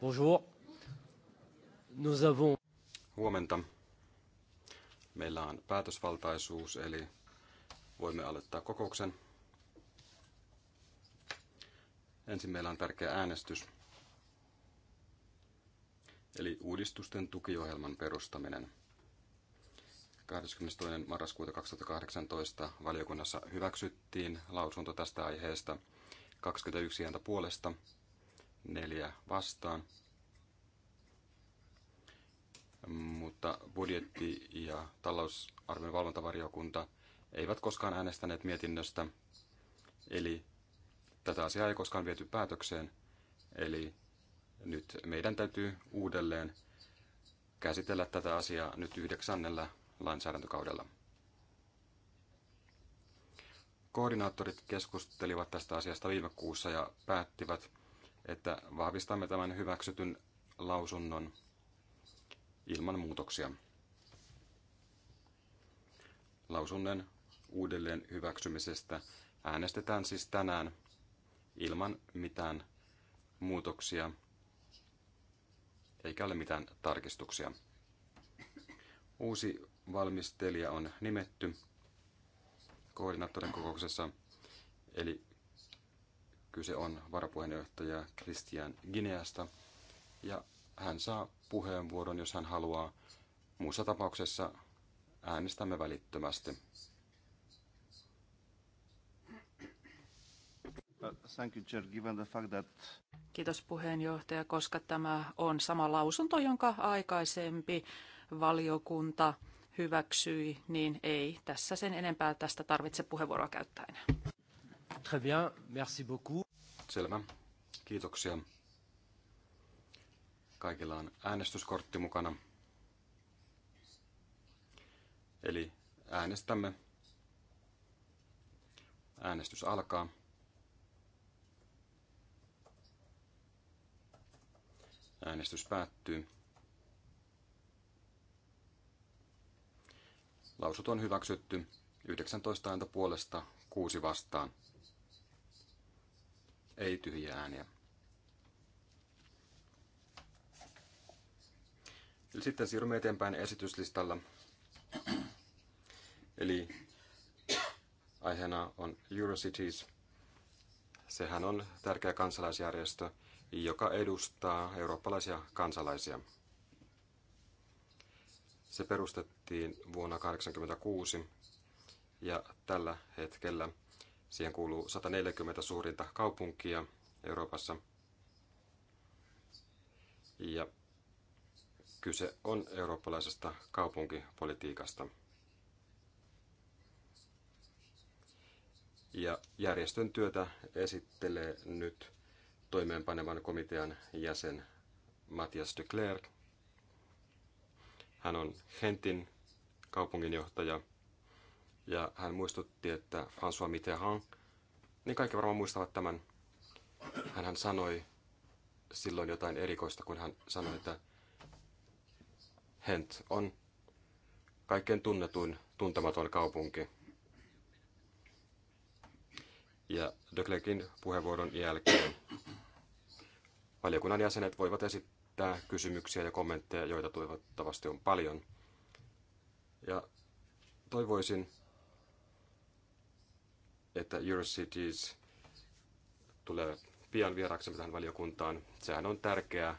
Bonjour. Nous avons... Huomenta. Meillä on päätösvaltaisuus, eli voimme aloittaa kokouksen. Ensin meillä on tärkeä äänestys, eli uudistusten tukiohjelman perustaminen. 22. marraskuuta 2018 valiokunnassa hyväksyttiin lausunto tästä aiheesta 21 ääntä puolesta, neljä vastaan. Mutta budjetti- ja talousarvion valvontavariokunta eivät koskaan äänestäneet mietinnöstä, eli tätä asiaa ei koskaan viety päätökseen, eli nyt meidän täytyy uudelleen käsitellä tätä asiaa nyt yhdeksännellä lainsäädäntökaudella. Koordinaattorit keskustelivat tästä asiasta viime kuussa ja päättivät, että vahvistamme tämän hyväksytyn lausunnon ilman muutoksia. Lausunnon uudelleen hyväksymisestä äänestetään siis tänään ilman mitään muutoksia eikä ole mitään tarkistuksia. Uusi valmistelija on nimetty koordinaattorin kokouksessa, eli kyse on varapuheenjohtaja Christian Gineasta, ja hän saa puheenvuoron, jos hän haluaa. Muussa tapauksessa äänestämme välittömästi. Kiitos puheenjohtaja, koska tämä on sama lausunto, jonka aikaisempi valiokunta hyväksyi, niin ei tässä sen enempää tästä tarvitse puheenvuoroa käyttää enää. Très bien, merci beaucoup. Selvä, kiitoksia. Kaikilla on äänestyskortti mukana. Eli äänestämme. Äänestys alkaa. Äänestys päättyy. Lausut on hyväksytty 19 ääntä puolesta, 6 vastaan. Ei tyhjiä ääniä. Eli sitten siirrymme eteenpäin esityslistalla. Eli aiheena on Eurocities. Sehän on tärkeä kansalaisjärjestö, joka edustaa eurooppalaisia kansalaisia. Se perustettiin perustettiin vuonna 1986 ja tällä hetkellä siihen kuuluu 140 suurinta kaupunkia Euroopassa. Ja kyse on eurooppalaisesta kaupunkipolitiikasta. Ja järjestön työtä esittelee nyt toimeenpanevan komitean jäsen Matthias de Klerk. Hän on Hentin kaupunginjohtaja, ja hän muistutti, että François Mitterrand, niin kaikki varmaan muistavat tämän. Hän hän sanoi silloin jotain erikoista, kun hän sanoi, että Hent on kaikkein tunnetuin tuntematon kaupunki. Ja Döklekin puheenvuoron jälkeen valiokunnan jäsenet voivat esittää kysymyksiä ja kommentteja, joita toivottavasti on paljon – ja toivoisin, että Eurocities tulee pian vieraksi tähän valiokuntaan. Sehän on tärkeää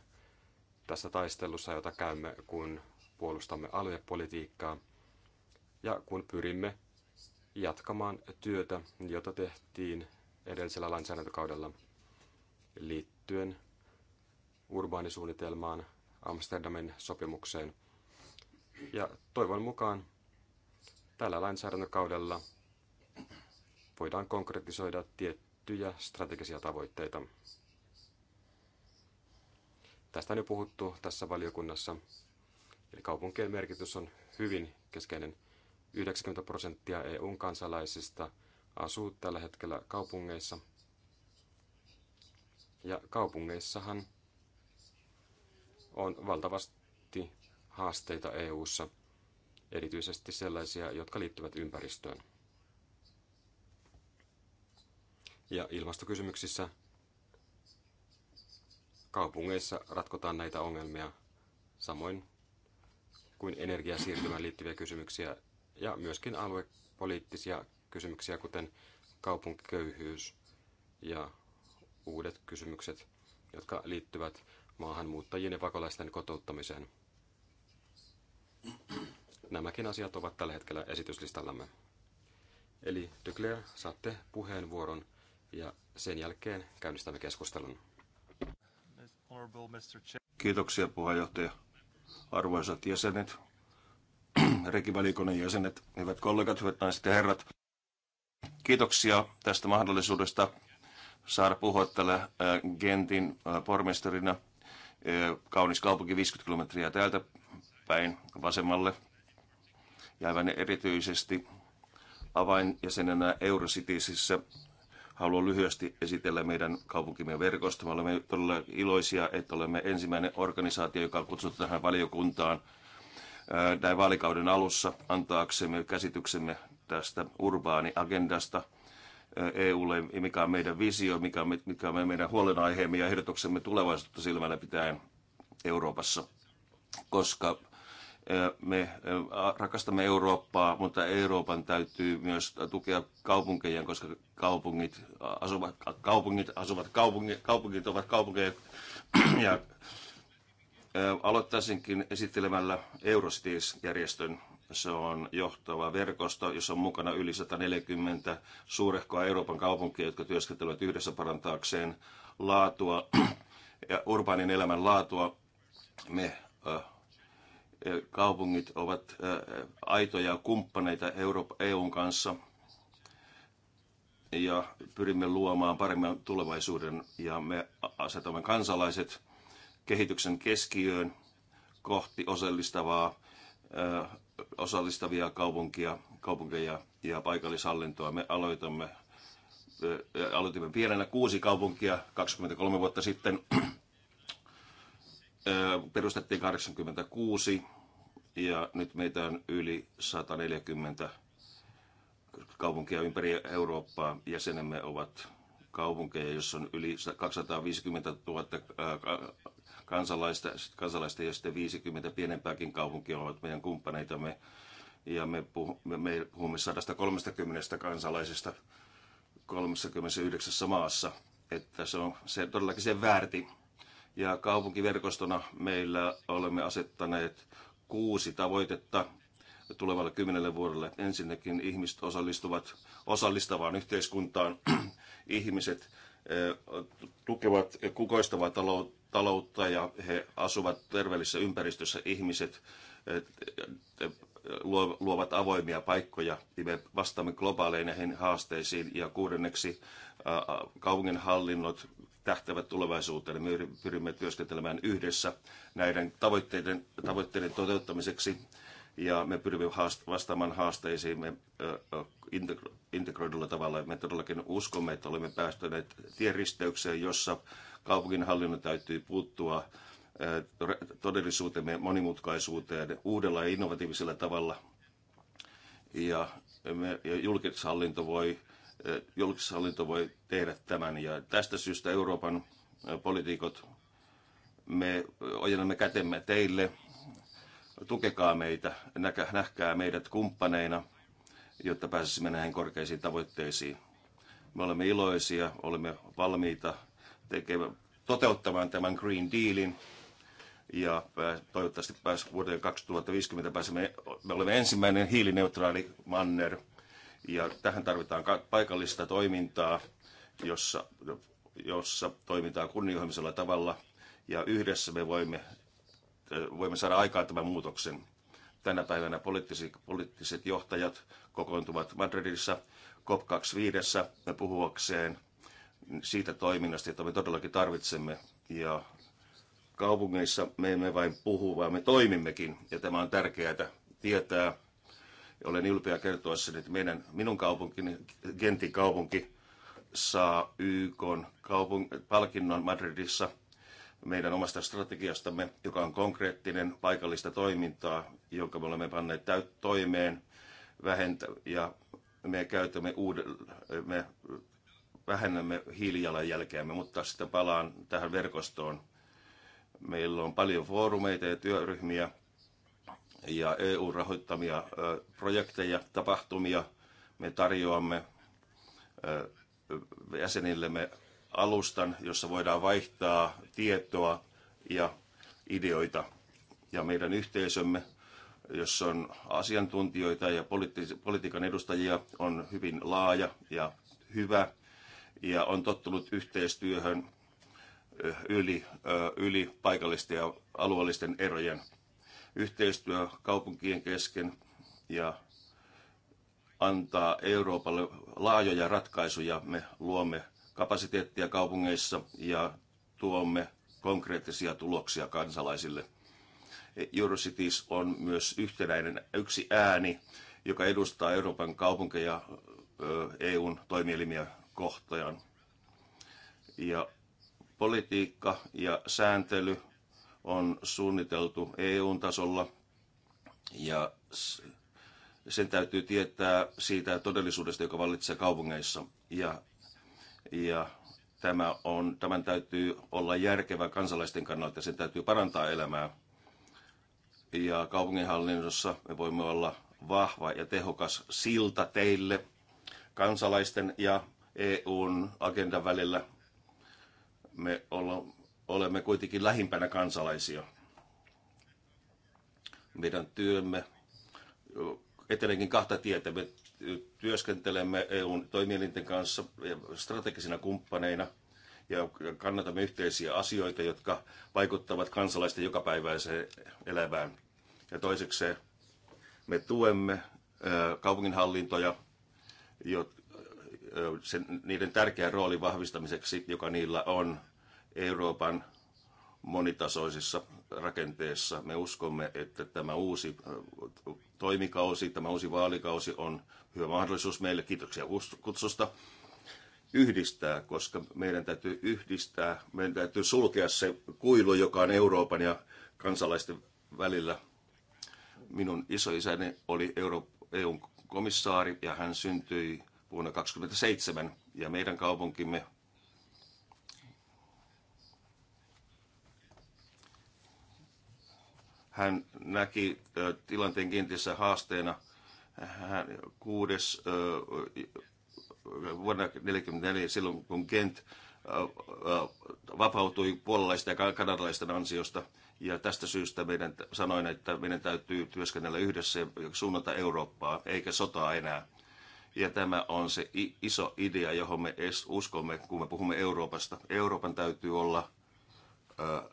tässä taistelussa, jota käymme, kun puolustamme aluepolitiikkaa ja kun pyrimme jatkamaan työtä, jota tehtiin edellisellä lainsäädäntökaudella liittyen urbaanisuunnitelmaan, Amsterdamin sopimukseen – ja toivon mukaan tällä lainsäädäntökaudella voidaan konkretisoida tiettyjä strategisia tavoitteita. Tästä on jo puhuttu tässä valiokunnassa. Eli kaupunkien merkitys on hyvin keskeinen. 90 prosenttia EUn kansalaisista asuu tällä hetkellä kaupungeissa. Ja kaupungeissahan on valtavasti haasteita EU:ssa, erityisesti sellaisia, jotka liittyvät ympäristöön. Ja ilmastokysymyksissä kaupungeissa ratkotaan näitä ongelmia, samoin kuin energiasiirtymään liittyviä kysymyksiä ja myöskin aluepoliittisia kysymyksiä, kuten kaupunkiköyhyys ja uudet kysymykset, jotka liittyvät maahanmuuttajien ja pakolaisten kotouttamiseen. Nämäkin asiat ovat tällä hetkellä esityslistallamme. Eli Duclair, saatte puheenvuoron ja sen jälkeen käynnistämme keskustelun. Kiitoksia puheenjohtaja. Arvoisat jäsenet, rekivaliokunnan jäsenet, hyvät kollegat, hyvät naiset ja herrat. Kiitoksia tästä mahdollisuudesta saada puhua täällä äh, Gentin äh, pormestarina. Äh, kaunis kaupunki 50 kilometriä täältä päin vasemmalle ja aivan erityisesti avainjäsenenä Eurocitiesissä haluan lyhyesti esitellä meidän kaupunkimme verkosta. Me olemme todella iloisia, että olemme ensimmäinen organisaatio, joka on kutsuttu tähän valiokuntaan näin vaalikauden alussa antaaksemme käsityksemme tästä urbaaniagendasta EUlle, mikä on meidän visio, mikä on, mikä on meidän huolenaiheemme ja ehdotuksemme tulevaisuutta silmällä pitäen Euroopassa, koska me rakastamme Eurooppaa, mutta Euroopan täytyy myös tukea kaupunkeja, koska kaupungit asuvat, kaupungit, asuvat kaupungit, kaupungit ovat kaupunkeja. Ja aloittaisinkin esittelemällä Eurostis-järjestön. Se on johtava verkosto, jossa on mukana yli 140 suurehkoa Euroopan kaupunkia, jotka työskentelevät yhdessä parantaakseen laatua ja urbaanin elämän laatua. Me kaupungit ovat aitoja kumppaneita EUn kanssa ja pyrimme luomaan paremman tulevaisuuden ja me asetamme kansalaiset kehityksen keskiöön kohti osallistavaa, osallistavia kaupunkia, kaupunkeja ja paikallishallintoa. Me aloitamme, aloitimme pienenä kuusi kaupunkia 23 vuotta sitten perustettiin 86 ja nyt meitä on yli 140 kaupunkia ympäri Eurooppaa. Jäsenemme ovat kaupunkeja, joissa on yli 250 000 kansalaista, kansalaista ja sitten 50 pienempääkin kaupunkia ovat meidän kumppaneitamme. Ja me, puhu, me, me puhumme 130 kansalaisesta 39 maassa. Että se on se, todellakin se väärti ja kaupunkiverkostona meillä olemme asettaneet kuusi tavoitetta tulevalle kymmenelle vuodelle. Ensinnäkin ihmiset osallistuvat osallistavaan yhteiskuntaan. ihmiset eh, tukevat kukoistavaa taloutta ja he asuvat terveellisessä ympäristössä. Ihmiset eh, eh, luovat avoimia paikkoja ja me vastaamme globaaleihin haasteisiin. Ja kuudenneksi hallinnot tähtävät tulevaisuuteen. Me pyrimme työskentelemään yhdessä näiden tavoitteiden, tavoitteiden toteuttamiseksi ja me pyrimme haast- vastaamaan haasteisiin me, integro- integroidulla tavalla. Me todellakin uskomme, että olemme päästyneet tieristeykseen, jossa kaupunginhallinnon täytyy puuttua todellisuutemme monimutkaisuuteen uudella ja innovatiivisella tavalla. Ja, me, ja julkishallinto voi julkishallinto voi tehdä tämän. Ja tästä syystä Euroopan poliitikot, me ojennamme kätemme teille, tukekaa meitä, nähkää meidät kumppaneina, jotta pääsisimme näihin korkeisiin tavoitteisiin. Me olemme iloisia, olemme valmiita tekemään, toteuttamaan tämän Green Dealin ja toivottavasti pääs vuoteen 2050 pääsemme, me olemme ensimmäinen hiilineutraali manner – ja tähän tarvitaan paikallista toimintaa, jossa, jossa toimitaan kunnioimisella tavalla. Ja yhdessä me voimme, voimme saada aikaan tämän muutoksen. Tänä päivänä poliittiset, poliittiset johtajat kokoontuvat Madridissa COP25 puhuakseen siitä toiminnasta, jota me todellakin tarvitsemme. Ja kaupungeissa me emme vain puhu, vaan me toimimmekin. Ja tämä on tärkeää tietää olen ylpeä kertoa sen, että meidän, minun kaupunkini, Gentin kaupunki, saa YK kaupung- palkinnon Madridissa meidän omasta strategiastamme, joka on konkreettinen paikallista toimintaa, jonka me olemme panneet täyt- toimeen vähentä- ja me käytämme uudelleen, me vähennämme hiilijalanjälkeämme, mutta sitten palaan tähän verkostoon. Meillä on paljon foorumeita ja työryhmiä, ja EU-rahoittamia projekteja, tapahtumia. Me tarjoamme jäsenillemme alustan, jossa voidaan vaihtaa tietoa ja ideoita. Ja meidän yhteisömme, jossa on asiantuntijoita ja politiikan edustajia, on hyvin laaja ja hyvä ja on tottunut yhteistyöhön yli, yli paikallisten ja alueellisten erojen yhteistyö kaupunkien kesken ja antaa Euroopalle laajoja ratkaisuja. Me luomme kapasiteettia kaupungeissa ja tuomme konkreettisia tuloksia kansalaisille. Eurocities on myös yhtenäinen yksi ääni, joka edustaa Euroopan kaupunkeja EUn toimielimiä kohtaan. Ja politiikka ja sääntely on suunniteltu EU-tasolla ja sen täytyy tietää siitä todellisuudesta, joka vallitsee kaupungeissa. Ja, ja tämä on, tämän täytyy olla järkevä kansalaisten kannalta ja sen täytyy parantaa elämää. Ja kaupunginhallinnossa me voimme olla vahva ja tehokas silta teille kansalaisten ja EUn agendan välillä. Me ollaan olemme kuitenkin lähimpänä kansalaisia. Meidän työmme etenkin kahta tietä. Me työskentelemme EUn toimielinten kanssa strategisina kumppaneina ja kannatamme yhteisiä asioita, jotka vaikuttavat kansalaisten jokapäiväiseen elämään. Ja toisekseen me tuemme kaupunginhallintoja sen, niiden tärkeän roolin vahvistamiseksi, joka niillä on Euroopan monitasoisissa rakenteissa. Me uskomme, että tämä uusi äh, toimikausi, tämä uusi vaalikausi on hyvä mahdollisuus meille, kiitoksia kutsusta, yhdistää, koska meidän täytyy yhdistää, meidän täytyy sulkea se kuilu, joka on Euroopan ja kansalaisten välillä. Minun isoisäni oli Euro- e komissaari ja hän syntyi vuonna 1927 ja meidän kaupunkimme Hän näki tilanteen kentissä haasteena. Hän kuudes vuonna 1944, silloin kun Kent vapautui puolalaisten ja kanadalaisten ansiosta. Ja tästä syystä meidän sanoin, että meidän täytyy työskennellä yhdessä ja suunnata Eurooppaa, eikä sotaa enää. Ja tämä on se iso idea, johon me uskomme, kun me puhumme Euroopasta. Euroopan täytyy olla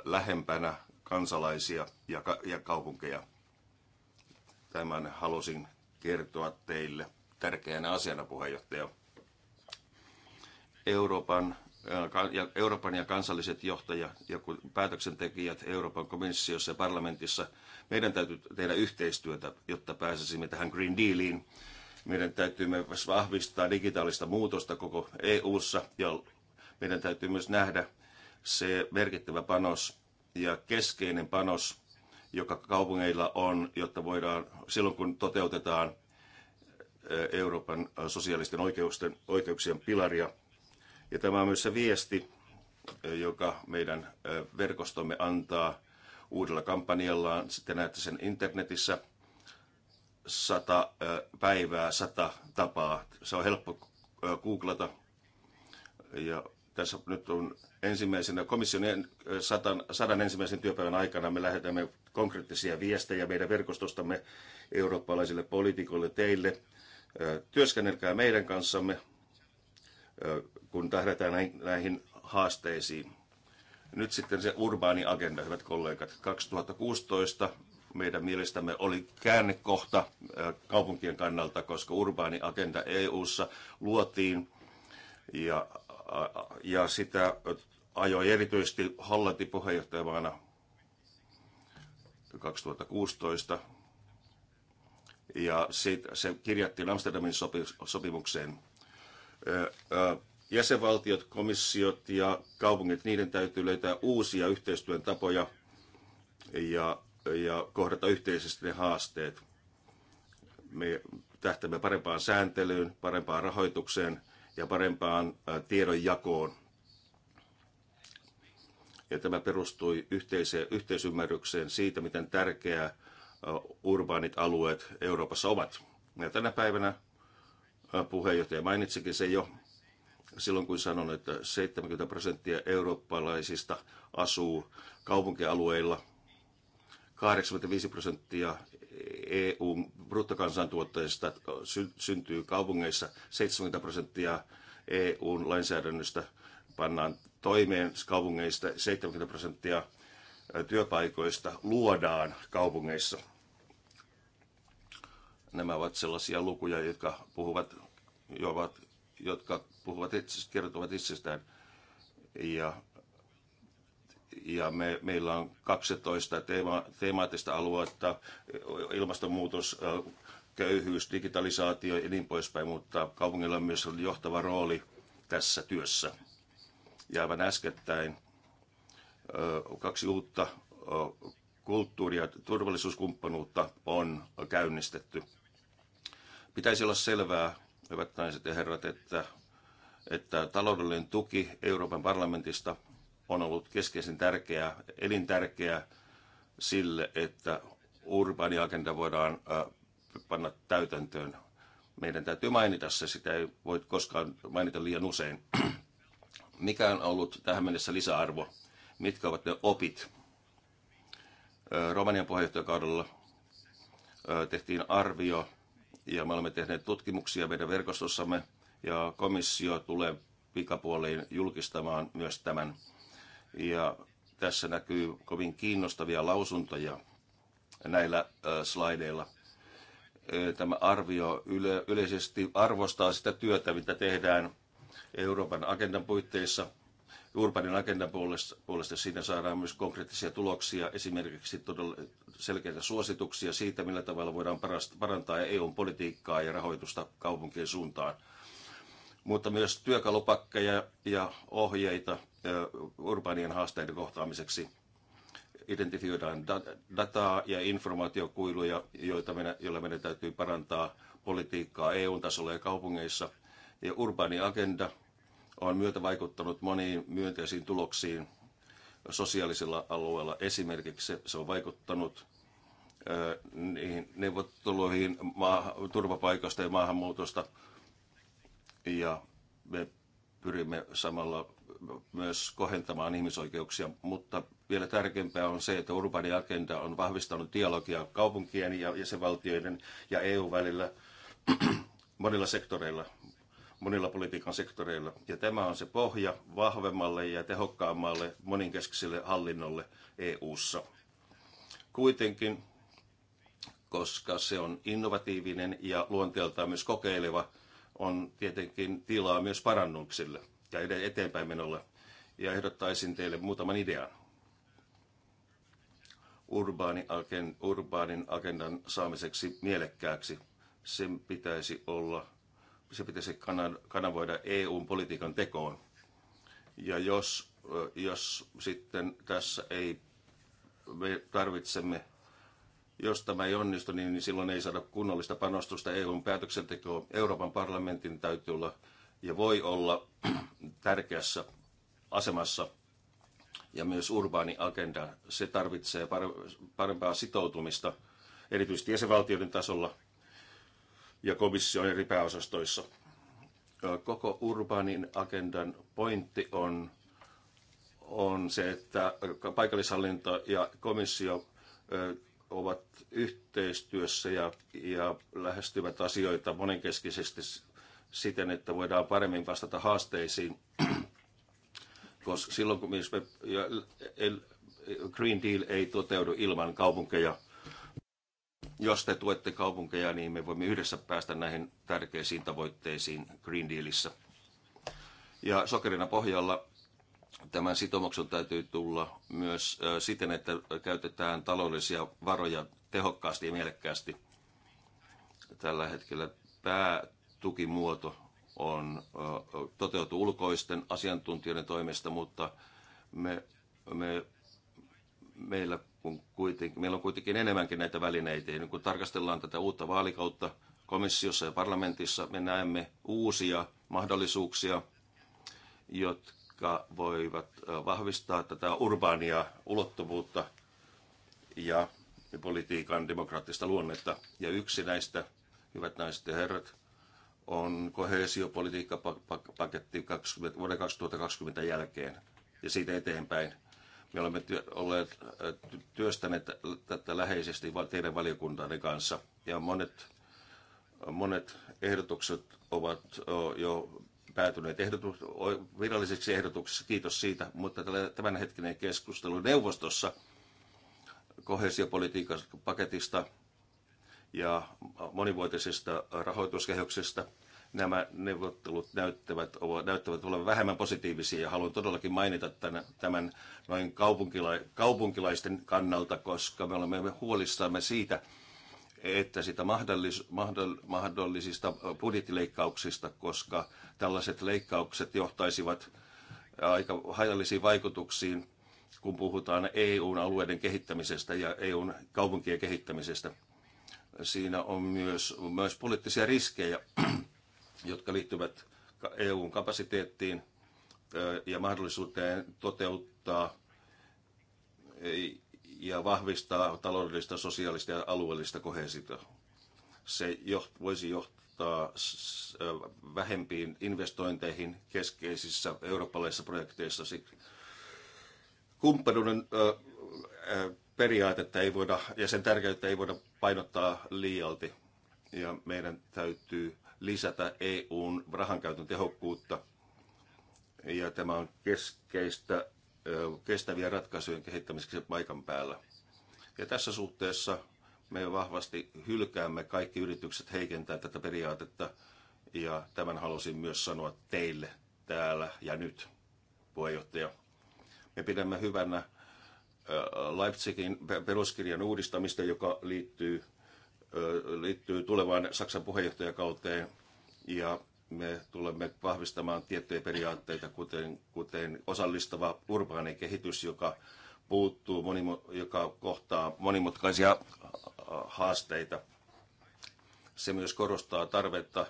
lähempänä kansalaisia ja, ka- ja kaupunkeja. Tämän halusin kertoa teille tärkeänä asiana, puheenjohtaja. Euroopan ja Euroopan ja kansalliset johtajat ja päätöksentekijät Euroopan komissiossa ja parlamentissa, meidän täytyy tehdä yhteistyötä, jotta pääsisimme tähän Green Dealiin. Meidän täytyy myös vahvistaa digitaalista muutosta koko EU:ssa ja meidän täytyy myös nähdä se merkittävä panos, ja keskeinen panos, joka kaupungeilla on, jotta voidaan silloin kun toteutetaan eh, Euroopan eh, sosiaalisten oikeuksien, oikeuksien pilaria. Ja tämä on myös se viesti, eh, joka meidän verkostomme antaa uudella kampanjallaan. Sitten näette sen internetissä. Sata päivää, sata tapaa. Se on helppo googlata. Ja tässä nyt on ensimmäisenä komission satan, sadan ensimmäisen työpäivän aikana me lähetämme konkreettisia viestejä meidän verkostostamme eurooppalaisille poliitikoille teille. Työskennelkää meidän kanssamme, kun tähdätään näihin haasteisiin. Nyt sitten se urbaani agenda, hyvät kollegat. 2016 meidän mielestämme oli käännekohta kaupunkien kannalta, koska urbaani agenda EU:ssa luotiin ja ja sitä ajoi erityisesti Hollanti puheenjohtajamaana 2016. Ja siitä se kirjattiin Amsterdamin sopimukseen. Jäsenvaltiot, komissiot ja kaupungit, niiden täytyy löytää uusia yhteistyön tapoja ja, ja kohdata yhteisesti ne haasteet. Me tähtäämme parempaan sääntelyyn, parempaan rahoitukseen ja parempaan tiedonjakoon ja tämä perustui yhteiseen, yhteisymmärrykseen siitä, miten tärkeää urbaanit alueet Euroopassa ovat. Ja tänä päivänä puheenjohtaja mainitsikin se jo silloin, kun sanon, että 70 prosenttia eurooppalaisista asuu kaupunkialueilla, 85 prosenttia EU bruttokansantuotteesta syntyy kaupungeissa, 70 prosenttia EUn lainsäädännöstä pannaan toimeen kaupungeista 70 prosenttia työpaikoista luodaan kaupungeissa. Nämä ovat sellaisia lukuja, jotka puhuvat, ovat, jotka puhuvat itse, kertovat itsestään. Ja, ja me, meillä on 12 teema, teemaattista aluetta, ilmastonmuutos, köyhyys, digitalisaatio ja niin poispäin, mutta kaupungilla on myös johtava rooli tässä työssä. Ja aivan äskettäin kaksi uutta kulttuuri- ja turvallisuuskumppanuutta on käynnistetty. Pitäisi olla selvää, hyvät naiset ja herrat, että, että taloudellinen tuki Euroopan parlamentista on ollut keskeisen tärkeä elintärkeä sille, että urbaani agenda voidaan panna täytäntöön. Meidän täytyy mainita se, sitä ei voi koskaan mainita liian usein mikä on ollut tähän mennessä lisäarvo, mitkä ovat ne opit. Romanian puheenjohtajakaudella tehtiin arvio ja me olemme tehneet tutkimuksia meidän verkostossamme ja komissio tulee pikapuoliin julkistamaan myös tämän. Ja tässä näkyy kovin kiinnostavia lausuntoja näillä slaideilla. Tämä arvio yle- yleisesti arvostaa sitä työtä, mitä tehdään Euroopan agendan puitteissa, urbanin agendan puolesta, puolesta siinä saadaan myös konkreettisia tuloksia, esimerkiksi todella selkeitä suosituksia siitä, millä tavalla voidaan parantaa EUn politiikkaa ja rahoitusta kaupunkien suuntaan mutta myös työkalupakkeja ja ohjeita urbaanien haasteiden kohtaamiseksi. Identifioidaan dataa ja informaatiokuiluja, joita meidän, joilla meidän täytyy parantaa politiikkaa EU-tasolla ja kaupungeissa ja urbaani agenda on myötä vaikuttanut moniin myönteisiin tuloksiin sosiaalisella alueella. Esimerkiksi se on vaikuttanut niihin neuvotteluihin maahan, turvapaikasta ja maahanmuutosta. Ja me pyrimme samalla myös kohentamaan ihmisoikeuksia, mutta vielä tärkeämpää on se, että urbani agenda on vahvistanut dialogia kaupunkien ja jäsenvaltioiden ja EU e välillä monilla sektoreilla monilla politiikan sektoreilla. Ja tämä on se pohja vahvemmalle ja tehokkaammalle moninkeskiselle hallinnolle EU:ssa. Kuitenkin, koska se on innovatiivinen ja luonteeltaan myös kokeileva, on tietenkin tilaa myös parannuksille ja eteenpäin menolle. Ja ehdottaisin teille muutaman idean. Urbaani, urbaanin agendan saamiseksi mielekkääksi sen pitäisi olla se pitäisi kanavoida EU-politiikan tekoon. Ja jos, jos sitten tässä ei, me tarvitsemme, jos tämä ei onnistu, niin, niin silloin ei saada kunnollista panostusta EUn päätöksentekoon. Euroopan parlamentin täytyy olla ja voi olla tärkeässä asemassa ja myös urbaani agenda. Se tarvitsee parempaa sitoutumista, erityisesti jäsenvaltioiden tasolla – ja komission eri pääosastoissa. Koko urbaanin agendan pointti on, on se, että paikallishallinto ja komissio ovat yhteistyössä ja, ja lähestyvät asioita monenkeskisesti siten, että voidaan paremmin vastata haasteisiin. Koska silloin kun Green Deal ei toteudu ilman kaupunkeja, jos te tuette kaupunkeja, niin me voimme yhdessä päästä näihin tärkeisiin tavoitteisiin Green Dealissa. Ja sokerina pohjalla tämän sitomuksen täytyy tulla myös siten, että käytetään taloudellisia varoja tehokkaasti ja mielekkäästi. Tällä hetkellä päätukimuoto on toteutu ulkoisten asiantuntijoiden toimesta, mutta me, me meillä, kun kuitenkin, meillä on kuitenkin enemmänkin näitä välineitä. Ja niin kun tarkastellaan tätä uutta vaalikautta komissiossa ja parlamentissa, me näemme uusia mahdollisuuksia, jotka voivat vahvistaa tätä urbaania ulottuvuutta ja politiikan demokraattista luonnetta. Ja yksi näistä, hyvät naiset ja herrat, on kohesiopolitiikkapaketti vuoden 2020 jälkeen ja siitä eteenpäin – me olemme työ, olleet työstäneet tätä läheisesti teidän valiokuntanne kanssa ja monet, monet ehdotukset ovat jo päätyneet ehdotus, virallisiksi ehdotuksiksi, kiitos siitä, mutta tämänhetkinen keskustelu neuvostossa kohesiopolitiikan paketista ja monivuotisesta rahoituskehyksestä – nämä neuvottelut näyttävät, näyttävät olevan vähemmän positiivisia ja haluan todellakin mainita tämän, tämän noin kaupunkila, kaupunkilaisten kannalta, koska me olemme huolissamme siitä, että sitä mahdollis, mahdollisista budjettileikkauksista, koska tällaiset leikkaukset johtaisivat äh, aika haitallisiin vaikutuksiin, kun puhutaan EUn alueiden kehittämisestä ja EUn kaupunkien kehittämisestä. Siinä on myös, myös poliittisia riskejä jotka liittyvät EUn kapasiteettiin ja mahdollisuuteen toteuttaa e, ja vahvistaa taloudellista, sosiaalista ja alueellista kohesiota. Se joht, voisi johtaa vähempiin investointeihin keskeisissä eurooppalaisissa projekteissa. Kumppanuuden periaatetta ei voida, ja sen tärkeyttä ei voida painottaa liialti ja meidän täytyy lisätä EUn rahankäytön tehokkuutta. Ja tämä on keskeistä kestäviä ratkaisujen kehittämiseksi paikan päällä. Ja tässä suhteessa me vahvasti hylkäämme kaikki yritykset heikentää tätä periaatetta, ja tämän halusin myös sanoa teille täällä ja nyt, puheenjohtaja. Me pidämme hyvänä Leipzigin peruskirjan uudistamista, joka liittyy liittyy tulevaan Saksan puheenjohtajakauteen ja me tulemme vahvistamaan tiettyjä periaatteita, kuten, kuten osallistava urbaani kehitys, joka puuttuu, joka kohtaa monimutkaisia haasteita. Se myös korostaa tarvetta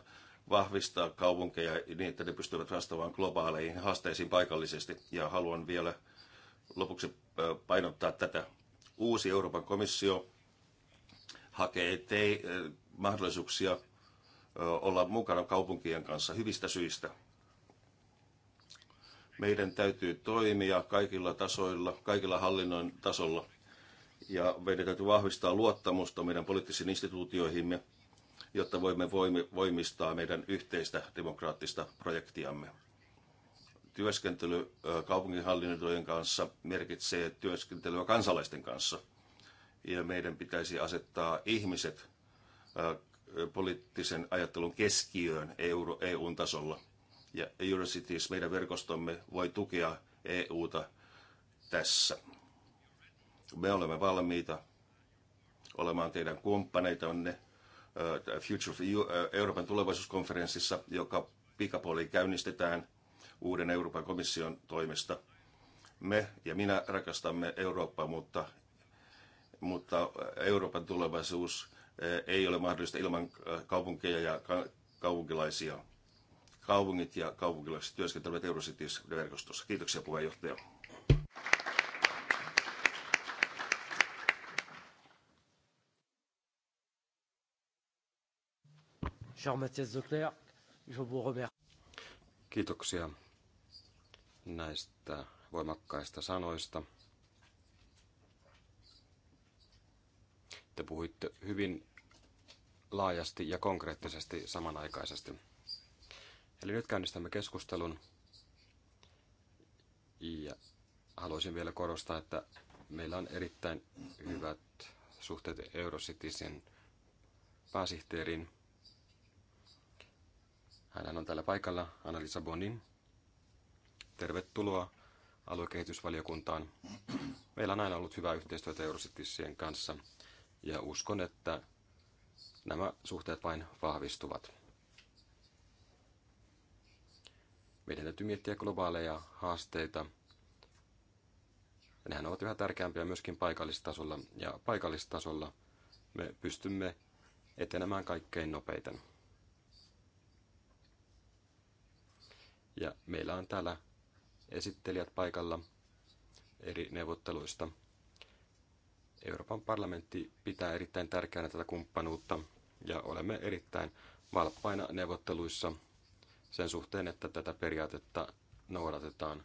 vahvistaa kaupunkeja niin, että ne pystyvät vastaamaan globaaleihin haasteisiin paikallisesti. Ja haluan vielä lopuksi painottaa tätä. Uusi Euroopan komissio hakee te- mahdollisuuksia olla mukana kaupunkien kanssa hyvistä syistä. Meidän täytyy toimia kaikilla tasoilla, kaikilla hallinnon tasolla. Ja meidän täytyy vahvistaa luottamusta meidän poliittisiin instituutioihimme, jotta voimme voimistaa meidän yhteistä demokraattista projektiamme. Työskentely kaupunginhallinnon kanssa merkitsee työskentelyä kansalaisten kanssa – ja meidän pitäisi asettaa ihmiset poliittisen ajattelun keskiöön EUn e tasolla. Ja Eurocities, meidän verkostomme, voi tukea EUta tässä. Me olemme valmiita olemaan teidän kumppaneitanne Future of EU, Euroopan tulevaisuuskonferenssissa, joka pikapuoli käynnistetään uuden Euroopan komission toimesta. Me ja minä rakastamme Eurooppaa, mutta mutta Euroopan tulevaisuus eh, ei ole mahdollista ilman eh, kaupunkeja ja kaupunkilaisia. Kaupungit ja kaupunkilaiset työskentelevät Eurocities-verkostossa. Kiitoksia puheenjohtaja. Jean-Mathias Leclerc, je vous remercie. Kiitoksia näistä voimakkaista sanoista. Te puhuitte hyvin laajasti ja konkreettisesti samanaikaisesti. Eli nyt käynnistämme keskustelun. Ja haluaisin vielä korostaa, että meillä on erittäin hyvät suhteet Eurocitisin pääsihteerin. Hän on täällä paikalla, Annalisa Bonin. Tervetuloa aluekehitysvaliokuntaan. Meillä on aina ollut hyvää yhteistyötä Eurocitisien kanssa. Ja uskon, että nämä suhteet vain vahvistuvat. Meidän täytyy miettiä globaaleja haasteita. Ja nehän ovat yhä tärkeämpiä myöskin paikallistasolla. Ja paikallistasolla me pystymme etenemään kaikkein nopeiten. Ja meillä on täällä esittelijät paikalla eri neuvotteluista – Euroopan parlamentti pitää erittäin tärkeänä tätä kumppanuutta ja olemme erittäin valppaina neuvotteluissa sen suhteen, että tätä periaatetta noudatetaan.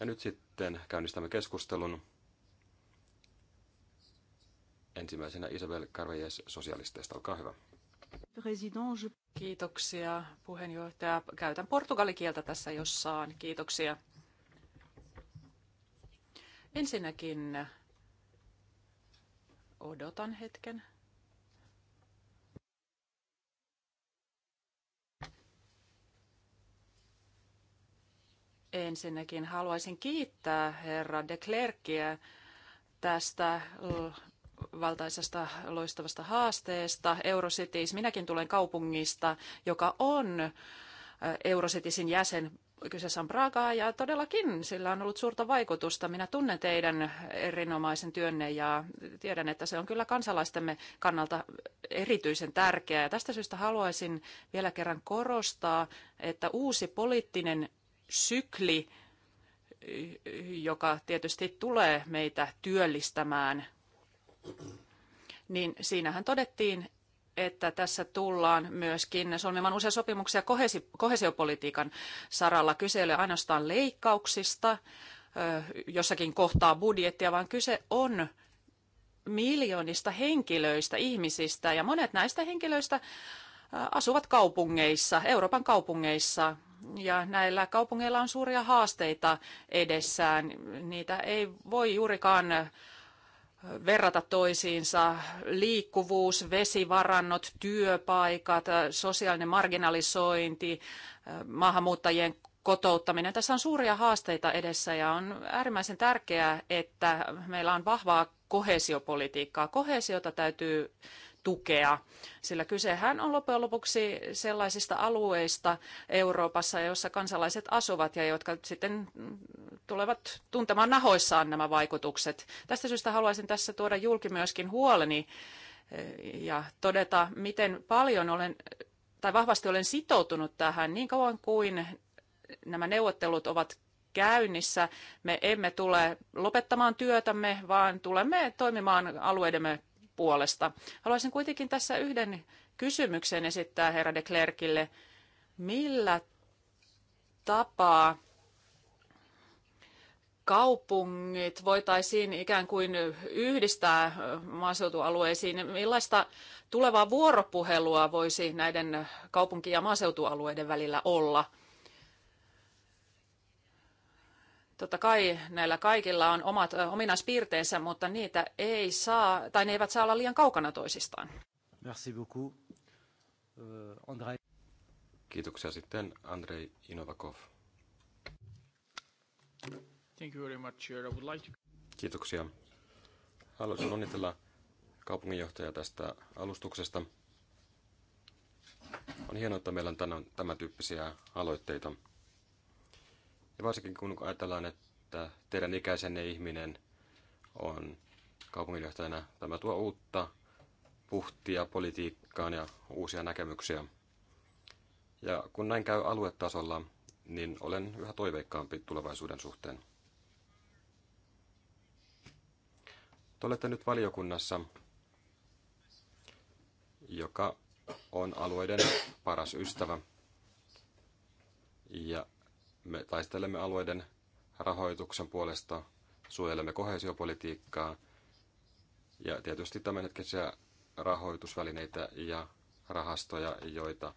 Ja nyt sitten käynnistämme keskustelun. Ensimmäisenä Isabel Carvajes sosialisteista, olkaa hyvä. Kiitoksia puheenjohtaja. Käytän portugalikieltä tässä, jossain. Kiitoksia. Ensinnäkin odotan hetken. Ensinnäkin haluaisin kiittää herra de Klerkkiä tästä valtaisesta loistavasta haasteesta. Eurocities, minäkin tulen kaupungista, joka on Eurocitiesin jäsen Kyseessä on Praga ja todellakin sillä on ollut suurta vaikutusta. Minä tunnen teidän erinomaisen työnne ja tiedän, että se on kyllä kansalaistemme kannalta erityisen tärkeää. tästä syystä haluaisin vielä kerran korostaa, että uusi poliittinen sykli, joka tietysti tulee meitä työllistämään, niin siinähän todettiin, että tässä tullaan myöskin solmimaan uusia sopimuksia kohesi, kohesiopolitiikan saralla. Kyse ei ole ainoastaan leikkauksista jossakin kohtaa budjettia, vaan kyse on miljoonista henkilöistä, ihmisistä, ja monet näistä henkilöistä asuvat kaupungeissa, Euroopan kaupungeissa, ja näillä kaupungeilla on suuria haasteita edessään. Niitä ei voi juurikaan verrata toisiinsa liikkuvuus, vesivarannot, työpaikat, sosiaalinen marginalisointi, maahanmuuttajien kotouttaminen. Tässä on suuria haasteita edessä ja on äärimmäisen tärkeää, että meillä on vahvaa kohesiopolitiikkaa. Kohesiota täytyy tukea, sillä kysehän on loppujen lopuksi sellaisista alueista Euroopassa, joissa kansalaiset asuvat ja jotka sitten tulevat tuntemaan nahoissaan nämä vaikutukset. Tästä syystä haluaisin tässä tuoda julki myöskin huoleni eh, ja todeta, miten paljon olen tai vahvasti olen sitoutunut tähän niin kauan kuin nämä neuvottelut ovat käynnissä. Me emme tule lopettamaan työtämme, vaan tulemme toimimaan alueidemme puolesta. Haluaisin kuitenkin tässä yhden kysymyksen esittää herra de Klerkille. Millä tapaa kaupungit voitaisiin ikään kuin yhdistää maaseutualueisiin? Millaista tulevaa vuoropuhelua voisi näiden kaupunki- ja maaseutualueiden välillä olla? Totta kai näillä kaikilla on omat ominaispiirteensä, mutta niitä ei saa, tai ne eivät saa olla liian kaukana toisistaan. Merci beaucoup. Euh, Kiitoksia sitten Andrei Inovakov. Thank you very much, I would like to... Kiitoksia. Haluaisin onnitella kaupunginjohtaja tästä alustuksesta. On hienoa, että meillä on tämän, tämän tyyppisiä aloitteita. Ja varsinkin kun ajatellaan, että teidän ikäisenne ihminen on kaupunginjohtajana, tämä tuo uutta puhtia politiikkaan ja uusia näkemyksiä. Ja kun näin käy aluetasolla, niin olen yhä toiveikkaampi tulevaisuuden suhteen. Te olette nyt valiokunnassa, joka on alueiden paras ystävä. Ja me taistelemme alueiden rahoituksen puolesta, suojelemme kohesiopolitiikkaa ja tietysti tämänhetkisiä rahoitusvälineitä ja rahastoja, joita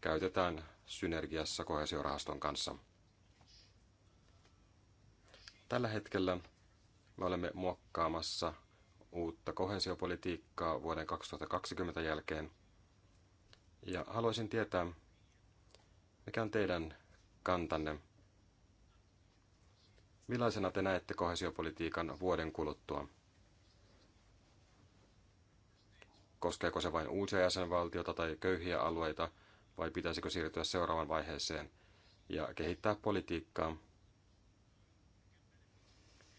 käytetään synergiassa kohesiorahaston kanssa. Tällä hetkellä me olemme muokkaamassa uutta kohesiopolitiikkaa vuoden 2020 jälkeen. Ja haluaisin tietää, mikä on teidän kantanne Millaisena te näette kohesiopolitiikan vuoden kuluttua? Koskeeko se vain uusia jäsenvaltiota tai köyhiä alueita, vai pitäisikö siirtyä seuraavan vaiheeseen ja kehittää politiikkaa,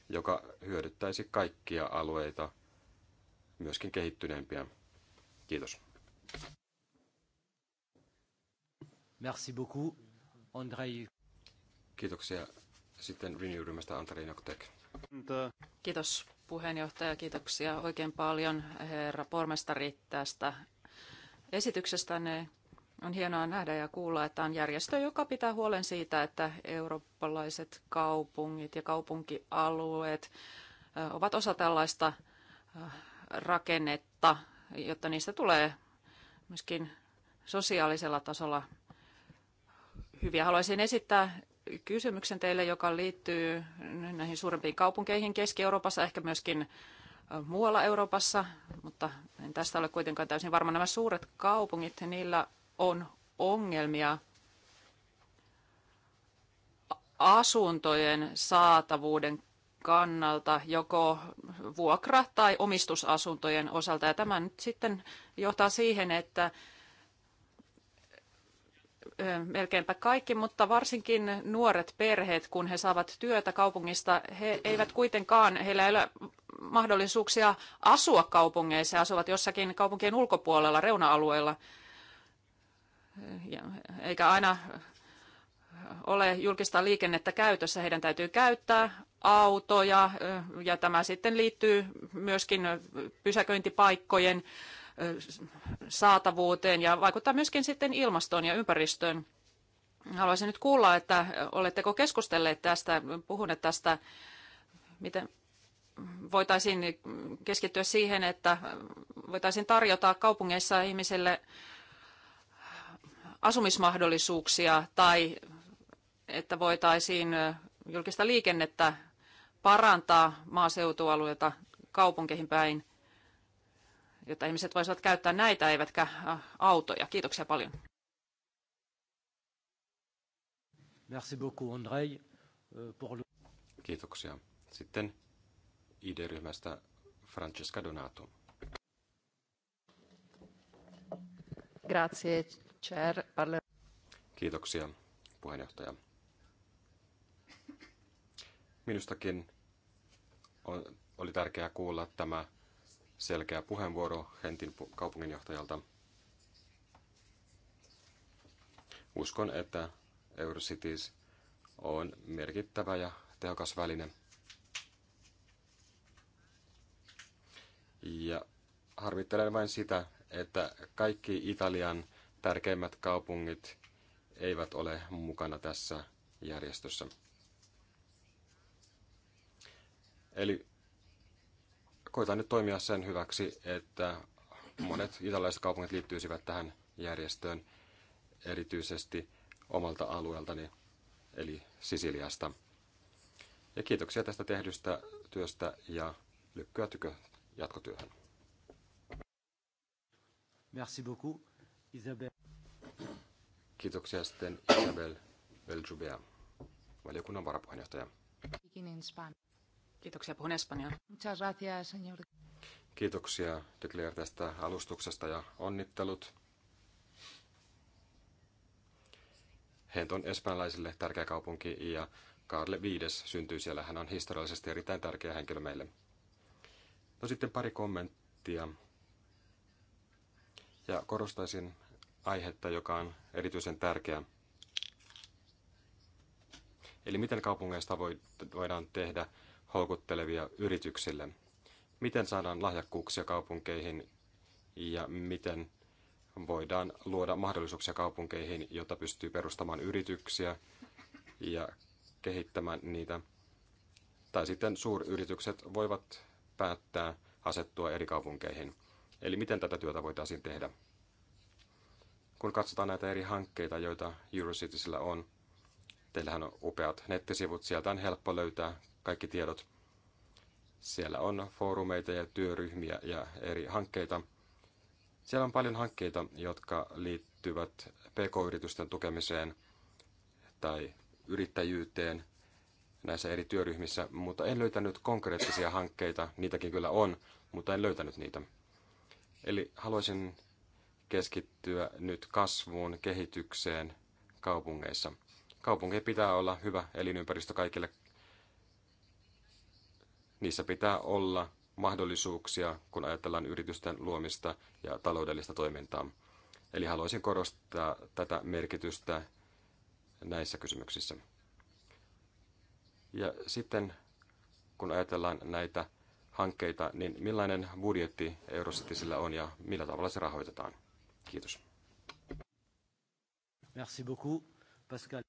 joka hyödyttäisi kaikkia alueita, myöskin kehittyneempiä? Kiitos. Merci beaucoup, Andrei. Kiitoksia sitten Renew-ryhmästä Noktek. Kiitos puheenjohtaja, kiitoksia oikein paljon herra pormestari tästä esityksestänne. On hienoa nähdä ja kuulla, että on järjestö, joka pitää huolen siitä, että eurooppalaiset kaupungit ja kaupunkialueet äh, ovat osa tällaista äh, rakennetta, jotta niistä tulee myöskin sosiaalisella tasolla hyviä. Haluaisin esittää kysymyksen teille, joka liittyy näihin suurempiin kaupunkeihin Keski-Euroopassa, ehkä myöskin muualla Euroopassa, mutta en tästä ole kuitenkaan täysin varma. Nämä suuret kaupungit, niillä on ongelmia asuntojen saatavuuden kannalta joko vuokra- tai omistusasuntojen osalta. Ja tämä nyt sitten johtaa siihen, että melkeinpä kaikki, mutta varsinkin nuoret perheet, kun he saavat työtä kaupungista, he eivät kuitenkaan, heillä ei ole mahdollisuuksia asua kaupungeissa, he asuvat jossakin kaupunkien ulkopuolella, reuna-alueilla, eikä aina ole julkista liikennettä käytössä, heidän täytyy käyttää autoja ja tämä sitten liittyy myöskin pysäköintipaikkojen saatavuuteen ja vaikuttaa myöskin sitten ilmastoon ja ympäristöön. Haluaisin nyt kuulla, että oletteko keskustelleet tästä, puhuneet tästä, miten voitaisiin keskittyä siihen, että voitaisiin tarjota kaupungeissa ihmisille asumismahdollisuuksia tai että voitaisiin julkista liikennettä parantaa maaseutualueita kaupunkeihin päin jotta ihmiset voisivat käyttää näitä eivätkä äh, autoja. Kiitoksia paljon. Merci beaucoup, André, euh, Pour le... Kiitoksia. Sitten ID-ryhmästä Francesca Donato. Grazie, chair. Parle... Kiitoksia, puheenjohtaja. Minustakin oli tärkeää kuulla tämä selkeä puheenvuoro Hentin kaupunginjohtajalta. Uskon, että Eurocities on merkittävä ja tehokas väline. Ja harmittelen vain sitä, että kaikki Italian tärkeimmät kaupungit eivät ole mukana tässä järjestössä. Eli koitan nyt toimia sen hyväksi, että monet italialaiset kaupungit liittyisivät tähän järjestöön erityisesti omalta alueeltani, eli Sisiliasta. Ja kiitoksia tästä tehdystä työstä ja lykkyä tykö jatkotyöhön. Merci beaucoup, Isabel. Kiitoksia sitten Isabel Beljubea, valiokunnan varapuheenjohtaja. Kiitoksia, puhun Espanjaa. Muchas gracias, señor. Kiitoksia Clare, tästä alustuksesta ja onnittelut. Hent on espanjalaisille tärkeä kaupunki ja Karle V syntyi siellä. Hän on historiallisesti erittäin tärkeä henkilö meille. No sitten pari kommenttia. Ja korostaisin aihetta, joka on erityisen tärkeä. Eli miten kaupungeista voidaan tehdä houkuttelevia yrityksille. Miten saadaan lahjakkuuksia kaupunkeihin ja miten voidaan luoda mahdollisuuksia kaupunkeihin, jotta pystyy perustamaan yrityksiä ja kehittämään niitä. Tai sitten suuryritykset voivat päättää asettua eri kaupunkeihin. Eli miten tätä työtä voitaisiin tehdä? Kun katsotaan näitä eri hankkeita, joita Eurocitiesillä on, teillähän on upeat nettisivut, sieltä on helppo löytää kaikki tiedot. Siellä on foorumeita ja työryhmiä ja eri hankkeita. Siellä on paljon hankkeita, jotka liittyvät pk-yritysten tukemiseen tai yrittäjyyteen näissä eri työryhmissä, mutta en löytänyt konkreettisia hankkeita. Niitäkin kyllä on, mutta en löytänyt niitä. Eli haluaisin keskittyä nyt kasvuun, kehitykseen kaupungeissa. Kaupunki pitää olla hyvä elinympäristö kaikille niissä pitää olla mahdollisuuksia, kun ajatellaan yritysten luomista ja taloudellista toimintaa. Eli haluaisin korostaa tätä merkitystä näissä kysymyksissä. Ja sitten kun ajatellaan näitä hankkeita, niin millainen budjetti Eurocitisillä on ja millä tavalla se rahoitetaan? Kiitos. Merci beaucoup, Pascal.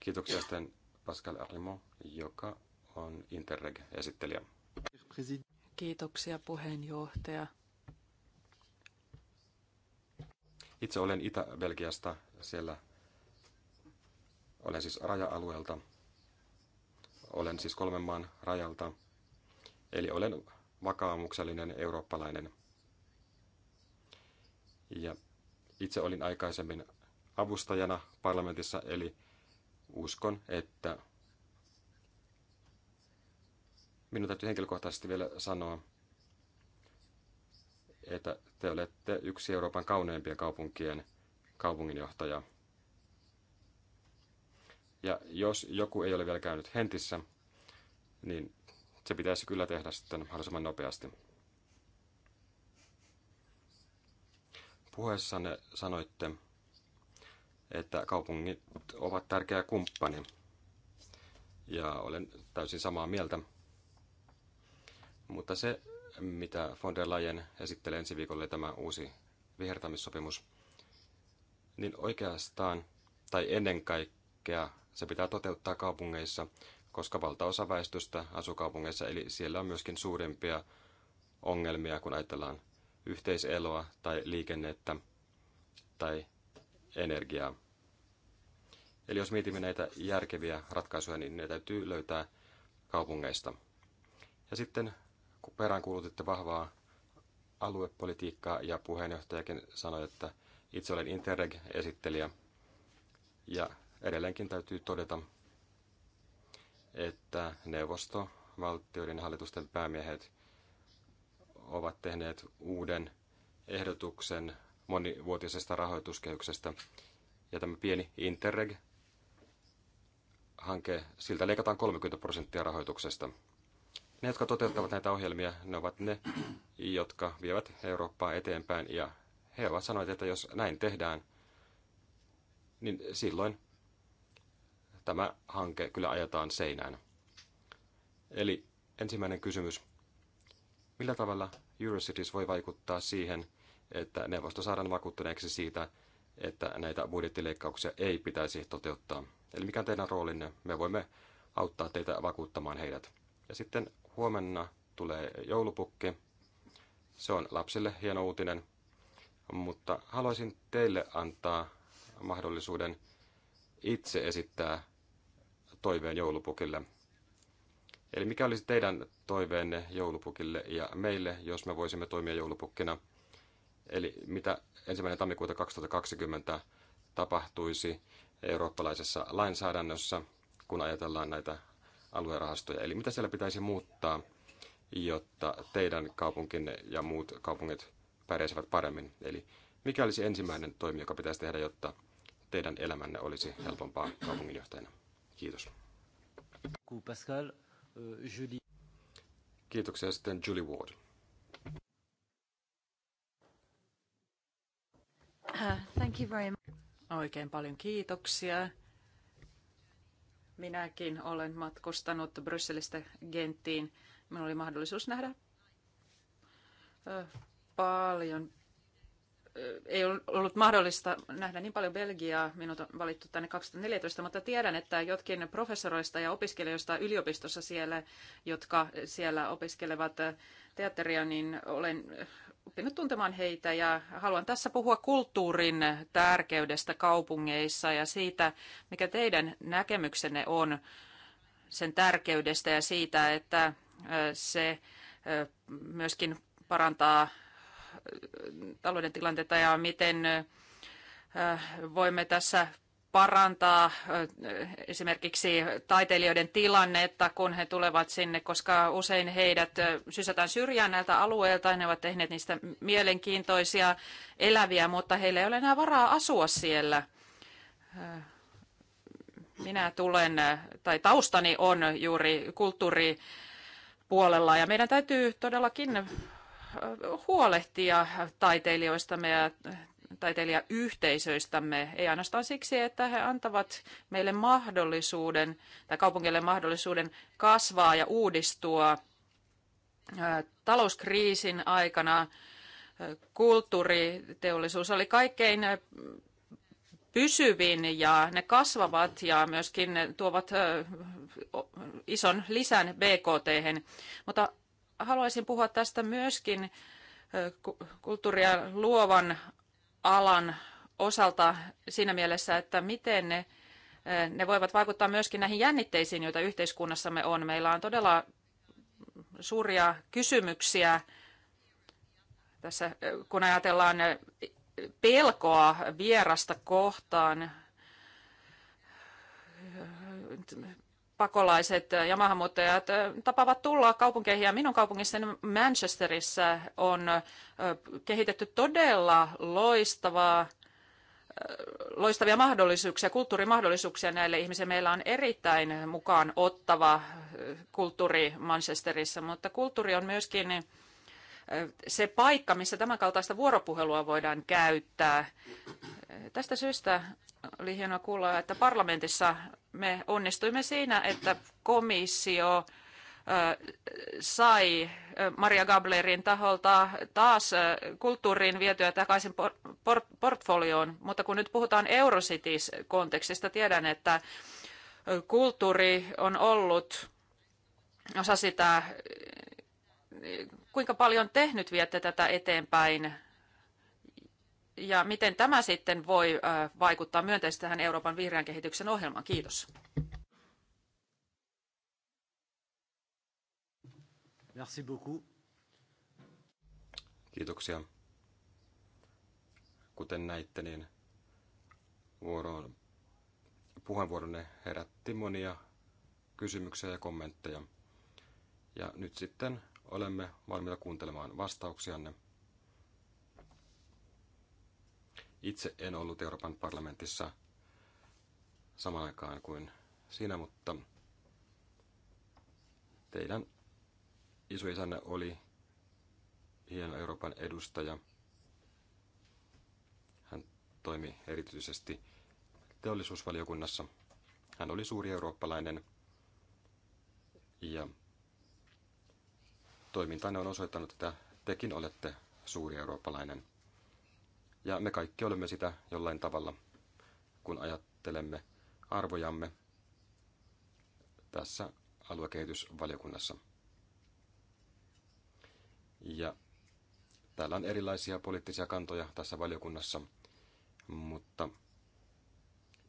Kiitoksia sitten Pascal Arimo, joka on Interreg-esittelijä. Kiitoksia puheenjohtaja. Itse olen Itä-Belgiasta, siellä olen siis raja-alueelta. Olen siis kolmen maan rajalta, eli olen vakaamuksellinen eurooppalainen. Ja itse olin aikaisemmin avustajana parlamentissa, eli uskon, että Minun täytyy henkilökohtaisesti vielä sanoa, että te olette yksi Euroopan kauneimpien kaupunkien kaupunginjohtaja. Ja jos joku ei ole vielä käynyt Hentissä, niin se pitäisi kyllä tehdä sitten mahdollisimman nopeasti. Puheessanne sanoitte, että kaupungit ovat tärkeä kumppani. Ja olen täysin samaa mieltä. Mutta se, mitä von der Leyen esittelee ensi viikolle, tämä uusi vihertämissopimus, niin oikeastaan, tai ennen kaikkea, se pitää toteuttaa kaupungeissa, koska valtaosa väestöstä asuu kaupungeissa, eli siellä on myöskin suurempia ongelmia, kun ajatellaan yhteiseloa tai liikennettä tai energiaa. Eli jos mietimme näitä järkeviä ratkaisuja, niin ne täytyy löytää kaupungeista. Ja sitten peräänkuulutitte vahvaa aluepolitiikkaa ja puheenjohtajakin sanoi, että itse olen Interreg-esittelijä. Ja edelleenkin täytyy todeta, että neuvosto, valtioiden hallitusten päämiehet ovat tehneet uuden ehdotuksen monivuotisesta rahoituskehyksestä. Ja tämä pieni Interreg-hanke, siltä leikataan 30 prosenttia rahoituksesta. Ne, jotka toteuttavat näitä ohjelmia, ne ovat ne, jotka vievät Eurooppaa eteenpäin. Ja he ovat sanoneet, että jos näin tehdään, niin silloin tämä hanke kyllä ajetaan seinään. Eli ensimmäinen kysymys. Millä tavalla Eurocities voi vaikuttaa siihen, että neuvosto saadaan vakuuttuneeksi siitä, että näitä budjettileikkauksia ei pitäisi toteuttaa? Eli mikä on teidän roolinne? Me voimme auttaa teitä vakuuttamaan heidät. Ja sitten Huomenna tulee joulupukki. Se on lapsille hieno uutinen, mutta haluaisin teille antaa mahdollisuuden itse esittää toiveen joulupukille. Eli mikä olisi teidän toiveenne joulupukille ja meille, jos me voisimme toimia joulupukkina? Eli mitä ensimmäinen tammikuuta 2020 tapahtuisi eurooppalaisessa lainsäädännössä, kun ajatellaan näitä aluerahastoja. Eli mitä siellä pitäisi muuttaa, jotta teidän kaupunkinne ja muut kaupungit pärjäisivät paremmin? Eli mikä olisi ensimmäinen toimi, joka pitäisi tehdä, jotta teidän elämänne olisi helpompaa kaupunginjohtajana? Kiitos. Pascal, euh, Julie. Kiitoksia sitten Julie Ward. Uh, thank you very much. Oikein paljon kiitoksia. Minäkin olen matkustanut Brysselistä Genttiin. Minulla oli mahdollisuus nähdä paljon. Ei ollut mahdollista nähdä niin paljon Belgiaa. Minut on valittu tänne 2014, mutta tiedän, että jotkin professoroista ja opiskelijoista yliopistossa siellä, jotka siellä opiskelevat teatteria, niin olen oppinut tuntemaan heitä ja haluan tässä puhua kulttuurin tärkeydestä kaupungeissa ja siitä, mikä teidän näkemyksenne on sen tärkeydestä ja siitä, että se myöskin parantaa talouden tilannetta ja miten voimme tässä parantaa esimerkiksi taiteilijoiden tilannetta, kun he tulevat sinne, koska usein heidät sysätään syrjään näiltä alueilta. Ne ovat tehneet niistä mielenkiintoisia eläviä, mutta heillä ei ole enää varaa asua siellä. Minä tulen, tai taustani on juuri kulttuuripuolella, ja meidän täytyy todellakin huolehtia taiteilijoista ja taiteilijayhteisöistämme, ei ainoastaan siksi, että he antavat meille mahdollisuuden tai kaupungille mahdollisuuden kasvaa ja uudistua talouskriisin aikana. Kulttuuriteollisuus oli kaikkein pysyvin ja ne kasvavat ja myöskin ne tuovat ison lisän BKT. Mutta haluaisin puhua tästä myöskin kulttuuria luovan alan osalta siinä mielessä, että miten ne, eh, ne voivat vaikuttaa myöskin näihin jännitteisiin, joita yhteiskunnassamme on. Meillä on todella suuria kysymyksiä tässä, eh, kun ajatellaan eh, pelkoa vierasta kohtaan, pakolaiset ja maahanmuuttajat tapaavat tulla kaupunkeihin. Ja minun kaupungissani Manchesterissa on kehitetty todella loistavaa loistavia mahdollisuuksia, kulttuurimahdollisuuksia näille ihmisille. Meillä on erittäin mukaan ottava kulttuuri Manchesterissa, mutta kulttuuri on myöskin se paikka, missä tämän kaltaista vuoropuhelua voidaan käyttää. Tästä syystä oli hienoa kuulla, että parlamentissa me onnistuimme siinä, että komissio sai Maria Gablerin taholta taas kulttuuriin vietyä takaisin portfolioon, mutta kun nyt puhutaan Eurocities-kontekstista, tiedän, että kulttuuri on ollut osa sitä, kuinka paljon te nyt viette tätä eteenpäin ja miten tämä sitten voi vaikuttaa myönteisesti tähän Euroopan vihreän kehityksen ohjelmaan? Kiitos. Merci beaucoup. Kiitoksia. Kuten näitte, niin vuoroon, puheenvuoronne herätti monia kysymyksiä ja kommentteja. Ja nyt sitten olemme valmiita kuuntelemaan vastauksianne. Itse en ollut Euroopan parlamentissa samaan aikaan kuin sinä, mutta teidän isoisänne oli hieno Euroopan edustaja. Hän toimi erityisesti teollisuusvaliokunnassa. Hän oli suuri eurooppalainen ja toimintanne on osoittanut, että tekin olette suuri eurooppalainen. Ja me kaikki olemme sitä jollain tavalla, kun ajattelemme arvojamme tässä aluekehitysvaliokunnassa. Ja täällä on erilaisia poliittisia kantoja tässä valiokunnassa, mutta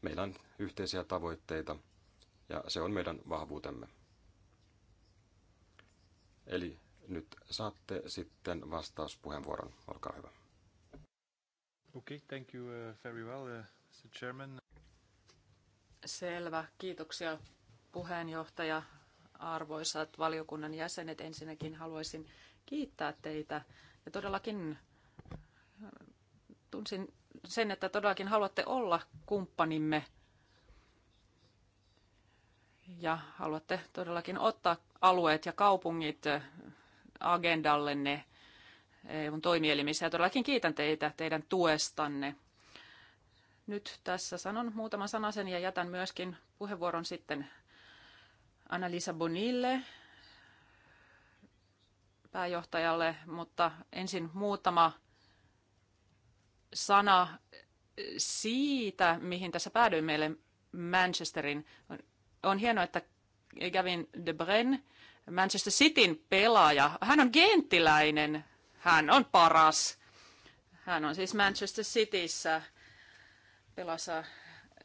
meillä on yhteisiä tavoitteita ja se on meidän vahvuutemme. Eli nyt saatte sitten vastauspuheenvuoron. Olkaa hyvä. Okay, thank you uh, very well, uh, Mr. Chairman. Selvä. Kiitoksia puheenjohtaja. Arvoisat valiokunnan jäsenet, ensinnäkin haluaisin kiittää teitä ja todellakin äh, tunsin sen, että todellakin haluatte olla kumppanimme ja haluatte todellakin ottaa alueet ja kaupungit äh, agendallenne EUn toimielimissä. Ja todellakin kiitän teitä teidän tuestanne. Nyt tässä sanon muutaman sanasen ja jätän myöskin puheenvuoron sitten Annalisa Bonille, pääjohtajalle, mutta ensin muutama sana siitä, mihin tässä päädyin meille Manchesterin. On hienoa, että Gavin de Bren, Manchester Cityn pelaaja, hän on genttiläinen, hän on paras. Hän on siis Manchester Cityssä. Pelassa.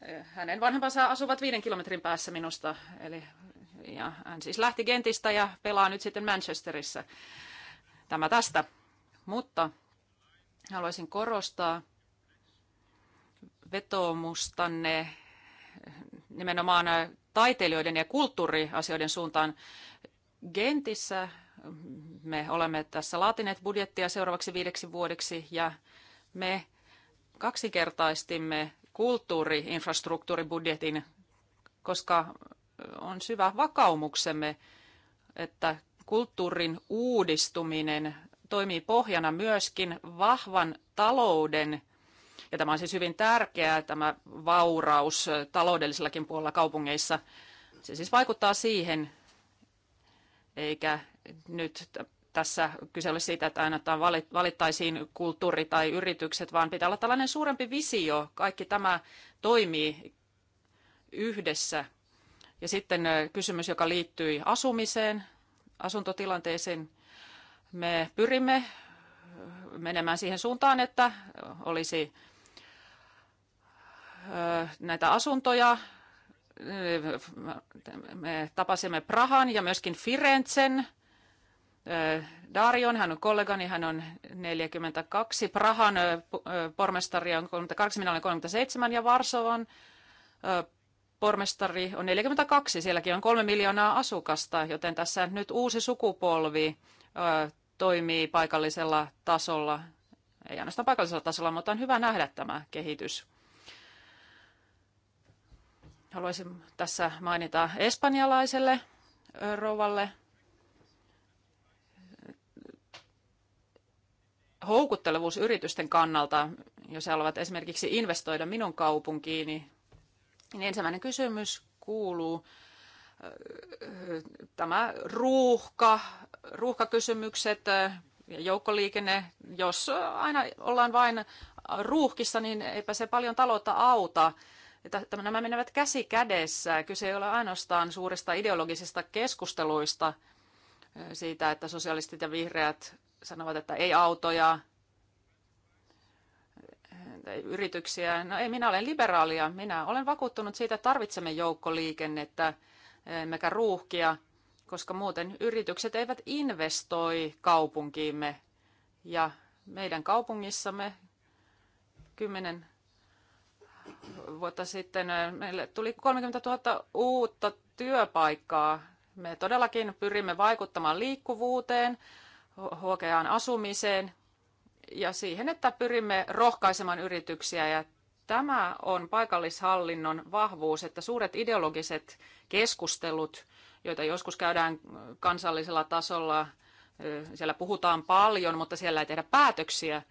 Eh, hänen vanhempansa asuvat viiden kilometrin päässä minusta. Eli, ja hän siis lähti Gentistä ja pelaa nyt sitten Manchesterissa. Tämä tästä. Mutta haluaisin korostaa vetoomustanne nimenomaan taiteilijoiden ja kulttuuriasioiden suuntaan. Gentissä me olemme tässä laatineet budjettia seuraavaksi viideksi vuodeksi ja me kaksikertaistimme kulttuuriinfrastruktuuribudjetin, koska on syvä vakaumuksemme, että kulttuurin uudistuminen toimii pohjana myöskin vahvan talouden ja tämä on siis hyvin tärkeää, tämä vauraus taloudellisellakin puolella kaupungeissa. Se siis vaikuttaa siihen, eikä nyt tässä kyse ole siitä, että aina valittaisiin kulttuuri tai yritykset, vaan pitää olla tällainen suurempi visio. Kaikki tämä toimii yhdessä. Ja sitten kysymys, joka liittyy asumiseen, asuntotilanteeseen. Me pyrimme menemään siihen suuntaan, että olisi näitä asuntoja. Me tapasimme Prahan ja myöskin Firenzen Darion, hän on kollegani, hän on 42, Prahan pormestari on 38, minä olen 37 ja Varsovan pormestari on 42, sielläkin on kolme miljoonaa asukasta, joten tässä nyt uusi sukupolvi toimii paikallisella tasolla, ei ainoastaan paikallisella tasolla, mutta on hyvä nähdä tämä kehitys. Haluaisin tässä mainita espanjalaiselle rouvalle houkuttelevuus yritysten kannalta, jos haluavat esimerkiksi investoida minun kaupunkiini, niin ensimmäinen kysymys kuuluu äh, tämä ruuhka, ruuhkakysymykset ja joukkoliikenne. Jos aina ollaan vain ruuhkissa, niin eipä se paljon taloutta auta. Että nämä menevät käsi kädessä. Kyse ei ole ainoastaan suurista ideologisista keskusteluista äh, siitä, että sosialistit ja vihreät sanovat, että ei autoja, yrityksiä. No ei, minä olen liberaalia. Minä olen vakuuttunut siitä, että tarvitsemme joukkoliikennettä, emmekä ruuhkia, koska muuten yritykset eivät investoi kaupunkiimme. Ja meidän kaupungissamme kymmenen vuotta sitten meille tuli 30 000 uutta työpaikkaa. Me todellakin pyrimme vaikuttamaan liikkuvuuteen, huokeaan asumiseen ja siihen, että pyrimme rohkaisemaan yrityksiä ja Tämä on paikallishallinnon vahvuus, että suuret ideologiset keskustelut, joita joskus käydään kansallisella tasolla, siellä puhutaan paljon, mutta siellä ei tehdä päätöksiä,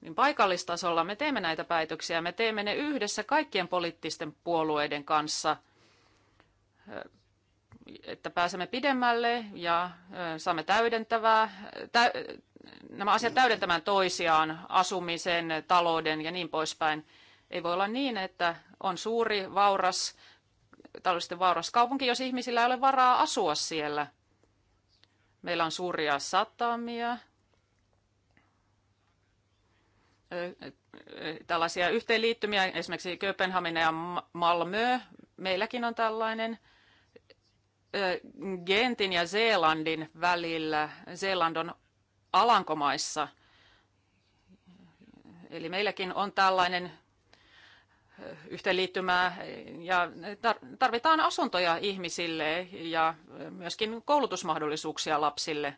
niin paikallistasolla me teemme näitä päätöksiä. Me teemme ne yhdessä kaikkien poliittisten puolueiden kanssa että pääsemme pidemmälle ja saamme täydentävää, tä, nämä asiat täydentämään toisiaan, asumisen, talouden ja niin poispäin. Ei voi olla niin, että on suuri, vauras, taloudellisesti vauras kaupunki, jos ihmisillä ei ole varaa asua siellä. Meillä on suuria satamia, tällaisia yhteenliittymiä, esimerkiksi Kööpenhamina ja Malmö. Meilläkin on tällainen – Gentin ja Zeelandin välillä. Zeeland on Alankomaissa. Eli meilläkin on tällainen yhteenliittymää ja tarvitaan asuntoja ihmisille ja myöskin koulutusmahdollisuuksia lapsille.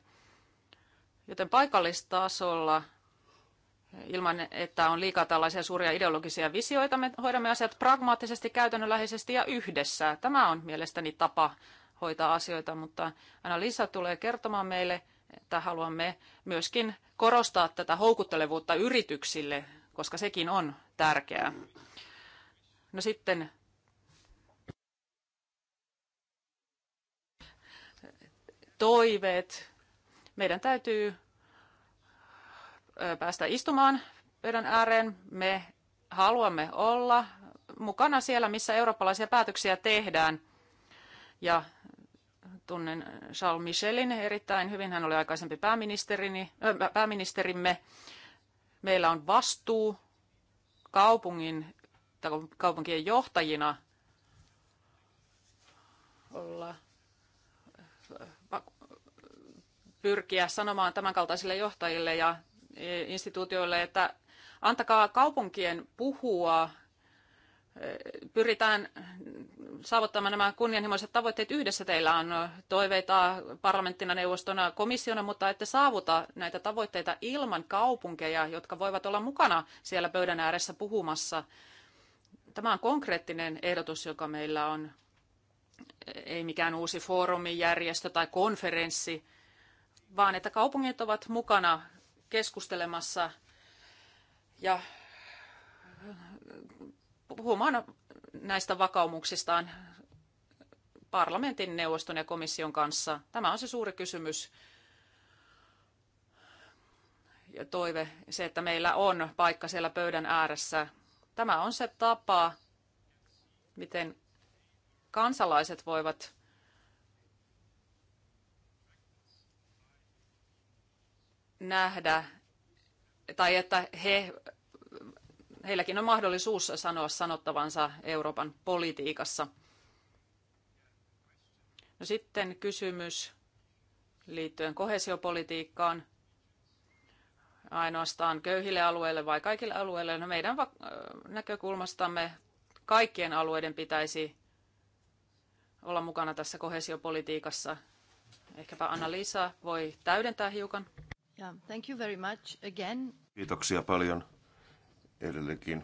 Joten paikallistasolla ilman, että on liikaa tällaisia suuria ideologisia visioita, me hoidamme asiat pragmaattisesti, käytännönläheisesti ja yhdessä. Tämä on mielestäni tapa hoitaa asioita, mutta aina Lisa tulee kertomaan meille, että haluamme myöskin korostaa tätä houkuttelevuutta yrityksille, koska sekin on tärkeää. No sitten toiveet. Meidän täytyy päästä istumaan pöydän ääreen. Me haluamme olla mukana siellä, missä eurooppalaisia päätöksiä tehdään. Ja Tunnen Charles Michelin erittäin hyvin. Hän oli aikaisempi pääministerini, pääministerimme. Meillä on vastuu kaupungin kaupunkien johtajina olla pyrkiä sanomaan tämänkaltaisille johtajille ja instituutioille, että antakaa kaupunkien puhua pyritään saavuttamaan nämä kunnianhimoiset tavoitteet yhdessä. Teillä on toiveita parlamenttina, neuvostona, komissiona, mutta ette saavuta näitä tavoitteita ilman kaupunkeja, jotka voivat olla mukana siellä pöydän ääressä puhumassa. Tämä on konkreettinen ehdotus, joka meillä on. Ei mikään uusi foorumi, järjestö tai konferenssi, vaan että kaupungit ovat mukana keskustelemassa ja puhumaan näistä vakaumuksistaan parlamentin, neuvoston ja komission kanssa. Tämä on se suuri kysymys ja toive, se, että meillä on paikka siellä pöydän ääressä. Tämä on se tapa, miten kansalaiset voivat nähdä, tai että he heilläkin on mahdollisuus sanoa sanottavansa Euroopan politiikassa. No sitten kysymys liittyen kohesiopolitiikkaan ainoastaan köyhille alueille vai kaikille alueille. No meidän näkökulmastamme kaikkien alueiden pitäisi olla mukana tässä kohesiopolitiikassa. Ehkäpä Anna-Liisa voi täydentää hiukan. Yeah, thank you very much again. Kiitoksia paljon. Edelleenkin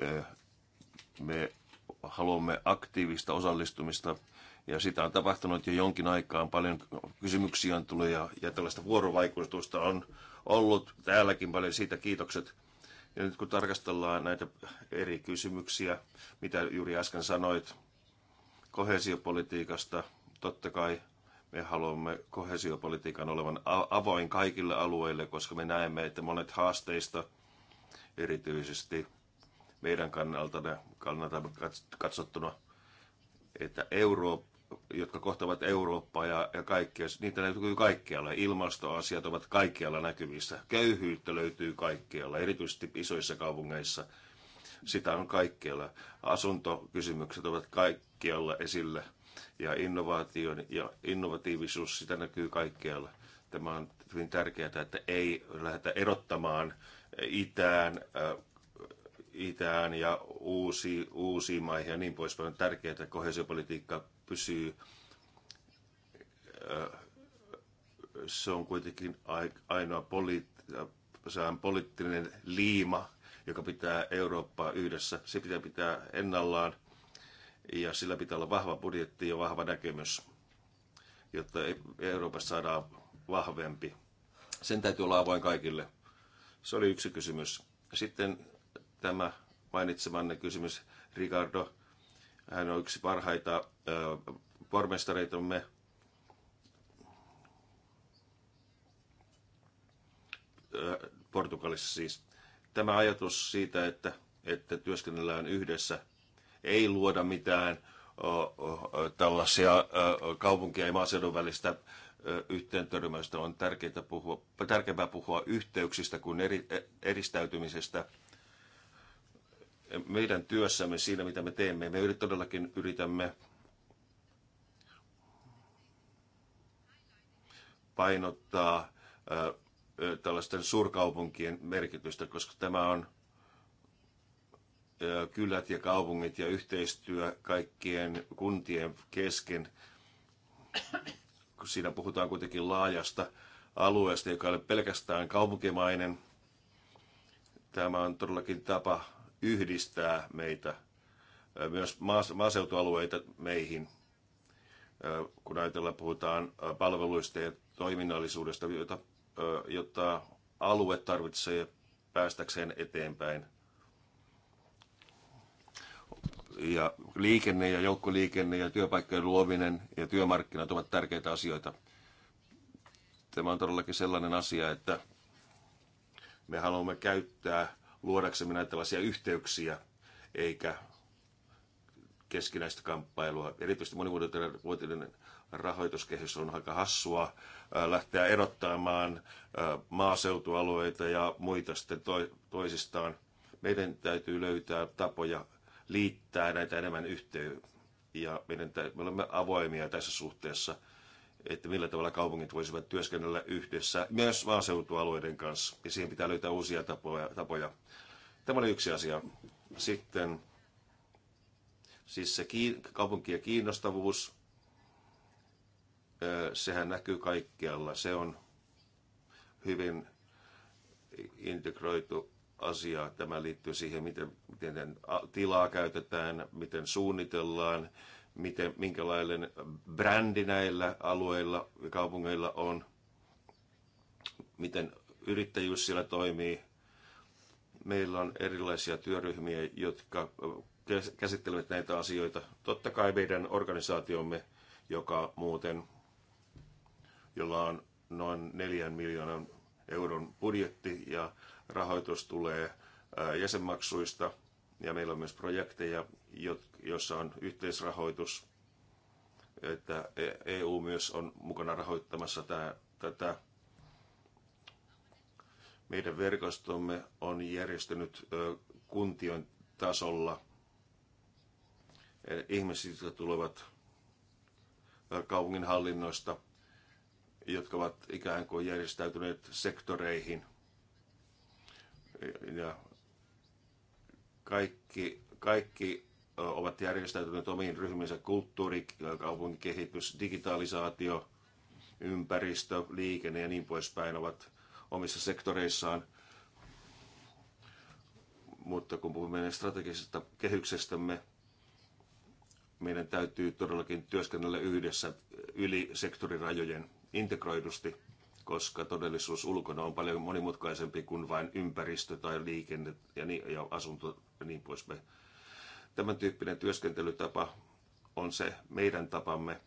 eh, me haluamme aktiivista osallistumista ja sitä on tapahtunut jo jonkin aikaan. Paljon kysymyksiä on tullut ja, ja tällaista vuorovaikutusta on ollut täälläkin paljon. Siitä kiitokset. Ja nyt kun tarkastellaan näitä eri kysymyksiä, mitä juuri äsken sanoit, kohesiopolitiikasta, totta kai me haluamme kohesiopolitiikan olevan avoin kaikille alueille, koska me näemme, että monet haasteista – erityisesti meidän kannalta, kannalta katsottuna, että Eurooppa, jotka kohtavat Eurooppaa ja, ja kaikkea, niitä näkyy kaikkialla. Ilmastoasiat ovat kaikkialla näkyvissä. Köyhyyttä löytyy kaikkialla, erityisesti isoissa kaupungeissa. Sitä on kaikkialla. Asuntokysymykset ovat kaikkialla esillä ja innovaation ja innovatiivisuus, sitä näkyy kaikkialla. Tämä on hyvin tärkeää, että ei lähdetä erottamaan itään, itään ja uusi, uusiin maihin ja niin poispäin. On tärkeää, että kohesiopolitiikka pysyy se on kuitenkin ainoa poliitt- poliittinen liima, joka pitää Eurooppaa yhdessä. Se pitää pitää ennallaan ja sillä pitää olla vahva budjetti ja vahva näkemys, jotta Euroopassa saadaan vahvempi. Sen täytyy olla avoin kaikille. Se oli yksi kysymys. Sitten tämä mainitsemanne kysymys, Ricardo, hän on yksi parhaita pormestareitamme. Portugalissa siis. Tämä ajatus siitä, että, että työskennellään yhdessä, ei luoda mitään tällaisia kaupunkia ja maaseudun välistä yhteen törmäystä. On tärkeää puhua, tärkeämpää puhua yhteyksistä kuin eri, e, eristäytymisestä. Meidän työssämme, siinä mitä me teemme, me todellakin yritämme painottaa tällaisten suurkaupunkien merkitystä, koska tämä on kylät ja kaupungit ja yhteistyö kaikkien kuntien kesken kun siinä puhutaan kuitenkin laajasta alueesta, joka ei pelkästään kaupunkimainen. Tämä on todellakin tapa yhdistää meitä, myös maaseutualueita meihin. Kun ajatellaan, puhutaan palveluista ja toiminnallisuudesta, jota, jota alue tarvitsee päästäkseen eteenpäin – ja liikenne ja joukkoliikenne ja työpaikkojen luominen ja työmarkkinat ovat tärkeitä asioita. Tämä on todellakin sellainen asia, että me haluamme käyttää luodaksemme näitä tällaisia yhteyksiä, eikä keskinäistä kamppailua. Erityisesti monivuotinen rahoituskehys on aika hassua lähteä erottamaan maaseutualueita ja muita sitten toisistaan. Meidän täytyy löytää tapoja liittää näitä enemmän yhteen. Ja meidän, me olemme avoimia tässä suhteessa, että millä tavalla kaupungit voisivat työskennellä yhdessä myös maaseutualueiden kanssa. Ja siihen pitää löytää uusia tapoja. tapoja. Tämä oli yksi asia. Sitten siis se kiin, kaupunkien kiinnostavuus, sehän näkyy kaikkialla. Se on hyvin integroitu asia. Tämä liittyy siihen, miten, miten tilaa käytetään, miten suunnitellaan, miten, minkälainen brändi näillä alueilla ja kaupungeilla on, miten yrittäjyys siellä toimii. Meillä on erilaisia työryhmiä, jotka käsittelevät näitä asioita. Totta kai meidän organisaatiomme, joka muuten, jolla on noin neljän miljoonan euron budjetti ja rahoitus tulee jäsenmaksuista ja meillä on myös projekteja, joissa on yhteisrahoitus, että EU e myös on mukana rahoittamassa tätä. Meidän verkostomme on järjestänyt kuntien tasolla. Ihmiset, jotka tulevat kaupunginhallinnoista, jotka ovat ikään kuin järjestäytyneet sektoreihin – ja kaikki, kaikki ovat järjestäytyneet omiin ryhmiinsä kulttuuri, kehitys digitalisaatio, ympäristö, liikenne ja niin poispäin ovat omissa sektoreissaan. Mutta kun puhumme meidän strategisesta kehyksestämme, meidän täytyy todellakin työskennellä yhdessä yli sektorirajojen integroidusti – koska todellisuus ulkona on paljon monimutkaisempi kuin vain ympäristö tai liikenne ja, niin, ja asunto ja niin poispäin. Tämän tyyppinen työskentelytapa on se meidän tapamme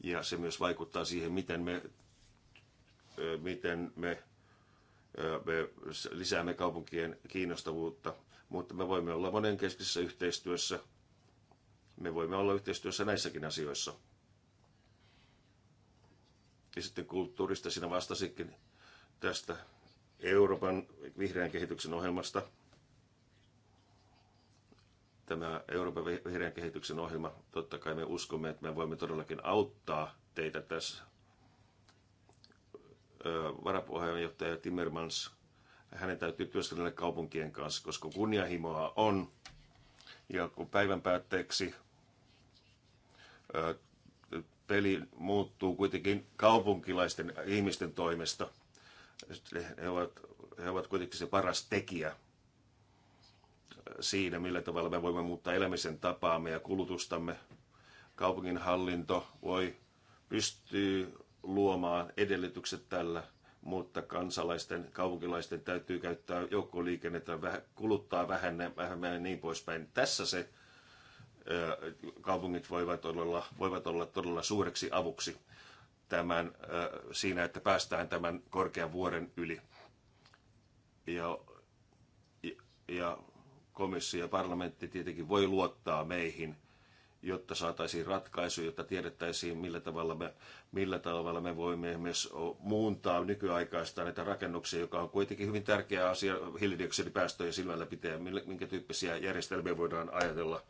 ja se myös vaikuttaa siihen, miten me, miten me, me lisäämme kaupunkien kiinnostavuutta, mutta me voimme olla monenkeskisessä yhteistyössä. Me voimme olla yhteistyössä näissäkin asioissa. Ja sitten kulttuurista sinä vastasikin tästä Euroopan vihreän kehityksen ohjelmasta. Tämä Euroopan vihreän kehityksen ohjelma, totta kai me uskomme, että me voimme todellakin auttaa teitä tässä. Varapuheenjohtaja Timmermans, hänen täytyy työskennellä kaupunkien kanssa, koska kunnianhimoa on. Ja kun päivän päätteeksi peli muuttuu kuitenkin kaupunkilaisten ihmisten toimesta. He ovat, he ovat kuitenkin se paras tekijä siinä, millä tavalla me voimme muuttaa elämisen tapaamme ja kulutustamme. Kaupunginhallinto voi pystyy luomaan edellytykset tällä, mutta kansalaisten, kaupunkilaisten täytyy käyttää joukkoliikennettä, kuluttaa vähän, vähän ja niin poispäin. Tässä se kaupungit voivat olla, voivat olla todella suureksi avuksi tämän, siinä, että päästään tämän korkean vuoren yli. Ja, ja komissio ja parlamentti tietenkin voi luottaa meihin, jotta saataisiin ratkaisu, jotta tiedettäisiin, millä tavalla me, millä tavalla me voimme myös muuntaa nykyaikaista näitä rakennuksia, joka on kuitenkin hyvin tärkeä asia hiilidioksidipäästöjen silmällä pitää, minkä tyyppisiä järjestelmiä voidaan ajatella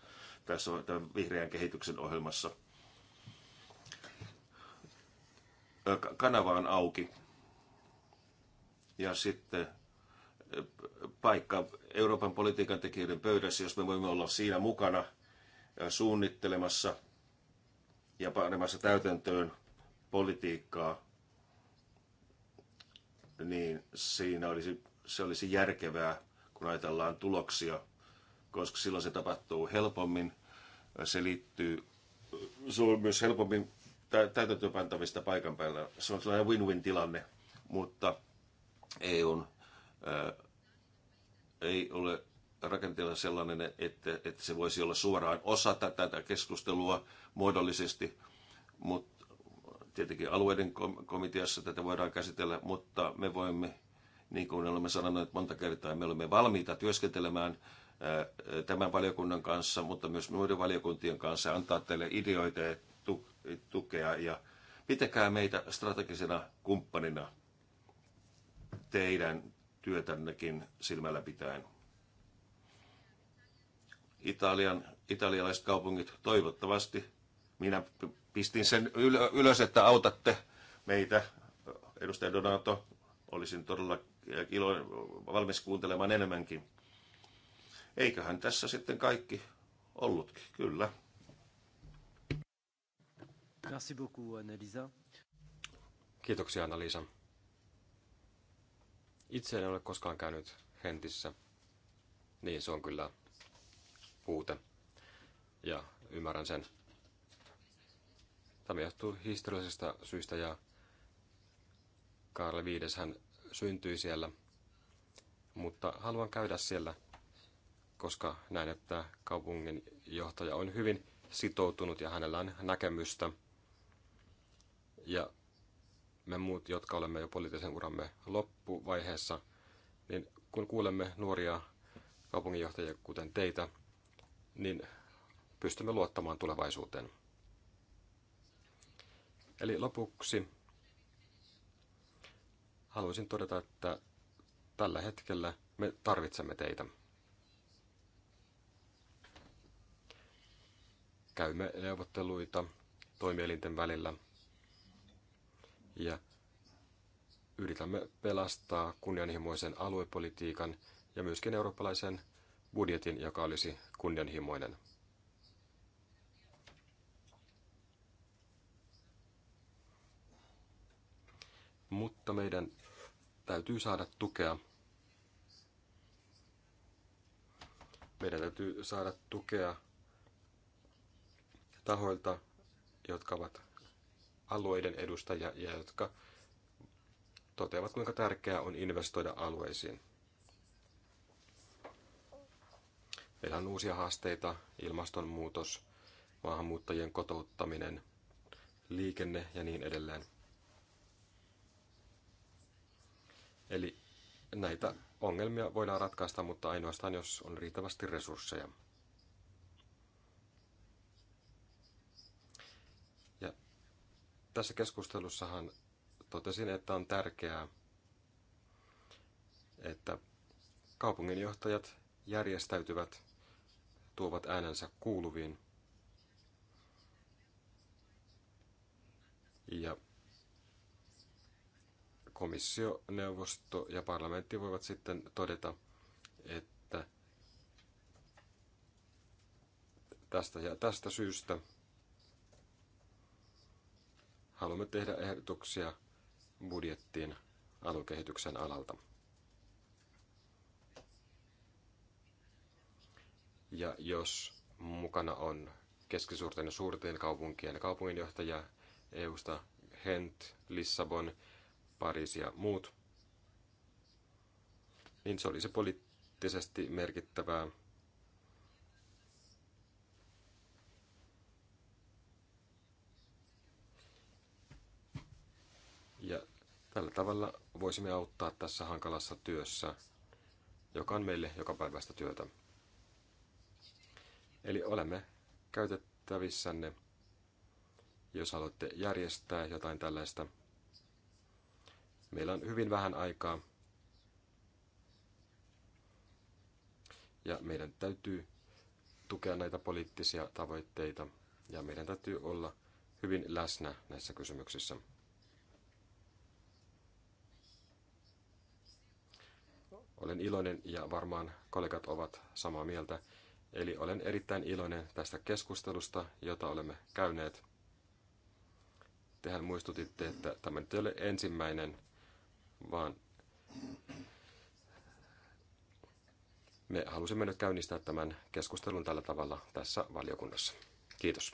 tässä tämän vihreän kehityksen ohjelmassa. Kanava on auki. Ja sitten paikka Euroopan politiikan tekijöiden pöydässä, jos me voimme olla siinä mukana suunnittelemassa ja panemassa täytäntöön politiikkaa, niin siinä olisi, se olisi järkevää, kun ajatellaan tuloksia – koska silloin se tapahtuu helpommin. Se liittyy, se on myös helpommin täytäntöönpantavista paikan päällä. Se on sellainen win-win tilanne, mutta EUn ää, ei ole rakenteella sellainen, että, että se voisi olla suoraan osa tätä keskustelua muodollisesti, mutta tietenkin alueiden komiteassa tätä voidaan käsitellä, mutta me voimme, niin kuin olemme sanoneet monta kertaa, me olemme valmiita työskentelemään tämän valiokunnan kanssa, mutta myös muiden valiokuntien kanssa antaa teille ideoita ja tukea ja pitäkää meitä strategisena kumppanina teidän työtännekin silmällä pitäen. Italian, italialaiset kaupungit toivottavasti. Minä pistin sen ylös, että autatte meitä. Edustaja Donato, olisin todella iloinen, valmis kuuntelemaan enemmänkin Eiköhän tässä sitten kaikki ollutkin, kyllä. Merci beaucoup, Annalisa. Kiitoksia, Annalisa. Itse en ole koskaan käynyt Hentissä. Niin, se on kyllä puute. Ja ymmärrän sen. Tämä johtuu historiallisesta syystä ja karle V hän syntyi siellä. Mutta haluan käydä siellä, koska näen, että kaupungin johtaja on hyvin sitoutunut ja hänellä on näkemystä. Ja me muut, jotka olemme jo poliittisen uramme loppuvaiheessa, niin kun kuulemme nuoria kaupunginjohtajia kuten teitä, niin pystymme luottamaan tulevaisuuteen. Eli lopuksi haluaisin todeta, että tällä hetkellä me tarvitsemme teitä. käymme neuvotteluita toimielinten välillä ja yritämme pelastaa kunnianhimoisen aluepolitiikan ja myöskin eurooppalaisen budjetin, joka olisi kunnianhimoinen. Mutta meidän täytyy saada tukea. Meidän täytyy saada tukea tahoilta, jotka ovat alueiden edustajia ja jotka toteavat, kuinka tärkeää on investoida alueisiin. Meillä on uusia haasteita, ilmastonmuutos, maahanmuuttajien kotouttaminen, liikenne ja niin edelleen. Eli näitä ongelmia voidaan ratkaista, mutta ainoastaan jos on riittävästi resursseja. Tässä keskustelussahan totesin, että on tärkeää, että kaupunginjohtajat järjestäytyvät, tuovat äänensä kuuluviin. Ja komissio, neuvosto ja parlamentti voivat sitten todeta, että tästä ja tästä syystä haluamme tehdä ehdotuksia budjettiin aluekehityksen alalta. Ja jos mukana on keskisuurten ja suurten kaupunkien kaupunginjohtajia EUsta, Hent, Lissabon, Pariisi ja muut, niin se olisi poliittisesti merkittävää – Tällä tavalla voisimme auttaa tässä hankalassa työssä, joka on meille joka päivästä työtä. Eli olemme käytettävissänne, jos haluatte järjestää jotain tällaista. Meillä on hyvin vähän aikaa. Ja meidän täytyy tukea näitä poliittisia tavoitteita ja meidän täytyy olla hyvin läsnä näissä kysymyksissä. Olen iloinen ja varmaan kollegat ovat samaa mieltä. Eli olen erittäin iloinen tästä keskustelusta, jota olemme käyneet. Tehän muistutitte, että tämä nyt ei ole ensimmäinen, vaan me halusimme nyt käynnistää tämän keskustelun tällä tavalla tässä valiokunnassa. Kiitos.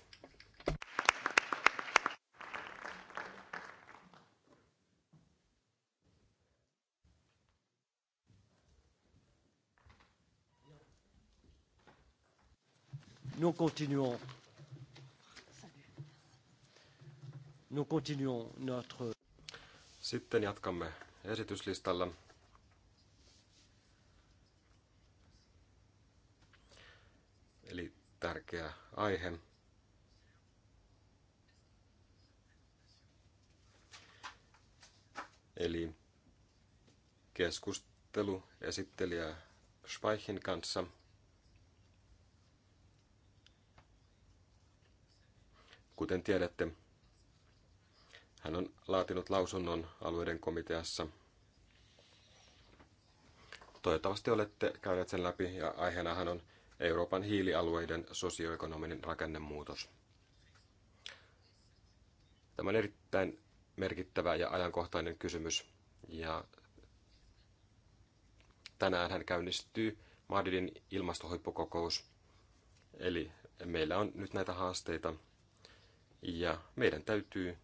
Nous continuons. Nous continuons notre... Sitten jatkamme esityslistalla. Eli tärkeä aihe. Eli keskustelu esittelijä Schweichin kanssa – Kuten tiedätte, hän on laatinut lausunnon alueiden komiteassa. Toivottavasti olette käyneet sen läpi ja aiheenahan on Euroopan hiilialueiden sosioekonominen rakennemuutos. Tämä on erittäin merkittävä ja ajankohtainen kysymys ja tänään hän käynnistyy Madridin ilmastohuippukokous. Eli meillä on nyt näitä haasteita – ja meidän täytyy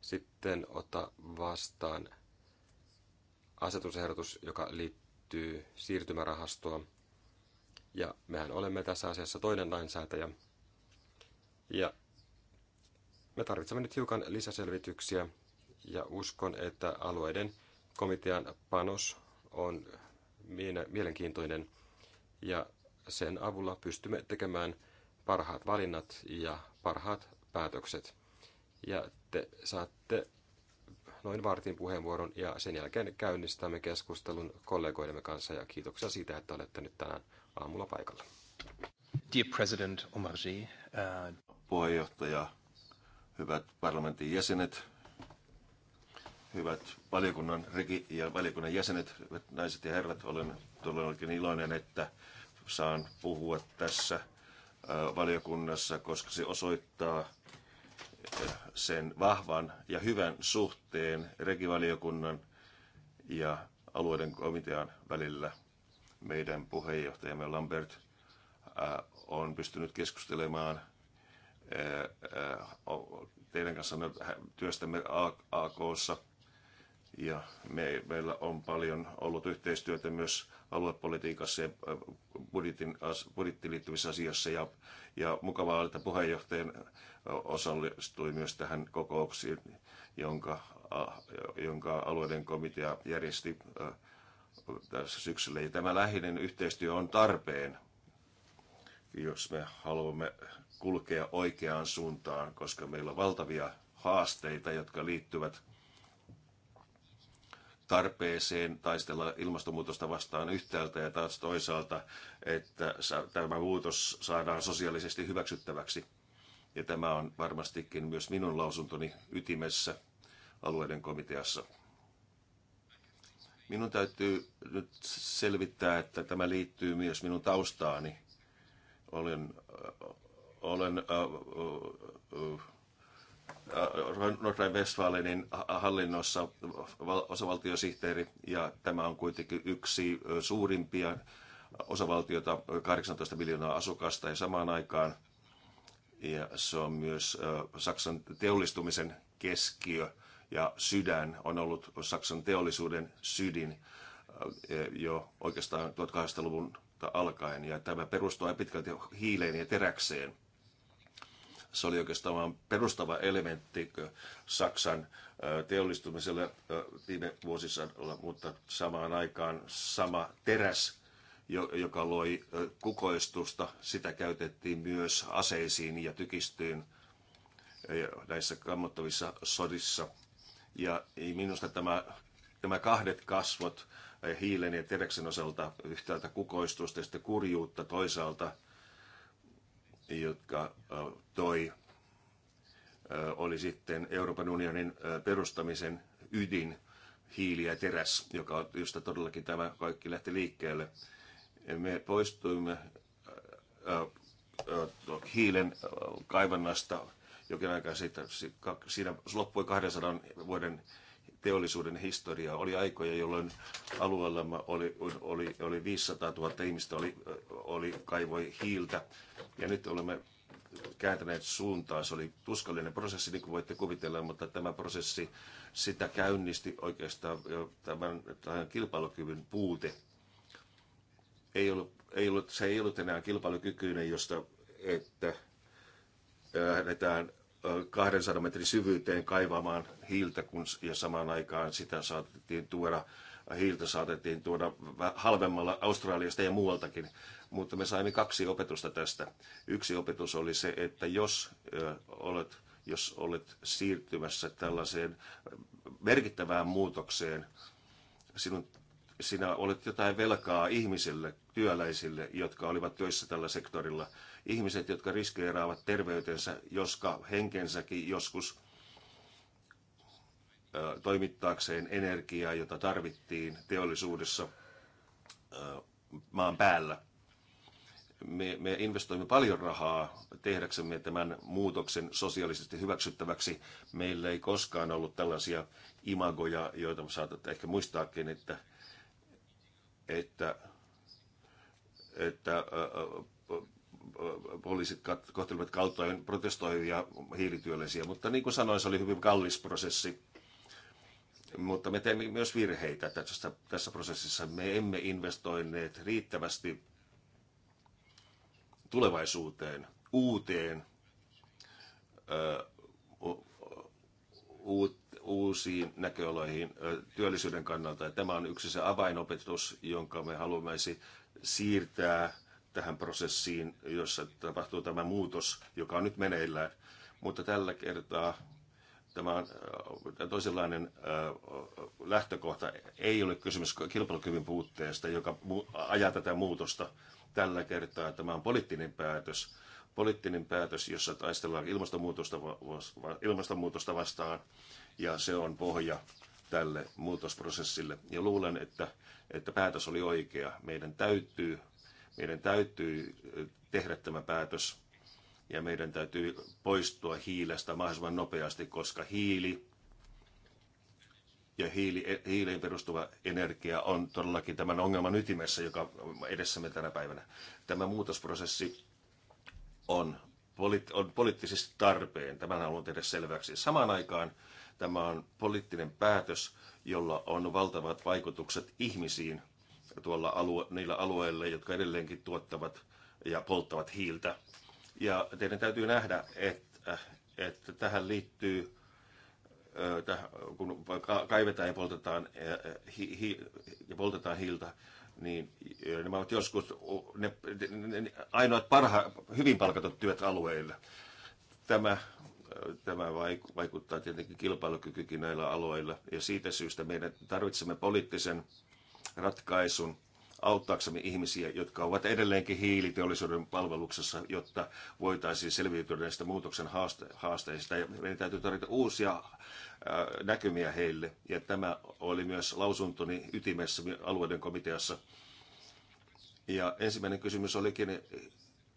sitten ottaa vastaan asetusehdotus, joka liittyy siirtymärahastoon. Ja mehän olemme tässä asiassa toinen lainsäätäjä. Ja me tarvitsemme nyt hiukan lisäselvityksiä ja uskon, että alueiden komitean panos on mielenkiintoinen ja sen avulla pystymme tekemään parhaat valinnat ja parhaat päätökset. Ja te saatte noin vartin puheenvuoron ja sen jälkeen käynnistämme keskustelun kollegoidemme kanssa ja kiitoksia siitä, että olette nyt tänään aamulla paikalla. Dear President Omarji, uh... Puheenjohtaja, hyvät parlamentin jäsenet, hyvät valiokunnan regi ja valiokunnan jäsenet, hyvät naiset ja herrat, olen todellakin iloinen, että saan puhua tässä – valiokunnassa, koska se osoittaa sen vahvan ja hyvän suhteen regivaliokunnan ja alueiden komitean välillä. Meidän puheenjohtajamme Lambert on pystynyt keskustelemaan teidän kanssa työstämme AKssa – ja me, meillä on paljon ollut yhteistyötä myös aluepolitiikassa ja äh, budjetin, budjettiin liittyvissä asioissa. Ja, ja mukavaa että puheenjohtajan äh, osallistui myös tähän kokouksiin, jonka, äh, jonka alueiden komitea järjesti tässä syksyllä. Ja tämä läheinen yhteistyö on tarpeen, jos me haluamme kulkea oikeaan suuntaan, koska meillä on valtavia haasteita, jotka liittyvät tarpeeseen taistella ilmastonmuutosta vastaan yhtäältä ja taas toisaalta, että tämä muutos saadaan sosiaalisesti hyväksyttäväksi. Ja tämä on varmastikin myös minun lausuntoni ytimessä alueiden komiteassa. Minun täytyy nyt selvittää, että tämä liittyy myös minun taustaani. Olen, olen äh, äh, äh, Nordrhein Westfalenin hallinnossa osavaltiosihteeri, ja tämä on kuitenkin yksi suurimpia osavaltiota, 18 miljoonaa asukasta, ja samaan aikaan ja se on myös Saksan teollistumisen keskiö ja sydän on ollut Saksan teollisuuden sydin jo oikeastaan 1800-luvun alkaen. Ja tämä perustuu pitkälti hiileen ja teräkseen. Se oli oikeastaan vain perustava elementti Saksan teollistumiselle viime vuosisadalla, mutta samaan aikaan sama teräs, joka loi kukoistusta, sitä käytettiin myös aseisiin ja tykistyyn näissä kammottavissa sodissa. Ja minusta tämä, tämä kahdet kasvot hiilen ja teräksen osalta yhtäältä kukoistusta ja sitten kurjuutta toisaalta jotka toi, oli sitten Euroopan unionin perustamisen ydin, hiili ja teräs, joka, josta todellakin tämä kaikki lähti liikkeelle. Me poistuimme hiilen kaivannasta jokin aika sitten. Siinä loppui 200 vuoden teollisuuden historia Oli aikoja, jolloin alueellamme oli, oli, oli 500 000 ihmistä oli, oli, kaivoi hiiltä. Ja nyt olemme kääntäneet suuntaa. Se oli tuskallinen prosessi, niin kuin voitte kuvitella, mutta tämä prosessi, sitä käynnisti oikeastaan tämän, tämän kilpailukyvyn puute. Ei ollut, ei ollut, se ei ollut enää kilpailukykyinen, josta että äh, lähdetään 200 metrin syvyyteen kaivamaan hiiltä, kun, ja samaan aikaan sitä saatettiin tuoda, hiiltä saatettiin tuoda halvemmalla Australiasta ja muualtakin. Mutta me saimme kaksi opetusta tästä. Yksi opetus oli se, että jos olet, jos olet siirtymässä tällaiseen merkittävään muutokseen, sinun sinä olet jotain velkaa ihmisille, työläisille, jotka olivat töissä tällä sektorilla. Ihmiset, jotka riskeeraavat terveytensä, joska henkensäkin joskus toimittaakseen energiaa, jota tarvittiin teollisuudessa maan päällä. Me, me investoimme paljon rahaa tehdäksemme tämän muutoksen sosiaalisesti hyväksyttäväksi. Meillä ei koskaan ollut tällaisia imagoja, joita saatatte ehkä muistaakin, että että, että poliisit kohtelivat kaltoin protestoivia hiilityöllisiä, mutta niin kuin sanoin, se oli hyvin kallis prosessi. Mutta me teimme myös virheitä tässä, tässä prosessissa. Me emme investoineet riittävästi tulevaisuuteen, uuteen, ö, u, u, uusiin näköaloihin työllisyyden kannalta. Ja tämä on yksi se avainopetus, jonka me haluaisi siirtää tähän prosessiin, jossa tapahtuu tämä muutos, joka on nyt meneillään. Mutta tällä kertaa tämä on toisenlainen lähtökohta. Ei ole kysymys kilpailukyvyn puutteesta, joka ajaa tätä muutosta. Tällä kertaa tämä on poliittinen päätös, poliittinen päätös, jossa taistellaan ilmastonmuutosta, ilmastonmuutosta vastaan ja se on pohja tälle muutosprosessille. Ja luulen, että, että päätös oli oikea. Meidän täytyy, meidän täytyy tehdä tämä päätös ja meidän täytyy poistua hiilestä mahdollisimman nopeasti, koska hiili ja hiili, e, hiileen perustuva energia on todellakin tämän ongelman ytimessä, joka edessämme tänä päivänä. Tämä muutosprosessi on, poli, on poliittisesti tarpeen, tämän haluan tehdä selväksi. Samaan aikaan Tämä on poliittinen päätös, jolla on valtavat vaikutukset ihmisiin tuolla alue, niillä alueilla, jotka edelleenkin tuottavat ja polttavat hiiltä. Ja teidän täytyy nähdä, että, äh, että tähän liittyy, äh, kun kaivetaan ja poltetaan, äh, hi, hi, ja poltetaan hiiltä, niin nämä ovat joskus ne, ne, ne ainoat parha, hyvin palkatut työt alueille. Tämä tämä vaikuttaa tietenkin kilpailukykykin näillä aloilla. Ja siitä syystä meidän tarvitsemme poliittisen ratkaisun auttaaksemme ihmisiä, jotka ovat edelleenkin hiiliteollisuuden palveluksessa, jotta voitaisiin selviytyä näistä muutoksen haaste- haasteista. Ja meidän täytyy tarjota uusia äh, näkymiä heille. Ja tämä oli myös lausuntoni ytimessä alueiden komiteassa. Ja ensimmäinen kysymys olikin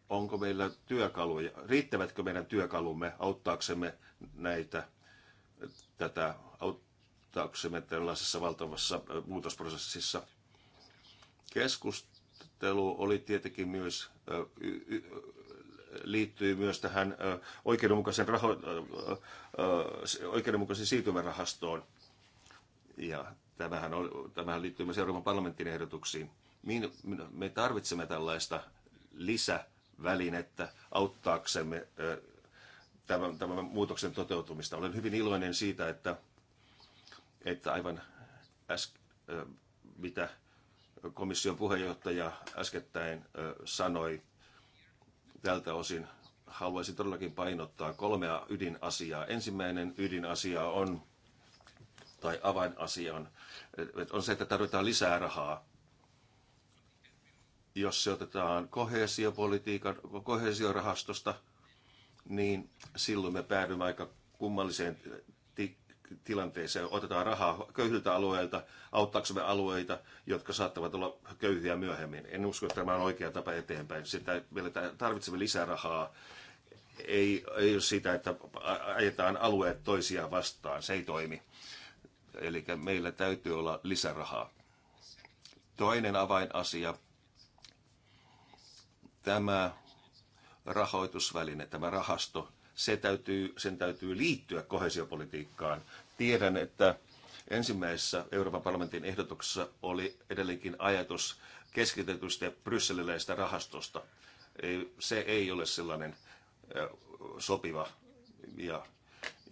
onko meillä työkaluja, riittävätkö meidän työkalumme auttaaksemme näitä, tätä, auttaaksemme tällaisessa valtavassa muutosprosessissa. Keskustelu oli tietenkin myös, liittyy myös tähän oikeudenmukaisen, raho, oikeudenmukaisen siirtymärahastoon. Ja tämähän, on, tämähän liittyy myös Euroopan parlamentin ehdotuksiin. Me tarvitsemme tällaista lisä välinettä auttaaksemme tämän, tämän muutoksen toteutumista. Olen hyvin iloinen siitä, että, että aivan äsken, mitä komission puheenjohtaja äskettäin sanoi tältä osin, haluaisin todellakin painottaa kolmea ydinasiaa. Ensimmäinen ydinasia on, tai avainasia on, on se, että tarvitaan lisää rahaa jos se otetaan kohesiopolitiikan, kohesiorahastosta, niin silloin me päädymme aika kummalliseen ti- tilanteeseen. Otetaan rahaa köyhiltä alueilta, auttaaksemme alueita, jotka saattavat olla köyhiä myöhemmin. En usko, että tämä on oikea tapa eteenpäin. Sitä, meillä tarvitsemme lisää rahaa. Ei, ei ole sitä, että ajetaan alueet toisiaan vastaan. Se ei toimi. Eli meillä täytyy olla lisärahaa. Toinen avainasia tämä rahoitusväline, tämä rahasto, se täytyy, sen täytyy liittyä kohesiopolitiikkaan. Tiedän, että ensimmäisessä Euroopan parlamentin ehdotuksessa oli edelleenkin ajatus keskitetystä brysseliläistä rahastosta. Se ei ole sellainen sopiva ja,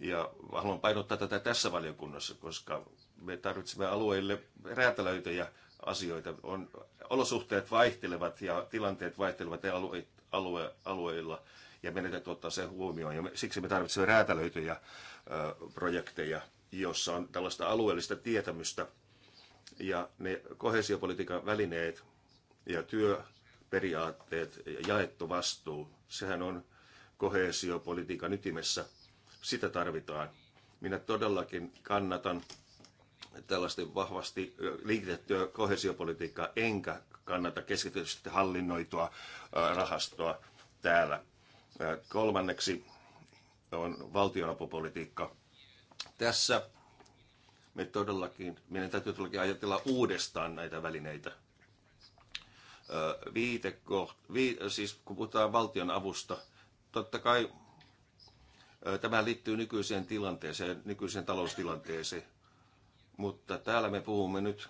ja haluan painottaa tätä tässä valiokunnassa, koska me tarvitsemme alueille räätälöityjä asioita. On, olosuhteet vaihtelevat ja tilanteet vaihtelevat ja alue, alue, alueilla ja meidän täytyy ottaa se huomioon. Ja me, siksi me tarvitsemme räätälöityjä ö, projekteja, jossa on tällaista alueellista tietämystä ja ne kohesiopolitiikan välineet ja työperiaatteet ja jaettu vastuu, sehän on kohesiopolitiikan ytimessä. Sitä tarvitaan. Minä todellakin kannatan tällaista vahvasti liitettyä kohesiopolitiikkaa, enkä kannata keskitysti hallinnoitua rahastoa täällä. Kolmanneksi on valtionapupolitiikka. Tässä me todellakin, meidän täytyy todellakin ajatella uudestaan näitä välineitä. Viitekoht, vi, siis kun puhutaan valtion avusta, totta kai tämä liittyy nykyiseen tilanteeseen, nykyiseen taloustilanteeseen mutta täällä me puhumme nyt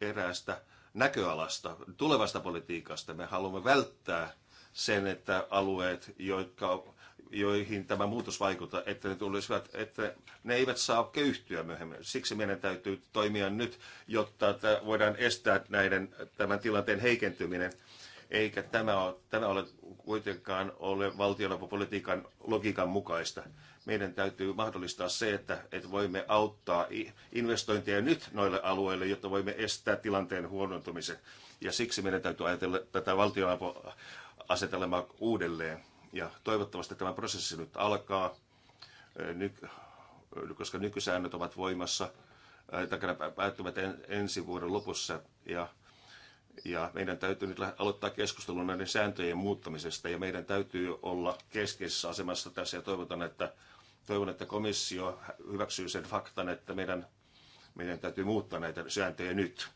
eräästä näköalasta, tulevasta politiikasta. Me haluamme välttää sen, että alueet, jotka, joihin tämä muutos vaikuttaa, että ne, tulisivat, että ne eivät saa köyhtyä myöhemmin. Siksi meidän täytyy toimia nyt, jotta voidaan estää näiden, tämän tilanteen heikentyminen. Eikä tämä ole, tämä ole kuitenkaan ole valtionapopolitiikan logiikan mukaista meidän täytyy mahdollistaa se, että, että voimme auttaa investointeja nyt noille alueille, jotta voimme estää tilanteen huonontumisen. Ja siksi meidän täytyy ajatella tätä valtionapuasetelmaa uudelleen. Ja toivottavasti tämä prosessi nyt alkaa, koska nykysäännöt ovat voimassa, päättyvät ensi vuoden lopussa. Ja ja meidän täytyy nyt aloittaa keskustelun näiden sääntöjen muuttamisesta ja meidän täytyy olla keskeisessä asemassa tässä ja toivotan, että, toivon, että komissio hyväksyy sen faktan, että meidän, meidän täytyy muuttaa näitä sääntöjä nyt.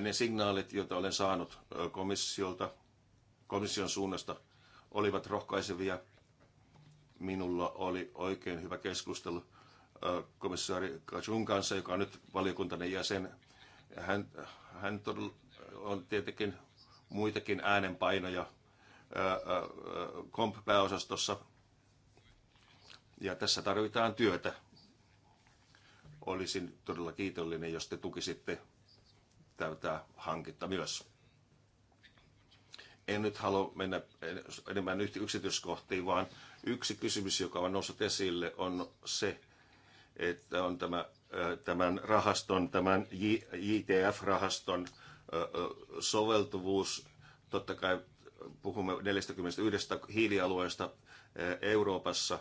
ne signaalit, joita olen saanut komissiolta, komission suunnasta, olivat rohkaisevia. Minulla oli oikein hyvä keskustelu komissaari Kajun kanssa, joka on nyt valiokuntainen jäsen hän, hän on tietenkin muitakin äänenpainoja komp-pääosastossa. Ja tässä tarvitaan työtä. Olisin todella kiitollinen, jos te tukisitte tätä hanketta myös. En nyt halua mennä enemmän yksityiskohtiin, vaan yksi kysymys, joka on noussut esille, on se, että on tämä tämän rahaston, tämän JTF-rahaston soveltuvuus. Totta kai puhumme 41 hiilialueesta Euroopassa.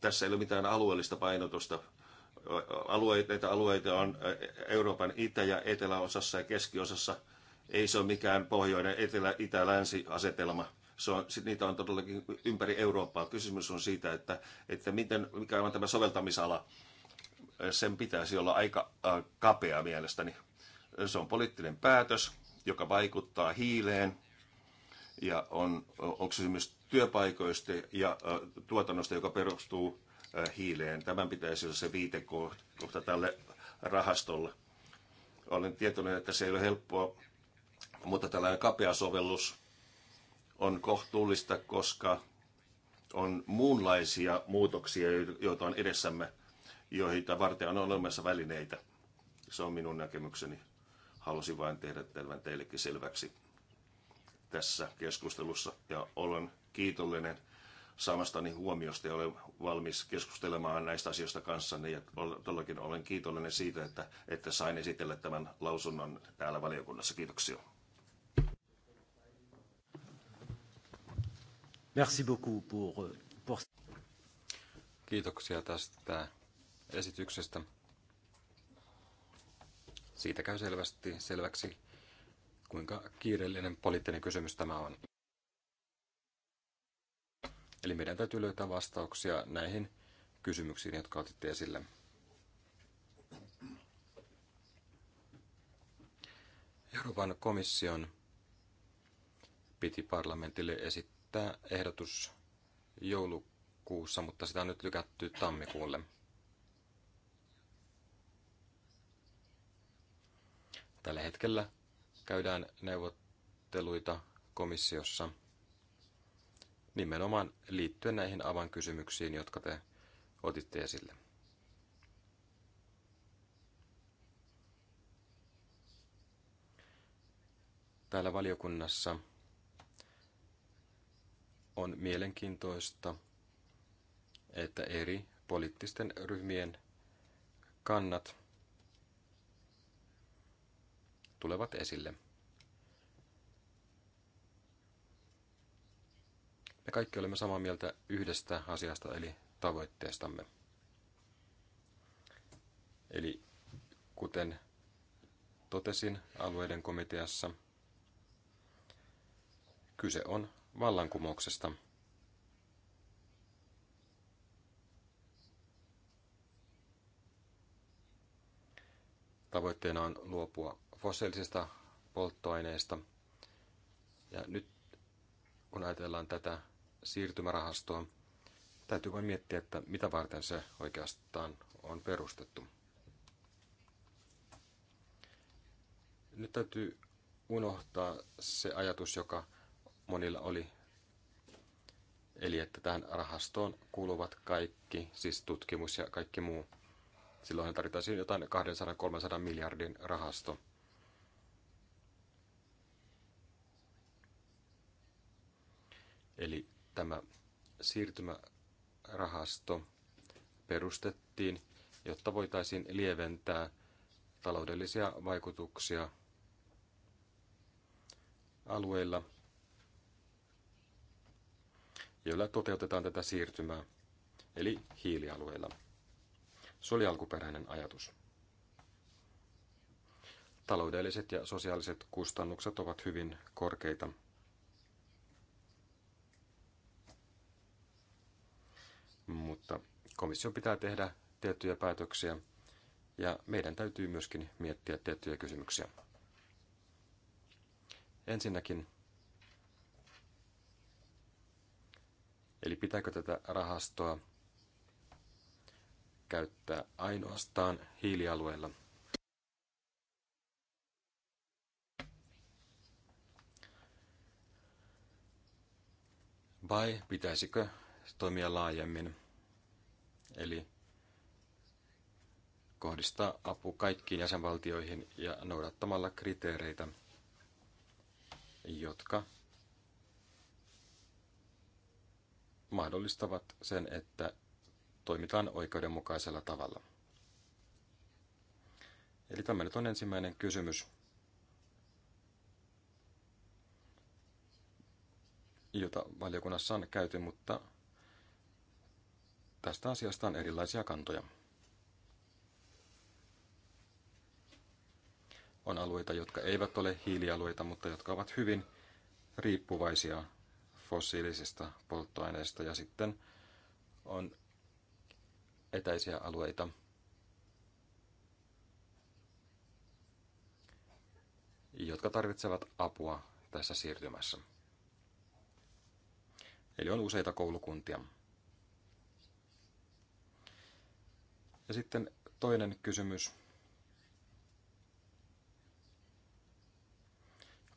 Tässä ei ole mitään alueellista painotusta. Alueita, näitä alueita on Euroopan itä- ja eteläosassa ja keskiosassa. Ei se ole mikään pohjoinen etelä-itä-länsi-asetelma se on, sit niitä on todellakin ympäri Eurooppaa. Kysymys on siitä, että, että miten, mikä on tämä soveltamisala sen pitäisi olla aika äh, kapea mielestäni. Se on poliittinen päätös, joka vaikuttaa hiileen ja on, äh, onko se myös työpaikoista ja äh, tuotannosta, joka perustuu hiileen. Tämän pitäisi olla se viitekohta tälle rahastolle. Olen tietoinen, että se ei ole helppoa, mutta tällainen kapea sovellus on kohtuullista, koska on muunlaisia muutoksia, joita on edessämme joita varten on olemassa välineitä. Se on minun näkemykseni. Halusin vain tehdä tämän teillekin selväksi tässä keskustelussa ja olen kiitollinen samastani huomiosta ja olen valmis keskustelemaan näistä asioista kanssanne. Ja todellakin olen kiitollinen siitä, että, että sain esitellä tämän lausunnon täällä valiokunnassa. Kiitoksia. Merci beaucoup pour, pour... Kiitoksia tästä esityksestä. Siitä käy selvästi selväksi, kuinka kiireellinen poliittinen kysymys tämä on. Eli meidän täytyy löytää vastauksia näihin kysymyksiin, jotka otitte esille. Euroopan komission piti parlamentille esittää ehdotus joulukuussa, mutta sitä on nyt lykätty tammikuulle. Tällä hetkellä käydään neuvotteluita komissiossa nimenomaan liittyen näihin avainkysymyksiin, jotka te otitte esille. Täällä valiokunnassa on mielenkiintoista, että eri poliittisten ryhmien kannat tulevat esille. Me kaikki olemme samaa mieltä yhdestä asiasta eli tavoitteestamme. Eli kuten totesin alueiden komiteassa, kyse on vallankumouksesta. Tavoitteena on luopua fossiilisista polttoaineista. Ja nyt kun ajatellaan tätä siirtymärahastoa, täytyy vain miettiä, että mitä varten se oikeastaan on perustettu. Nyt täytyy unohtaa se ajatus, joka monilla oli, eli että tähän rahastoon kuuluvat kaikki, siis tutkimus ja kaikki muu. Silloin tarvitaan jotain 200-300 miljardin rahasto. Eli tämä siirtymärahasto perustettiin, jotta voitaisiin lieventää taloudellisia vaikutuksia alueilla, joilla toteutetaan tätä siirtymää, eli hiilialueilla. Se oli alkuperäinen ajatus. Taloudelliset ja sosiaaliset kustannukset ovat hyvin korkeita – mutta komission pitää tehdä tiettyjä päätöksiä ja meidän täytyy myöskin miettiä tiettyjä kysymyksiä. Ensinnäkin, eli pitääkö tätä rahastoa käyttää ainoastaan hiilialueella? Vai pitäisikö toimia laajemmin. Eli kohdistaa apu kaikkiin jäsenvaltioihin ja noudattamalla kriteereitä, jotka mahdollistavat sen, että toimitaan oikeudenmukaisella tavalla. Eli tämä nyt on ensimmäinen kysymys. jota valiokunnassa on käyty, mutta Tästä asiasta on erilaisia kantoja. On alueita, jotka eivät ole hiilialueita, mutta jotka ovat hyvin riippuvaisia fossiilisista polttoaineista. Ja sitten on etäisiä alueita, jotka tarvitsevat apua tässä siirtymässä. Eli on useita koulukuntia. Ja sitten toinen kysymys.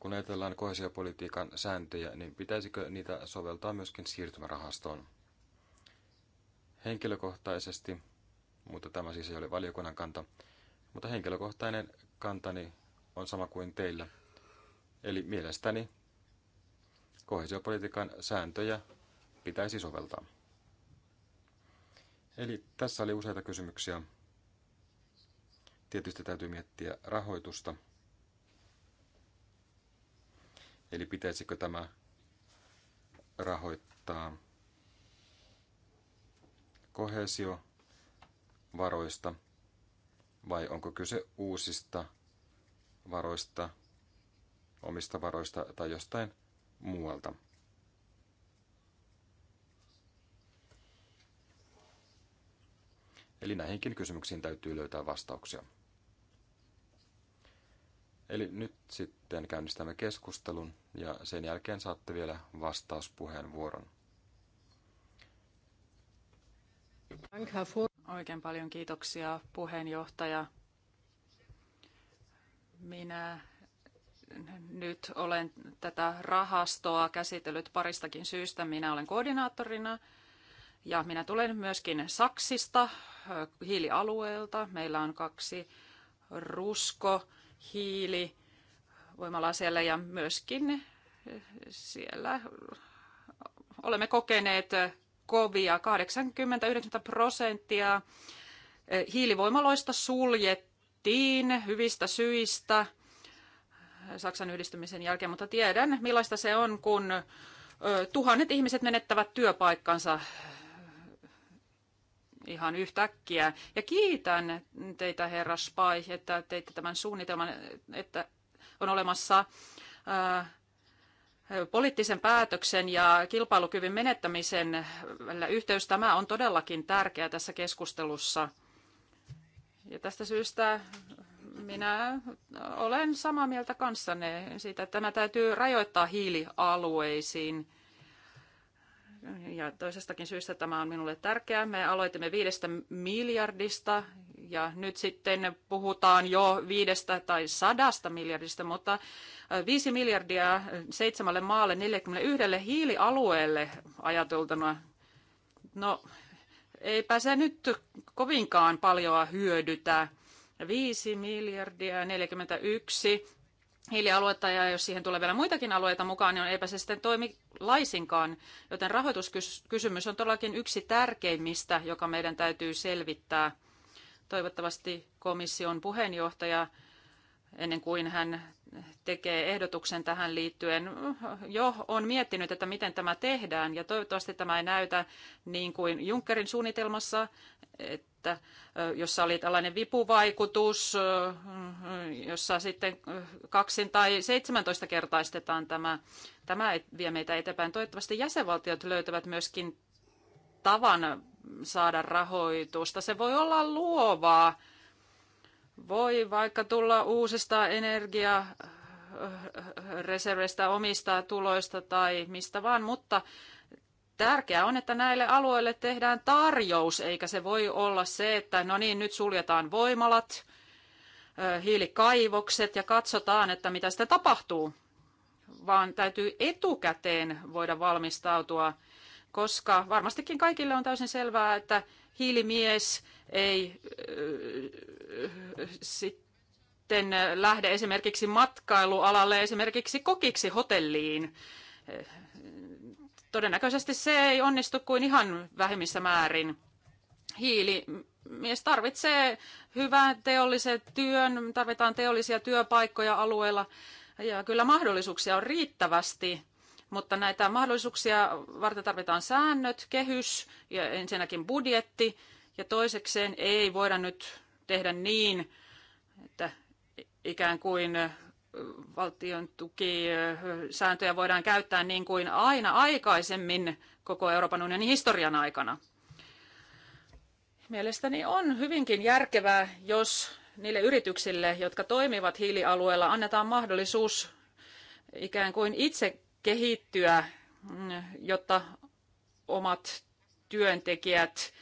Kun ajatellaan kohesiopolitiikan sääntöjä, niin pitäisikö niitä soveltaa myöskin siirtymärahastoon? Henkilökohtaisesti, mutta tämä siis ei ole valiokunnan kanta, mutta henkilökohtainen kantani on sama kuin teillä. Eli mielestäni kohesiopolitiikan sääntöjä pitäisi soveltaa. Eli tässä oli useita kysymyksiä. Tietysti täytyy miettiä rahoitusta. Eli pitäisikö tämä rahoittaa kohesiovaroista vai onko kyse uusista varoista, omista varoista tai jostain muualta. Eli näihinkin kysymyksiin täytyy löytää vastauksia. Eli nyt sitten käynnistämme keskustelun ja sen jälkeen saatte vielä vastauspuheenvuoron. Oikein paljon kiitoksia puheenjohtaja. Minä nyt olen tätä rahastoa käsitellyt paristakin syystä. Minä olen koordinaattorina ja minä tulen myöskin Saksista, hiilialueelta. Meillä on kaksi rusko hiilivoimalaa siellä ja myöskin eh, siellä olemme kokeneet kovia 89 prosenttia eh, hiilivoimaloista suljettiin hyvistä syistä eh, Saksan yhdistymisen jälkeen, mutta tiedän millaista se on, kun tuhannet ihmiset menettävät työpaikkansa ihan yhtäkkiä. Ja kiitän teitä, herra Spai, että teitte tämän suunnitelman, että on olemassa ää, poliittisen päätöksen ja kilpailukyvyn menettämisen yhteys. Tämä on todellakin tärkeä tässä keskustelussa. Ja tästä syystä minä olen samaa mieltä kanssanne siitä, että tämä täytyy rajoittaa hiilialueisiin – ja toisestakin syystä tämä on minulle tärkeää. Me aloitimme viidestä miljardista ja nyt sitten puhutaan jo viidestä tai sadasta miljardista, mutta viisi miljardia seitsemälle maalle 41 hiilialueelle ajateltuna. No, eipä se nyt kovinkaan paljoa hyödytä. 5 miljardia 41 hiilialuetta ja jos siihen tulee vielä muitakin alueita mukaan, niin eipä se sitten toimi laisinkaan. Joten rahoituskysymys on todellakin yksi tärkeimmistä, joka meidän täytyy selvittää. Toivottavasti komission puheenjohtaja ennen kuin hän tekee ehdotuksen tähän liittyen, jo on miettinyt, että miten tämä tehdään. Ja toivottavasti tämä ei näytä niin kuin Junckerin suunnitelmassa, että jossa oli tällainen vipuvaikutus, jossa sitten kaksin tai 17 kertaistetaan tämä. Tämä ei vie meitä eteenpäin. Toivottavasti jäsenvaltiot löytävät myöskin tavan saada rahoitusta. Se voi olla luovaa voi vaikka tulla uusista energiareserveistä, omista tuloista tai mistä vaan, mutta tärkeää on, että näille alueille tehdään tarjous, eikä se voi olla se, että no niin, nyt suljetaan voimalat, hiilikaivokset ja katsotaan, että mitä sitten tapahtuu, vaan täytyy etukäteen voida valmistautua, koska varmastikin kaikille on täysin selvää, että hiilimies ei sitten lähde esimerkiksi matkailualalle, esimerkiksi kokiksi hotelliin. Todennäköisesti se ei onnistu kuin ihan vähemmissä määrin. Hiili mies tarvitsee hyvän teollisen työn, tarvitaan teollisia työpaikkoja alueella ja kyllä mahdollisuuksia on riittävästi, mutta näitä mahdollisuuksia varten tarvitaan säännöt, kehys ja ensinnäkin budjetti ja toisekseen ei voida nyt tehdä niin, että ikään kuin valtion tukisääntöjä voidaan käyttää niin kuin aina aikaisemmin koko Euroopan unionin historian aikana. Mielestäni on hyvinkin järkevää, jos niille yrityksille, jotka toimivat hiilialueella, annetaan mahdollisuus ikään kuin itse kehittyä, jotta omat työntekijät,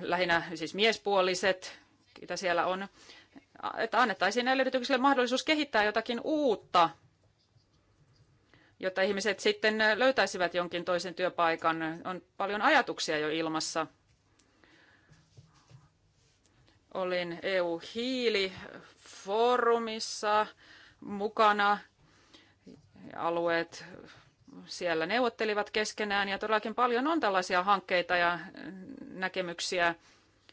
lähinnä siis miespuoliset, mitä siellä on, että annettaisiin näille yrityksille mahdollisuus kehittää jotakin uutta, jotta ihmiset sitten löytäisivät jonkin toisen työpaikan. On paljon ajatuksia jo ilmassa. Olin EU-hiilifoorumissa mukana. Alueet siellä neuvottelivat keskenään ja todellakin paljon on tällaisia hankkeita ja näkemyksiä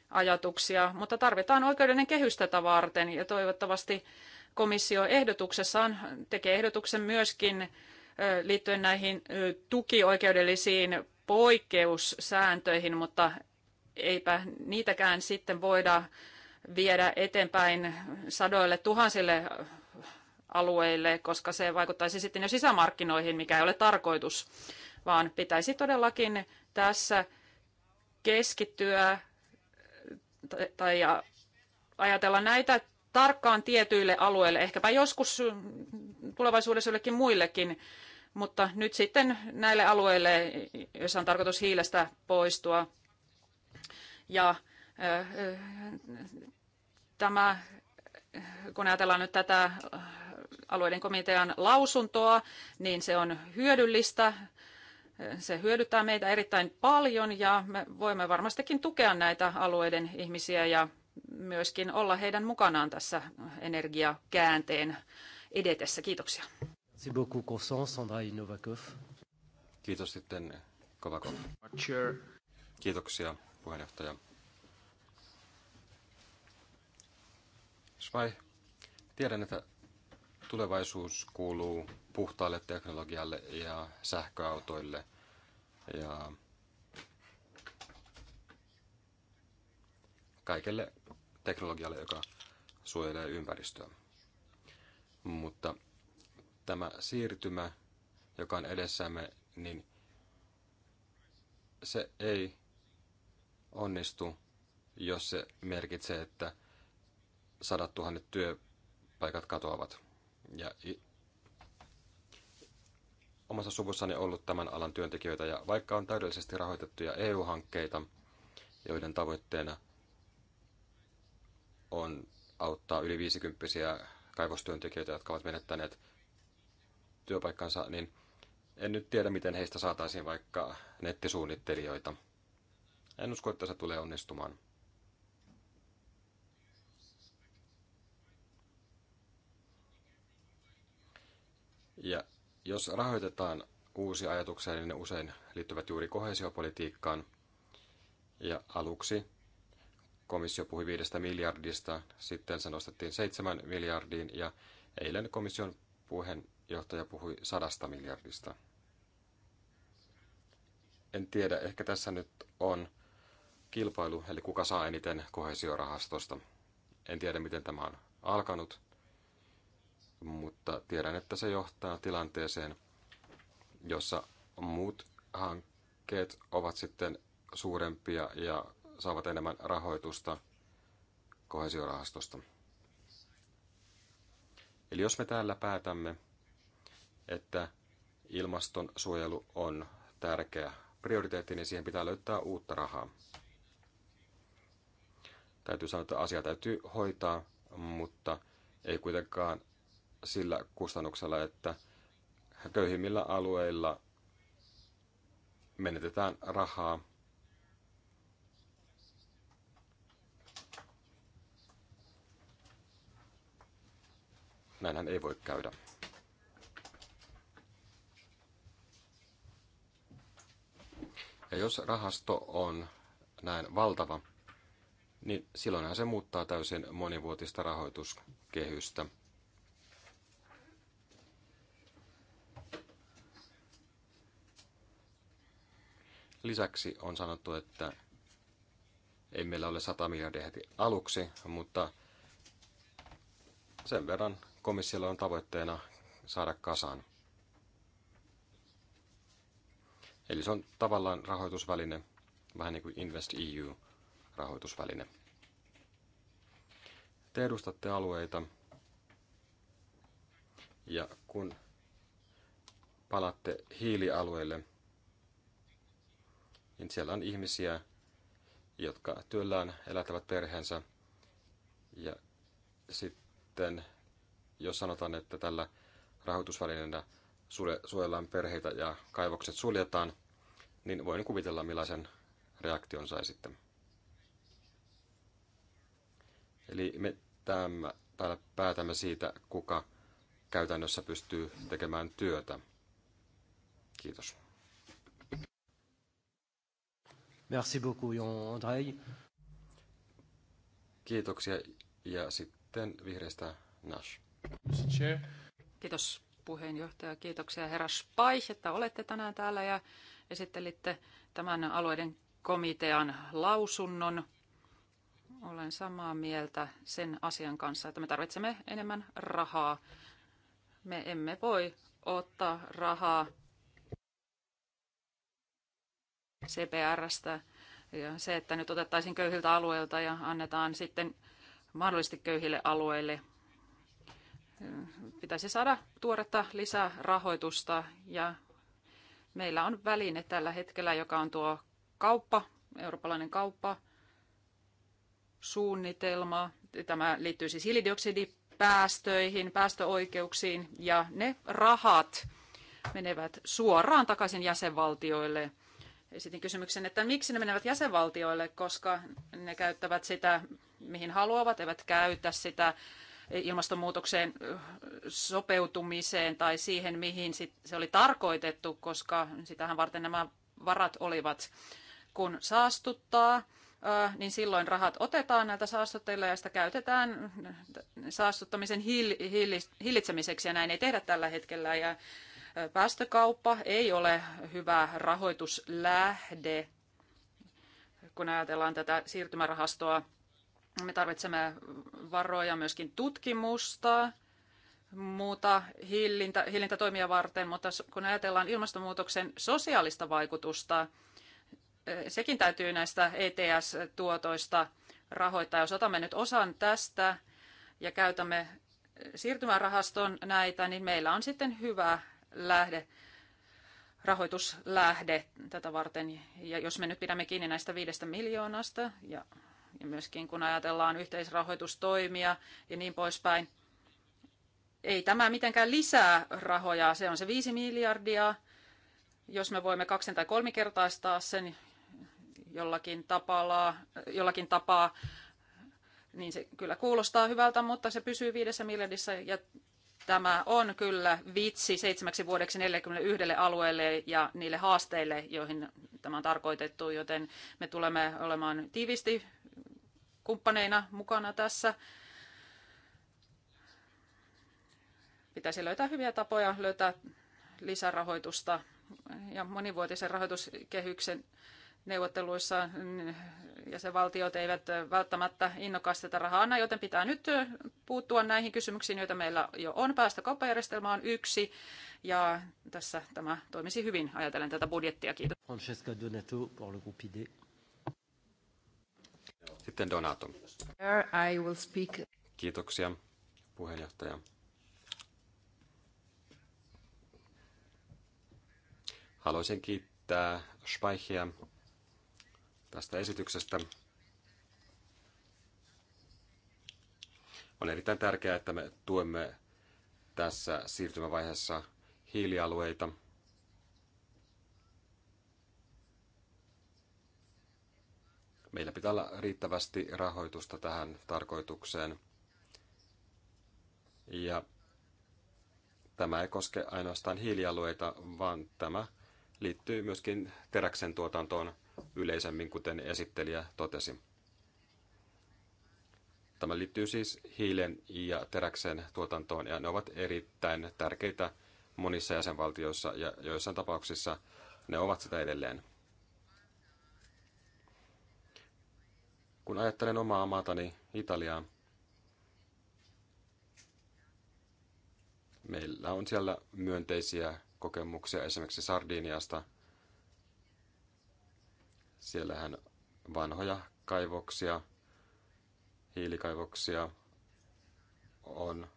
ajatuksia, mutta tarvitaan oikeudellinen kehys tätä varten ja toivottavasti komissio ehdotuksessaan tekee ehdotuksen myöskin liittyen näihin tukioikeudellisiin poikkeussääntöihin, mutta eipä niitäkään sitten voida viedä eteenpäin sadoille tuhansille alueille, koska se vaikuttaisi sitten jo sisämarkkinoihin, mikä ei ole tarkoitus, vaan pitäisi todellakin tässä keskittyä tai ajatella näitä tarkkaan tietyille alueille, ehkäpä joskus tulevaisuudessa jollekin muillekin, mutta nyt sitten näille alueille, joissa on tarkoitus hiilestä poistua. Ja tämä, kun ajatellaan nyt tätä alueiden komitean lausuntoa, niin se on hyödyllistä se hyödyttää meitä erittäin paljon ja me voimme varmastikin tukea näitä alueiden ihmisiä ja myöskin olla heidän mukanaan tässä energiakäänteen edetessä. Kiitoksia. Kiitos sitten Kovakov. Kiitoksia puheenjohtaja. Svai, tiedän, että tulevaisuus kuuluu puhtaalle teknologialle ja sähköautoille ja kaikelle teknologialle, joka suojelee ympäristöä. Mutta tämä siirtymä, joka on edessämme, niin se ei onnistu, jos se merkitsee, että sadat tuhannet työpaikat katoavat. Ja omassa suvussani ollut tämän alan työntekijöitä ja vaikka on täydellisesti rahoitettuja EU-hankkeita, joiden tavoitteena on auttaa yli 50 kaivostyöntekijöitä, jotka ovat menettäneet työpaikkansa, niin en nyt tiedä, miten heistä saataisiin vaikka nettisuunnittelijoita. En usko, että se tulee onnistumaan. Ja jos rahoitetaan uusia ajatuksia, niin ne usein liittyvät juuri kohesiopolitiikkaan. Ja aluksi komissio puhui viidestä miljardista, sitten se nostettiin seitsemän miljardiin ja eilen komission puheenjohtaja puhui sadasta miljardista. En tiedä, ehkä tässä nyt on kilpailu, eli kuka saa eniten kohesiorahastosta. En tiedä, miten tämä on alkanut, mutta tiedän, että se johtaa tilanteeseen, jossa muut hankkeet ovat sitten suurempia ja saavat enemmän rahoitusta kohesiorahastosta. Eli jos me täällä päätämme, että ilmastonsuojelu on tärkeä prioriteetti, niin siihen pitää löytää uutta rahaa. Täytyy sanoa, että asia täytyy hoitaa, mutta ei kuitenkaan sillä kustannuksella, että köyhimmillä alueilla menetetään rahaa. Näinhän ei voi käydä. Ja jos rahasto on näin valtava, niin silloinhan se muuttaa täysin monivuotista rahoituskehystä – Lisäksi on sanottu, että ei meillä ole 100 miljardia heti aluksi, mutta sen verran komissiolla on tavoitteena saada kasaan. Eli se on tavallaan rahoitusväline, vähän niin kuin Invest EU-rahoitusväline. Te edustatte alueita, ja kun palatte hiilialueille, niin siellä on ihmisiä, jotka työllään elätävät perheensä. Ja sitten jos sanotaan, että tällä rahoitusvälineellä suojellaan perheitä ja kaivokset suljetaan, niin voin kuvitella millaisen reaktion sai sitten. Eli me täällä päätämme siitä, kuka käytännössä pystyy tekemään työtä. Kiitos. Merci beaucoup, Andrei. Kiitoksia. Ja sitten vihreistä Nash. Kiitos puheenjohtaja. Kiitoksia herra Spaih, että olette tänään täällä ja esittelitte tämän alueiden komitean lausunnon. Olen samaa mieltä sen asian kanssa, että me tarvitsemme enemmän rahaa. Me emme voi ottaa rahaa CPRstä ja se, että nyt otettaisiin köyhiltä alueilta ja annetaan sitten mahdollisesti köyhille alueille. Pitäisi saada tuoretta lisärahoitusta ja meillä on väline tällä hetkellä, joka on tuo kauppa, eurooppalainen kauppa, suunnitelma. Tämä liittyy siis hiilidioksidipäästöihin, päästöoikeuksiin ja ne rahat menevät suoraan takaisin jäsenvaltioille – esitin kysymyksen, että miksi ne menevät jäsenvaltioille, koska ne käyttävät sitä, mihin haluavat, eivät käytä sitä ilmastonmuutokseen sopeutumiseen tai siihen, mihin se oli tarkoitettu, koska sitähän varten nämä varat olivat. Kun saastuttaa, niin silloin rahat otetaan näiltä saastuttajilta ja sitä käytetään saastuttamisen hillitsemiseksi ja näin ei tehdä tällä hetkellä. Ja Päästökauppa ei ole hyvä rahoituslähde, kun ajatellaan tätä siirtymärahastoa. Me tarvitsemme varoja myöskin tutkimusta, muuta hillintä, hillintätoimia varten, mutta kun ajatellaan ilmastonmuutoksen sosiaalista vaikutusta, eh, sekin täytyy näistä ETS-tuotoista rahoittaa. Jos otamme nyt osan tästä ja käytämme siirtymärahaston näitä, niin meillä on sitten hyvä lähde, rahoituslähde tätä varten. Ja jos me nyt pidämme kiinni näistä viidestä miljoonasta ja, ja myöskin kun ajatellaan yhteisrahoitustoimia ja niin poispäin, ei tämä mitenkään lisää rahoja, se on se viisi miljardia. Jos me voimme kaksen tai kolmikertaistaa sen jollakin tapaa, jollakin tapaa niin se kyllä kuulostaa hyvältä, mutta se pysyy viidessä miljardissa ja Tämä on kyllä vitsi seitsemäksi vuodeksi 41 alueelle ja niille haasteille, joihin tämä on tarkoitettu, joten me tulemme olemaan tiivisti kumppaneina mukana tässä. Pitäisi löytää hyviä tapoja löytää lisärahoitusta ja monivuotisen rahoituskehyksen neuvotteluissa jäsenvaltiot eivät välttämättä innokkaasti tätä rahaa anna, joten pitää nyt puuttua näihin kysymyksiin, joita meillä jo on. Päästökauppajärjestelmä on yksi ja tässä tämä toimisi hyvin. Ajatellen tätä budjettia. Kiitos. Francesca Donato pour le groupe ID. Sitten Donato. I will speak. Kiitoksia puheenjohtaja. Haluaisin kiittää Speichia tästä esityksestä. On erittäin tärkeää, että me tuemme tässä siirtymävaiheessa hiilialueita. Meillä pitää olla riittävästi rahoitusta tähän tarkoitukseen. Ja tämä ei koske ainoastaan hiilialueita, vaan tämä liittyy myöskin teräksen tuotantoon yleisemmin, kuten esittelijä totesi. Tämä liittyy siis hiilen ja teräksen tuotantoon, ja ne ovat erittäin tärkeitä monissa jäsenvaltioissa, ja joissain tapauksissa ne ovat sitä edelleen. Kun ajattelen omaa maatani Italiaa, meillä on siellä myönteisiä kokemuksia esimerkiksi Sardiniasta – Siellähän vanhoja kaivoksia, hiilikaivoksia on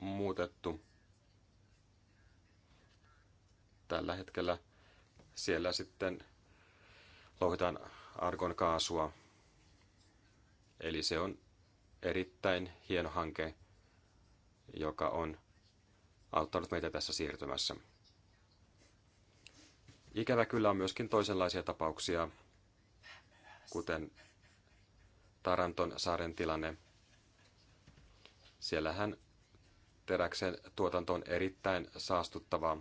muutettu. Tällä hetkellä siellä sitten louhitaan argon kaasua. Eli se on erittäin hieno hanke, joka on auttanut meitä tässä siirtymässä. Ikävä kyllä on myöskin toisenlaisia tapauksia, kuten Taranton saaren tilanne. Siellähän teräksen tuotanto on erittäin saastuttavaa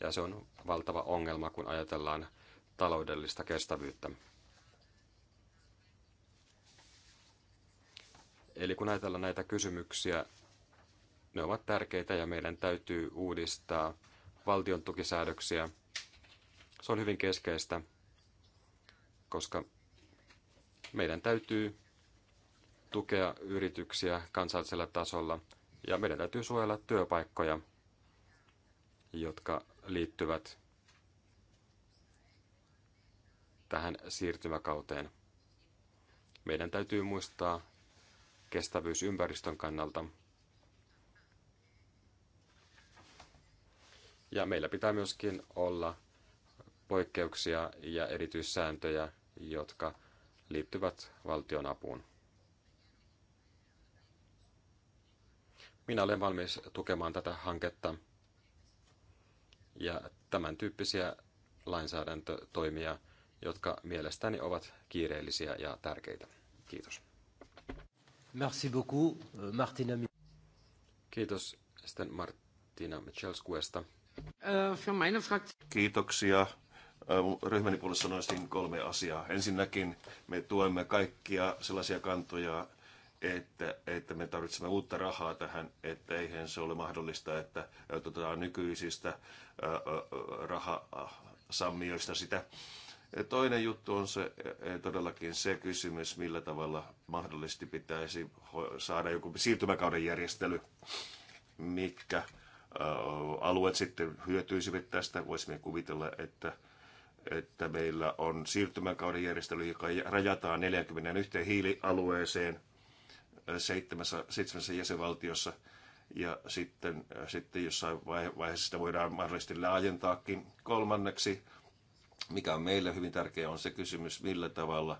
ja se on valtava ongelma, kun ajatellaan taloudellista kestävyyttä. Eli kun ajatellaan näitä kysymyksiä, ne ovat tärkeitä ja meidän täytyy uudistaa valtion tukisäädöksiä. Se on hyvin keskeistä, koska meidän täytyy tukea yrityksiä kansallisella tasolla ja meidän täytyy suojella työpaikkoja, jotka liittyvät tähän siirtymäkauteen. Meidän täytyy muistaa kestävyys ympäristön kannalta. Ja meillä pitää myöskin olla poikkeuksia ja erityissääntöjä, jotka liittyvät valtion apuun. Minä olen valmis tukemaan tätä hanketta ja tämän tyyppisiä lainsäädäntötoimia, jotka mielestäni ovat kiireellisiä ja tärkeitä. Kiitos. Merci beaucoup, euh, Martina. Kiitos sitten Martina Michelskuesta. Äh, Kiitoksia ryhmäni puolesta sanoisin kolme asiaa. Ensinnäkin me tuemme kaikkia sellaisia kantoja, että, että me tarvitsemme uutta rahaa tähän, että eihän se ole mahdollista, että otetaan nykyisistä rahasammioista sitä. Ja toinen juttu on se, e, todellakin se kysymys, millä tavalla mahdollisesti pitäisi saada joku siirtymäkauden järjestely, mitkä alueet sitten hyötyisivät tästä. Voisimme kuvitella, että että meillä on siirtymäkauden järjestely, joka rajataan 41 hiilialueeseen äh, seitsemässä, seitsemässä jäsenvaltiossa. Ja sitten, äh, sitten jossain vaiheessa sitä voidaan mahdollisesti laajentaakin. Kolmanneksi, mikä on meille hyvin tärkeä, on se kysymys, millä tavalla,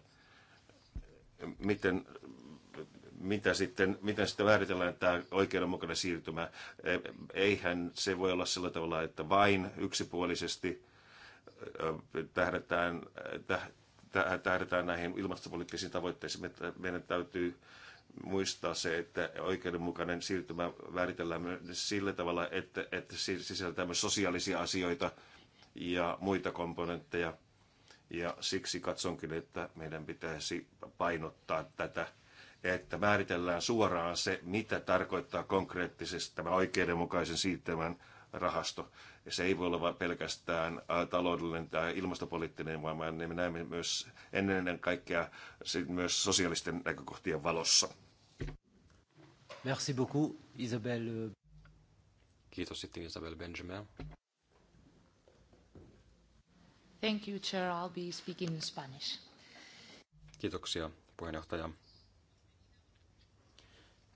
miten, mitä sitten, miten sitten määritellään tämä oikeudenmukainen siirtymä. Eihän se voi olla sillä tavalla, että vain yksipuolisesti – tähdätään, tähdetään näihin ilmastopoliittisiin tavoitteisiin. Meidän täytyy muistaa se, että oikeudenmukainen siirtymä määritellään myös sillä tavalla, että, että sisältää myös sosiaalisia asioita ja muita komponentteja. Ja siksi katsonkin, että meidän pitäisi painottaa tätä, että määritellään suoraan se, mitä tarkoittaa konkreettisesti tämä oikeudenmukaisen siirtymän rahasto. Se ei voi olla pelkästään taloudellinen tai ilmastopoliittinen, vaan me näemme myös ennen kaikkea myös sosiaalisten näkökohtien valossa. Merci beaucoup, Isabelle. Kiitos sitten Isabel Benjamin. Thank you, Chair. I'll be speaking in Spanish. Kiitoksia, puheenjohtaja.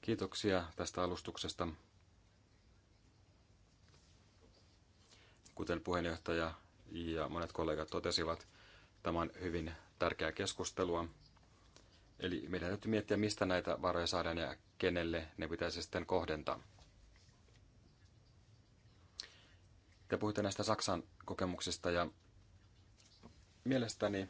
Kiitoksia tästä alustuksesta. Kuten puheenjohtaja ja monet kollegat totesivat, tämä on hyvin tärkeää keskustelua. Eli meidän täytyy miettiä, mistä näitä varoja saadaan ja kenelle ne pitäisi sitten kohdentaa. Te puhuitte näistä Saksan kokemuksista ja mielestäni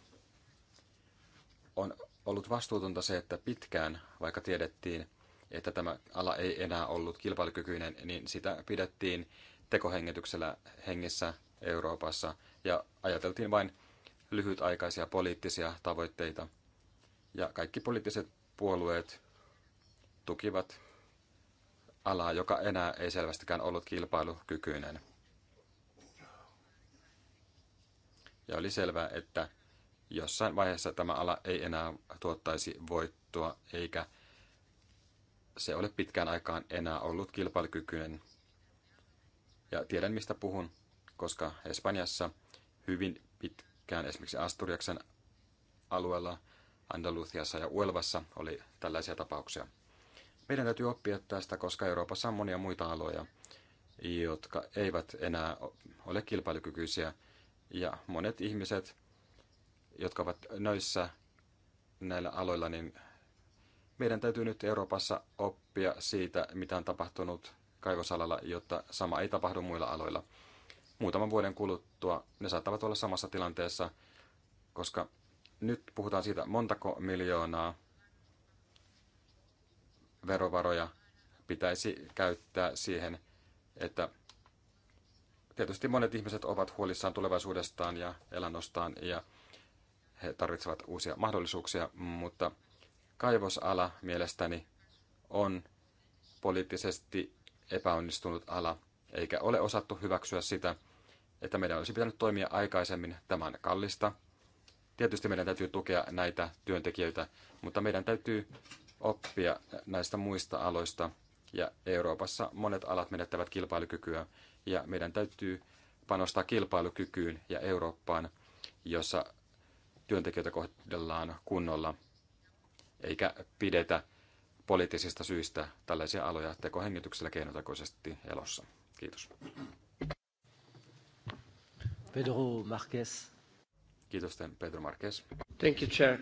on ollut vastuutonta se, että pitkään, vaikka tiedettiin, että tämä ala ei enää ollut kilpailukykyinen, niin sitä pidettiin tekohengityksellä hengissä Euroopassa ja ajateltiin vain lyhytaikaisia poliittisia tavoitteita. Ja kaikki poliittiset puolueet tukivat alaa, joka enää ei selvästikään ollut kilpailukykyinen. Ja oli selvää, että jossain vaiheessa tämä ala ei enää tuottaisi voittoa, eikä se ole pitkään aikaan enää ollut kilpailukykyinen ja tiedän, mistä puhun, koska Espanjassa hyvin pitkään esimerkiksi Asturiaksen alueella, Andalusiassa ja Uelvassa oli tällaisia tapauksia. Meidän täytyy oppia tästä, koska Euroopassa on monia muita aloja, jotka eivät enää ole kilpailukykyisiä. Ja monet ihmiset, jotka ovat nöissä näillä aloilla, niin meidän täytyy nyt Euroopassa oppia siitä, mitä on tapahtunut kaivosalalla, jotta sama ei tapahdu muilla aloilla. Muutaman vuoden kuluttua ne saattavat olla samassa tilanteessa, koska nyt puhutaan siitä montako miljoonaa verovaroja pitäisi käyttää siihen, että tietysti monet ihmiset ovat huolissaan tulevaisuudestaan ja elannostaan ja he tarvitsevat uusia mahdollisuuksia, mutta kaivosala mielestäni on poliittisesti epäonnistunut ala, eikä ole osattu hyväksyä sitä, että meidän olisi pitänyt toimia aikaisemmin. tämän kallista. Tietysti meidän täytyy tukea näitä työntekijöitä, mutta meidän täytyy oppia näistä muista aloista. Ja Euroopassa monet alat menettävät kilpailukykyä ja meidän täytyy panostaa kilpailukykyyn ja Eurooppaan, jossa työntekijöitä kohdellaan kunnolla, eikä pidetä poliittisista syistä tällaisia aloja tekohengityksellä keinotekoisesti elossa. Kiitos. Pedro Marquez. Kiitos, Pedro Marquez. Thank you, Chair.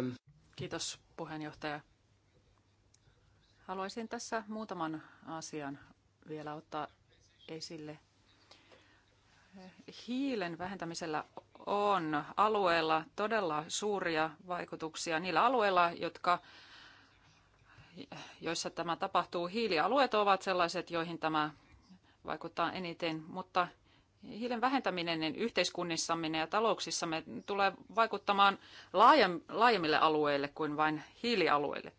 Um... Kiitos, puheenjohtaja. Haluaisin tässä muutaman asian vielä ottaa esille. Hiilen vähentämisellä on alueella todella suuria vaikutuksia niillä alueilla, jotka joissa tämä tapahtuu. Hiilialueet ovat sellaiset, joihin tämä vaikuttaa eniten, mutta hiilen vähentäminen niin yhteiskunnissamme ja talouksissamme tulee vaikuttamaan laajemmille alueille kuin vain hiilialueille.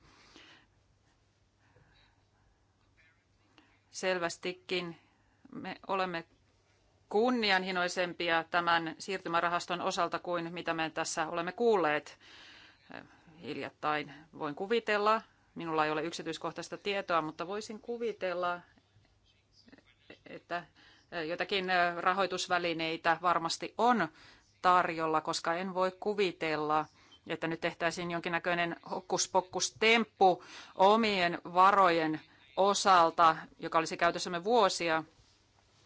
Selvästikin me olemme kunnianhimoisempia tämän siirtymärahaston osalta kuin mitä me tässä olemme kuulleet hiljattain. Voin kuvitella, Minulla ei ole yksityiskohtaista tietoa, mutta voisin kuvitella, että jotakin rahoitusvälineitä varmasti on tarjolla, koska en voi kuvitella, että nyt tehtäisiin jonkinnäköinen hokkuspokkustemppu omien varojen osalta, joka olisi käytössämme vuosia,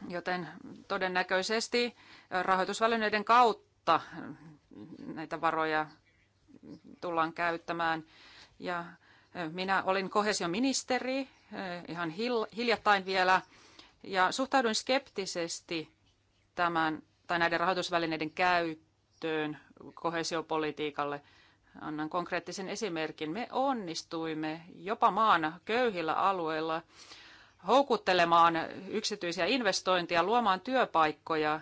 joten todennäköisesti rahoitusvälineiden kautta näitä varoja tullaan käyttämään. Ja minä olin kohesioministeri ihan hiljattain vielä ja suhtauduin skeptisesti tämän tai näiden rahoitusvälineiden käyttöön kohesiopolitiikalle. Annan konkreettisen esimerkin. Me onnistuimme jopa maan köyhillä alueilla houkuttelemaan yksityisiä investointeja, luomaan työpaikkoja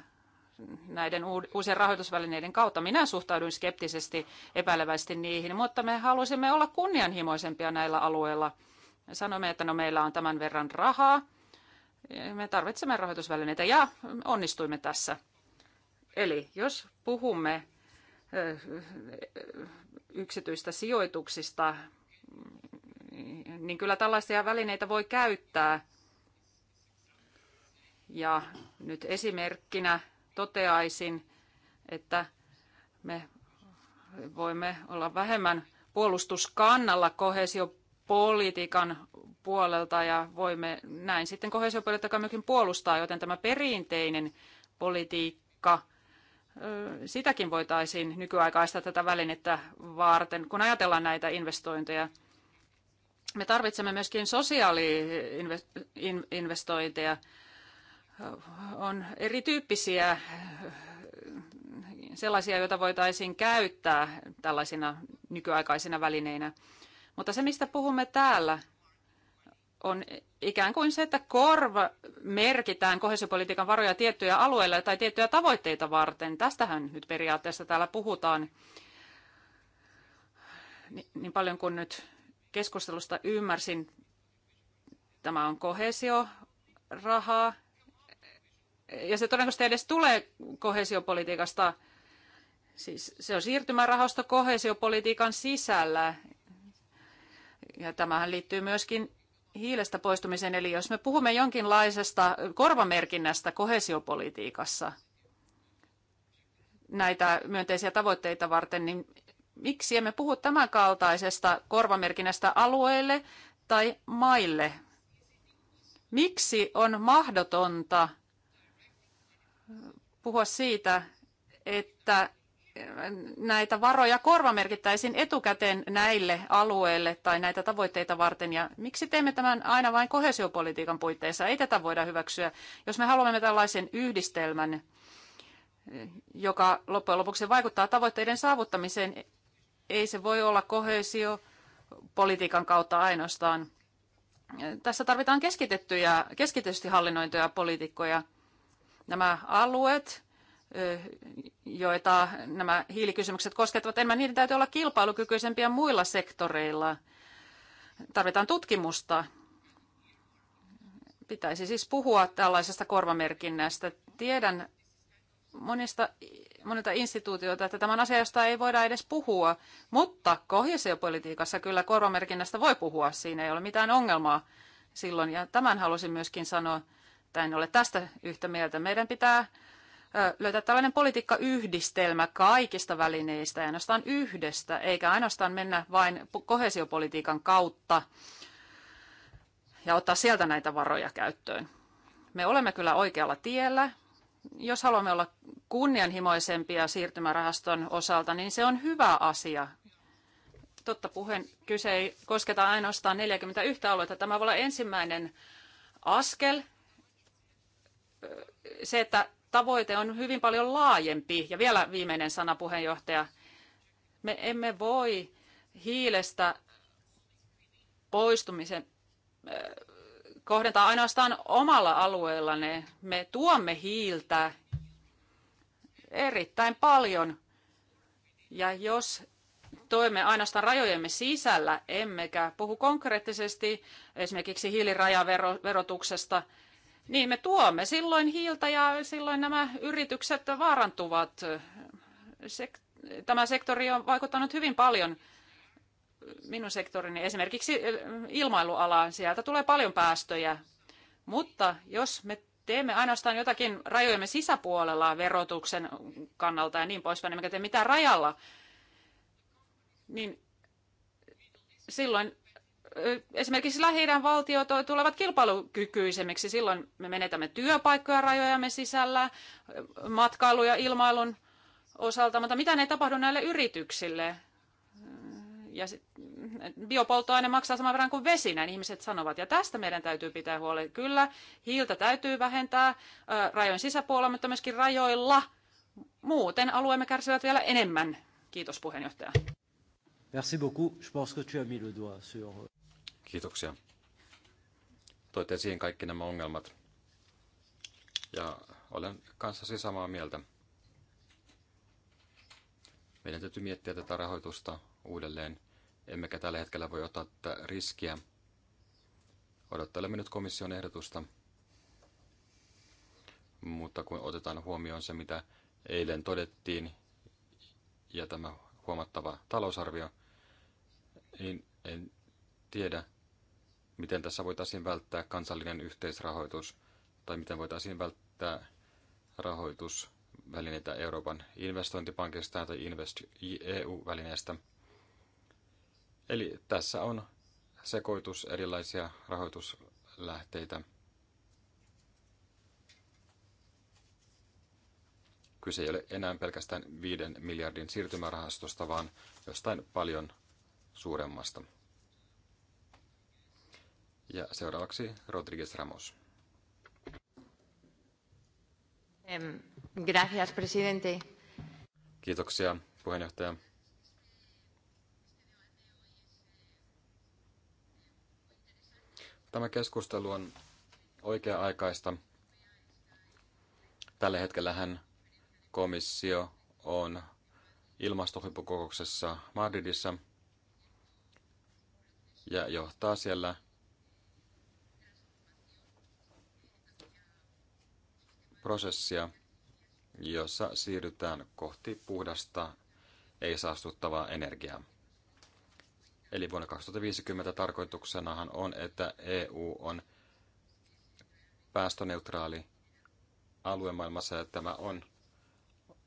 näiden uusien rahoitusvälineiden kautta. Minä suhtauduin skeptisesti epäilevästi niihin, mutta me halusimme olla kunnianhimoisempia näillä alueilla. Me sanoimme, että no meillä on tämän verran rahaa, me tarvitsemme rahoitusvälineitä ja onnistuimme tässä. Eli jos puhumme yksityistä sijoituksista, niin kyllä tällaisia välineitä voi käyttää. Ja nyt esimerkkinä toteaisin, että me voimme olla vähemmän puolustuskannalla kohesiopolitiikan puolelta ja voimme näin sitten kohesiopolitiikkaa myöskin puolustaa, joten tämä perinteinen politiikka, sitäkin voitaisiin nykyaikaista tätä välinettä varten, kun ajatellaan näitä investointeja. Me tarvitsemme myöskin sosiaaliinvestointeja. Sosiaali on erityyppisiä äh, sellaisia, joita voitaisiin käyttää tällaisina nykyaikaisina välineinä. Mutta se, mistä puhumme täällä, on ikään kuin se, että korva merkitään kohesiopolitiikan varoja tiettyjä alueilla tai tiettyjä tavoitteita varten. Tästähän nyt periaatteessa täällä puhutaan niin paljon kuin nyt keskustelusta ymmärsin. Tämä on kohesiorahaa, ja se todennäköisesti edes tulee kohesiopolitiikasta, siis se on siirtymärahasto kohesiopolitiikan sisällä, ja tämähän liittyy myöskin hiilestä poistumiseen, eli jos me puhumme jonkinlaisesta korvamerkinnästä kohesiopolitiikassa näitä myönteisiä tavoitteita varten, niin miksi emme puhu tämän kaltaisesta korvamerkinnästä alueille tai maille? Miksi on mahdotonta puhua siitä, että näitä varoja korvamerkittäisiin etukäteen näille alueille tai näitä tavoitteita varten. Ja miksi teemme tämän aina vain kohesiopolitiikan puitteissa? Ei tätä voida hyväksyä. Jos me haluamme tällaisen yhdistelmän, joka loppujen lopuksi vaikuttaa tavoitteiden saavuttamiseen, ei se voi olla kohesiopolitiikan kautta ainoastaan. Tässä tarvitaan keskitettyjä, keskitetysti hallinnointoja politiikkoja. Nämä alueet, joita nämä hiilikysymykset koskettavat, enemmän niiden täytyy olla kilpailukykyisempiä muilla sektoreilla. Tarvitaan tutkimusta. Pitäisi siis puhua tällaisesta korvamerkinnästä. Tiedän monista, monilta instituutioilta, että tämän asia, josta ei voida edes puhua, mutta kohesiopolitiikassa kyllä korvamerkinnästä voi puhua, siinä ei ole mitään ongelmaa silloin. Ja tämän halusin myöskin sanoa että en ole tästä yhtä mieltä. Meidän pitää löytää tällainen politiikkayhdistelmä kaikista välineistä, ja ainoastaan yhdestä, eikä ainoastaan mennä vain kohesiopolitiikan kautta ja ottaa sieltä näitä varoja käyttöön. Me olemme kyllä oikealla tiellä. Jos haluamme olla kunnianhimoisempia siirtymärahaston osalta, niin se on hyvä asia. Totta puheen, kyse ei kosketa ainoastaan 41 aluetta. Tämä voi olla ensimmäinen askel se, että tavoite on hyvin paljon laajempi. Ja vielä viimeinen sana, puheenjohtaja. Me emme voi hiilestä poistumisen kohdentaa ainoastaan omalla alueellanne. Me tuomme hiiltä erittäin paljon. Ja jos toimme ainoastaan rajojemme sisällä, emmekä puhu konkreettisesti esimerkiksi hiilirajaverotuksesta, niin, me tuomme silloin hiiltä ja silloin nämä yritykset vaarantuvat. Sek- tämä sektori on vaikuttanut hyvin paljon minun sektorini, esimerkiksi ilmailualaan. Sieltä tulee paljon päästöjä, mutta jos me teemme ainoastaan jotakin rajojemme sisäpuolella verotuksen kannalta ja niin poispäin, emmekä tee mitään rajalla, niin silloin esimerkiksi lähi valtiot tulevat kilpailukykyisemmiksi. Silloin me menetämme työpaikkoja rajojamme sisällä, matkailu ja ilmailun osalta, mutta mitä ei tapahdu näille yrityksille? Ja biopolttoaine maksaa saman verran kuin vesi, näin ihmiset sanovat. Ja tästä meidän täytyy pitää huoli. Kyllä, hiiltä täytyy vähentää rajojen sisäpuolella, mutta myöskin rajoilla. Muuten alueemme kärsivät vielä enemmän. Kiitos puheenjohtaja. Merci beaucoup. Je pense que tu as mis le doigt sur... Kiitoksia. Toitte esiin kaikki nämä ongelmat. Ja olen kanssasi samaa mieltä. Meidän täytyy miettiä tätä rahoitusta uudelleen. Emmekä tällä hetkellä voi ottaa tätä riskiä. Odottelemme nyt komission ehdotusta. Mutta kun otetaan huomioon se, mitä eilen todettiin, ja tämä huomattava talousarvio, niin en tiedä, miten tässä voitaisiin välttää kansallinen yhteisrahoitus tai miten voitaisiin välttää rahoitusvälineitä Euroopan investointipankista tai Invest EU-välineestä. Eli tässä on sekoitus erilaisia rahoituslähteitä. Kyse ei ole enää pelkästään 5 miljardin siirtymärahastosta, vaan jostain paljon suuremmasta. Ja seuraavaksi Rodriguez Ramos. Gracias, presidente. Kiitoksia, puheenjohtaja. Tämä keskustelu on oikea-aikaista. Tällä hetkellähän komissio on ilmastohyppukokouksessa Madridissa ja johtaa siellä – prosessia, jossa siirrytään kohti puhdasta, ei-saastuttavaa energiaa. Eli vuonna 2050 tarkoituksenahan on, että EU on päästöneutraali alue maailmassa, ja tämä on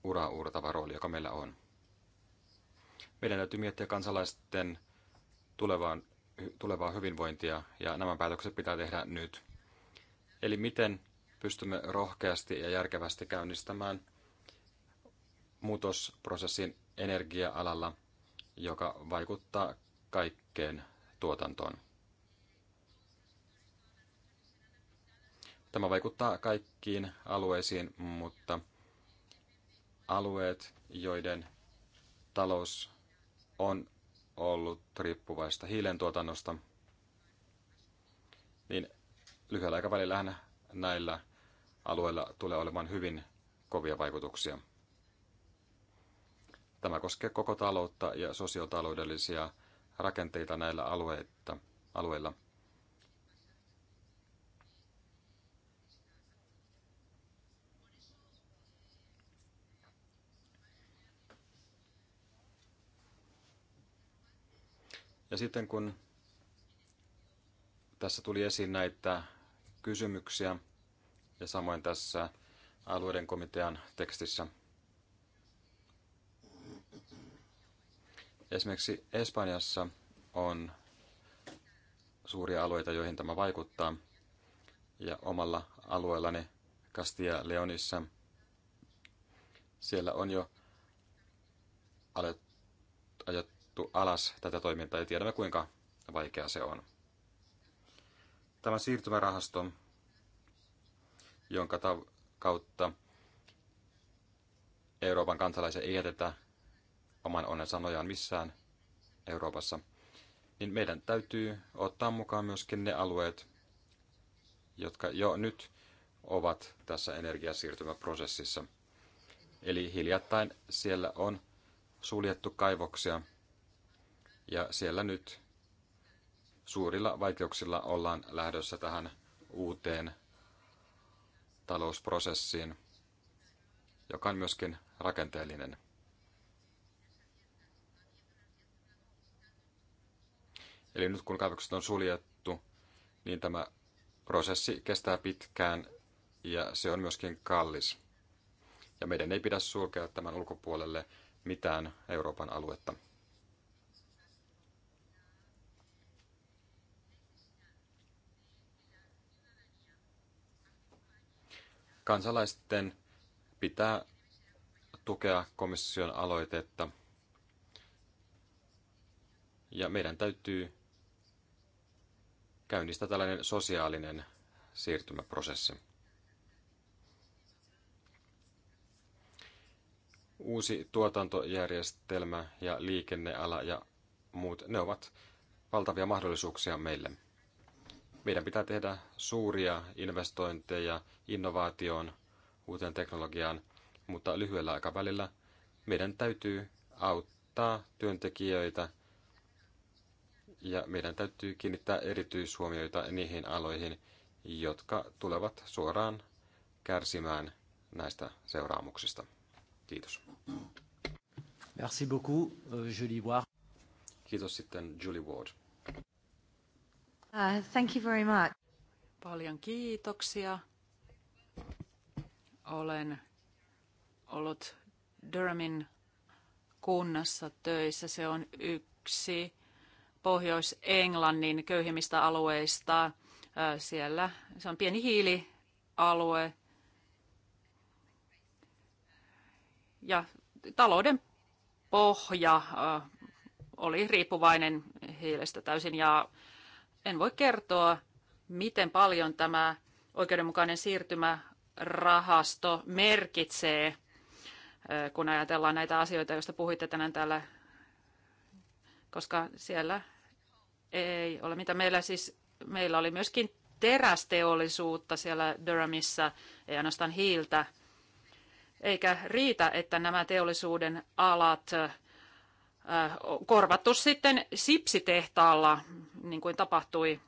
uraa rooli, joka meillä on. Meidän täytyy miettiä kansalaisten tulevaan, tulevaa hyvinvointia, ja nämä päätökset pitää tehdä nyt. Eli miten pystymme rohkeasti ja järkevästi käynnistämään muutosprosessin energia-alalla, joka vaikuttaa kaikkeen tuotantoon. Tämä vaikuttaa kaikkiin alueisiin, mutta alueet, joiden talous on ollut riippuvaista hiilen tuotannosta, niin lyhyellä aikavälillä näillä alueella tulee olemaan hyvin kovia vaikutuksia. Tämä koskee koko taloutta ja sosiotaloudellisia rakenteita näillä alueita, alueilla. Ja sitten kun tässä tuli esiin näitä kysymyksiä, ja samoin tässä alueiden komitean tekstissä. Esimerkiksi Espanjassa on suuria alueita, joihin tämä vaikuttaa. Ja omalla alueellani Castilla Leonissa siellä on jo ajettu alas tätä toimintaa ja tiedämme kuinka vaikea se on. Tämä siirtymärahasto jonka kautta Euroopan kansalaisia ei jätetä oman onnen sanojaan missään Euroopassa, niin meidän täytyy ottaa mukaan myöskin ne alueet, jotka jo nyt ovat tässä energiasiirtymäprosessissa. Eli hiljattain siellä on suljettu kaivoksia ja siellä nyt suurilla vaikeuksilla ollaan lähdössä tähän uuteen talousprosessiin, joka on myöskin rakenteellinen. Eli nyt kun kaivokset on suljettu, niin tämä prosessi kestää pitkään ja se on myöskin kallis. Ja meidän ei pidä sulkea tämän ulkopuolelle mitään Euroopan aluetta. Kansalaisten pitää tukea komission aloitetta. Ja meidän täytyy käynnistää tällainen sosiaalinen siirtymäprosessi. Uusi tuotantojärjestelmä ja liikenneala ja muut, ne ovat valtavia mahdollisuuksia meille meidän pitää tehdä suuria investointeja innovaatioon, uuteen teknologiaan, mutta lyhyellä aikavälillä meidän täytyy auttaa työntekijöitä ja meidän täytyy kiinnittää erityishuomioita niihin aloihin, jotka tulevat suoraan kärsimään näistä seuraamuksista. Kiitos. Merci beaucoup, euh, Julie Ward. Kiitos sitten Julie Ward. Uh, thank you very much. Paljon kiitoksia. Olen ollut Durhamin kunnassa töissä. Se on yksi Pohjois-Englannin köyhimmistä alueista. Uh, siellä se on pieni hiilialue. Ja talouden pohja uh, oli riippuvainen hiilestä täysin ja en voi kertoa, miten paljon tämä oikeudenmukainen siirtymärahasto merkitsee, kun ajatellaan näitä asioita, joista puhuitte tänään täällä, koska siellä ei ole mitä meillä siis, meillä oli myöskin terästeollisuutta siellä Durhamissa, ei ainoastaan hiiltä, eikä riitä, että nämä teollisuuden alat korvattu sitten sipsitehtaalla, niin kuin tapahtui.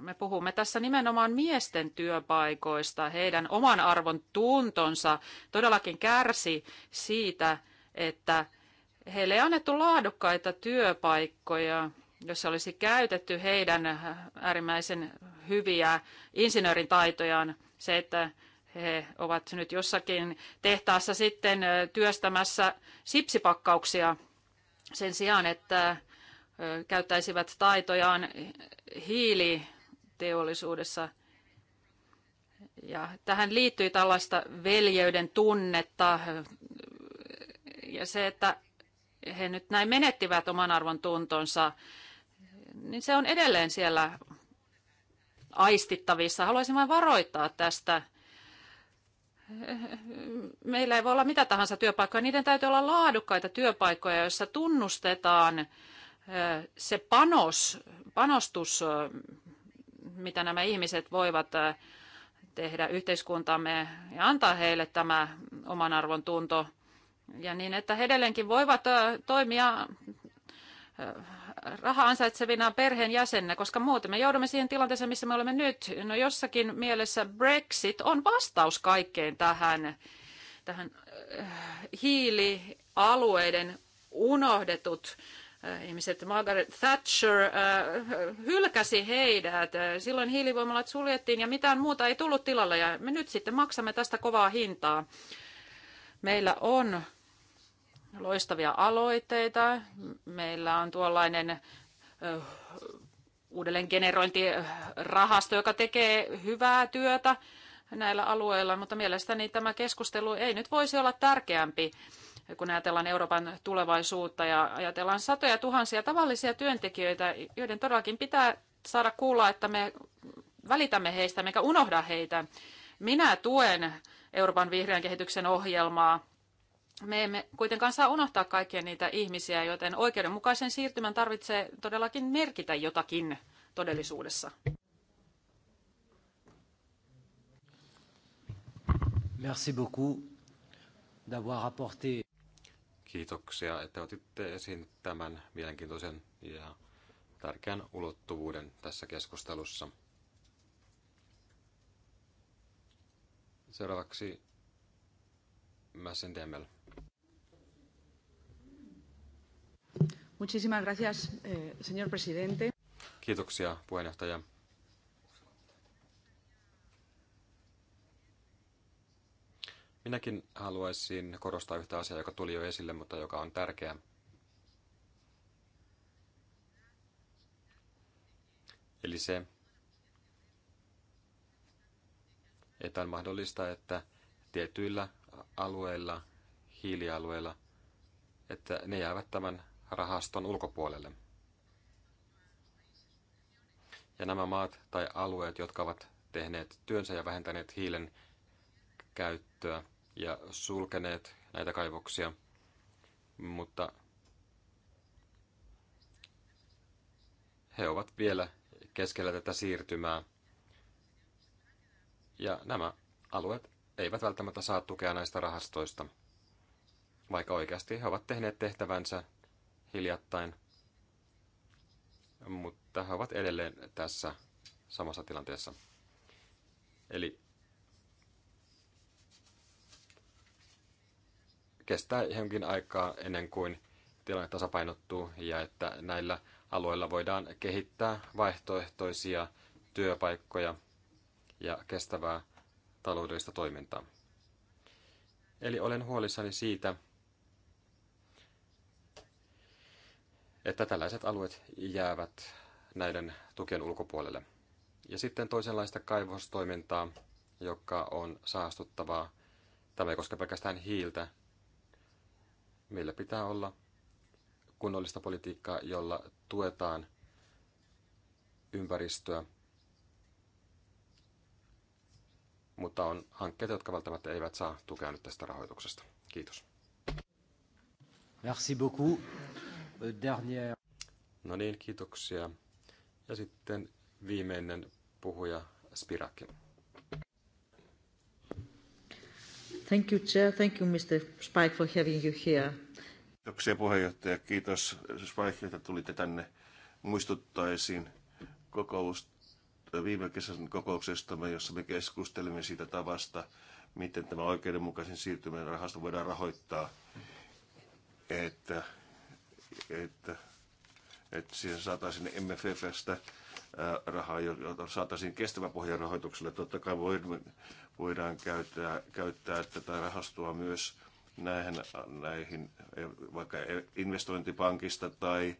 Me puhumme tässä nimenomaan miesten työpaikoista. Heidän oman arvon tuntonsa todellakin kärsi siitä, että heille ei annettu laadukkaita työpaikkoja, jos olisi käytetty heidän äärimmäisen hyviä insinöörin taitojaan. Se, että he ovat nyt jossakin tehtaassa sitten työstämässä sipsipakkauksia – sen sijaan, että käyttäisivät taitojaan hiiliteollisuudessa. Ja tähän liittyy tällaista veljeyden tunnetta ja se, että he nyt näin menettivät oman arvon tuntonsa, niin se on edelleen siellä aistittavissa. Haluaisin vain varoittaa tästä meillä ei voi olla mitä tahansa työpaikkoja. Niiden täytyy olla laadukkaita työpaikkoja, joissa tunnustetaan se panos, panostus, mitä nämä ihmiset voivat tehdä yhteiskuntamme ja antaa heille tämä oman arvon tunto. Ja niin, että he edelleenkin voivat toimia rahaa ansaitsevina perheen koska muuten me joudumme siihen tilanteeseen, missä me olemme nyt. No jossakin mielessä Brexit on vastaus kaikkeen tähän, tähän äh, hiilialueiden unohdetut äh, ihmiset, Margaret Thatcher äh, hylkäsi heidät. Silloin hiilivoimalat suljettiin ja mitään muuta ei tullut tilalle ja me nyt sitten maksamme tästä kovaa hintaa. Meillä on loistavia aloitteita. Meillä on tuollainen uudelleen generointirahasto, joka tekee hyvää työtä näillä alueilla, mutta mielestäni tämä keskustelu ei nyt voisi olla tärkeämpi, kun ajatellaan Euroopan tulevaisuutta ja ajatellaan satoja tuhansia tavallisia työntekijöitä, joiden todellakin pitää saada kuulla, että me välitämme heistä, mikä unohda heitä. Minä tuen Euroopan vihreän kehityksen ohjelmaa me emme kuitenkaan saa unohtaa kaikkia niitä ihmisiä, joten oikeudenmukaisen siirtymän tarvitsee todellakin merkitä jotakin todellisuudessa. Merci beaucoup d'avoir apporté. Kiitoksia, että otitte esiin tämän mielenkiintoisen ja tärkeän ulottuvuuden tässä keskustelussa. Seuraavaksi Mäsen Demel. Muchísimas gracias, eh, señor presidente. Kiitoksia, puheenjohtaja. Minäkin haluaisin korostaa yhtä asiaa, joka tuli jo esille, mutta joka on tärkeä. Eli se, että on mahdollista, että tietyillä alueilla, hiilialueilla, että ne jäävät tämän rahaston ulkopuolelle. Ja nämä maat tai alueet, jotka ovat tehneet työnsä ja vähentäneet hiilen käyttöä ja sulkeneet näitä kaivoksia, mutta he ovat vielä keskellä tätä siirtymää. Ja nämä alueet eivät välttämättä saa tukea näistä rahastoista, vaikka oikeasti he ovat tehneet tehtävänsä hiljattain, mutta he ovat edelleen tässä samassa tilanteessa. Eli kestää jonkin aikaa ennen kuin tilanne tasapainottuu ja että näillä alueilla voidaan kehittää vaihtoehtoisia työpaikkoja ja kestävää taloudellista toimintaa. Eli olen huolissani siitä, että tällaiset alueet jäävät näiden tukien ulkopuolelle. Ja sitten toisenlaista kaivostoimintaa, joka on saastuttavaa. Tämä ei koske pelkästään hiiltä. Meillä pitää olla kunnollista politiikkaa, jolla tuetaan ympäristöä. Mutta on hankkeita, jotka välttämättä eivät saa tukea nyt tästä rahoituksesta. Kiitos. Merci beaucoup dernière. No niin, kiitoksia. Ja sitten viimeinen puhuja Spiraki. Thank you, Chair. Thank you, Mr. Spike, for having you here. Kiitoksia puheenjohtaja. Kiitos Spike, että tulitte tänne. Muistuttaisin kokous, viime kesän kokouksestamme, jossa me keskustelimme siitä tavasta, miten tämä oikeudenmukaisen siirtymän rahasto voidaan rahoittaa. Että että, että siihen saataisiin MFFstä rahaa, jota saataisiin kestävän pohjan rahoitukselle. Totta kai voidaan käyttää, käyttää tätä rahastoa myös näihin, näihin e, vaikka e, investointipankista tai,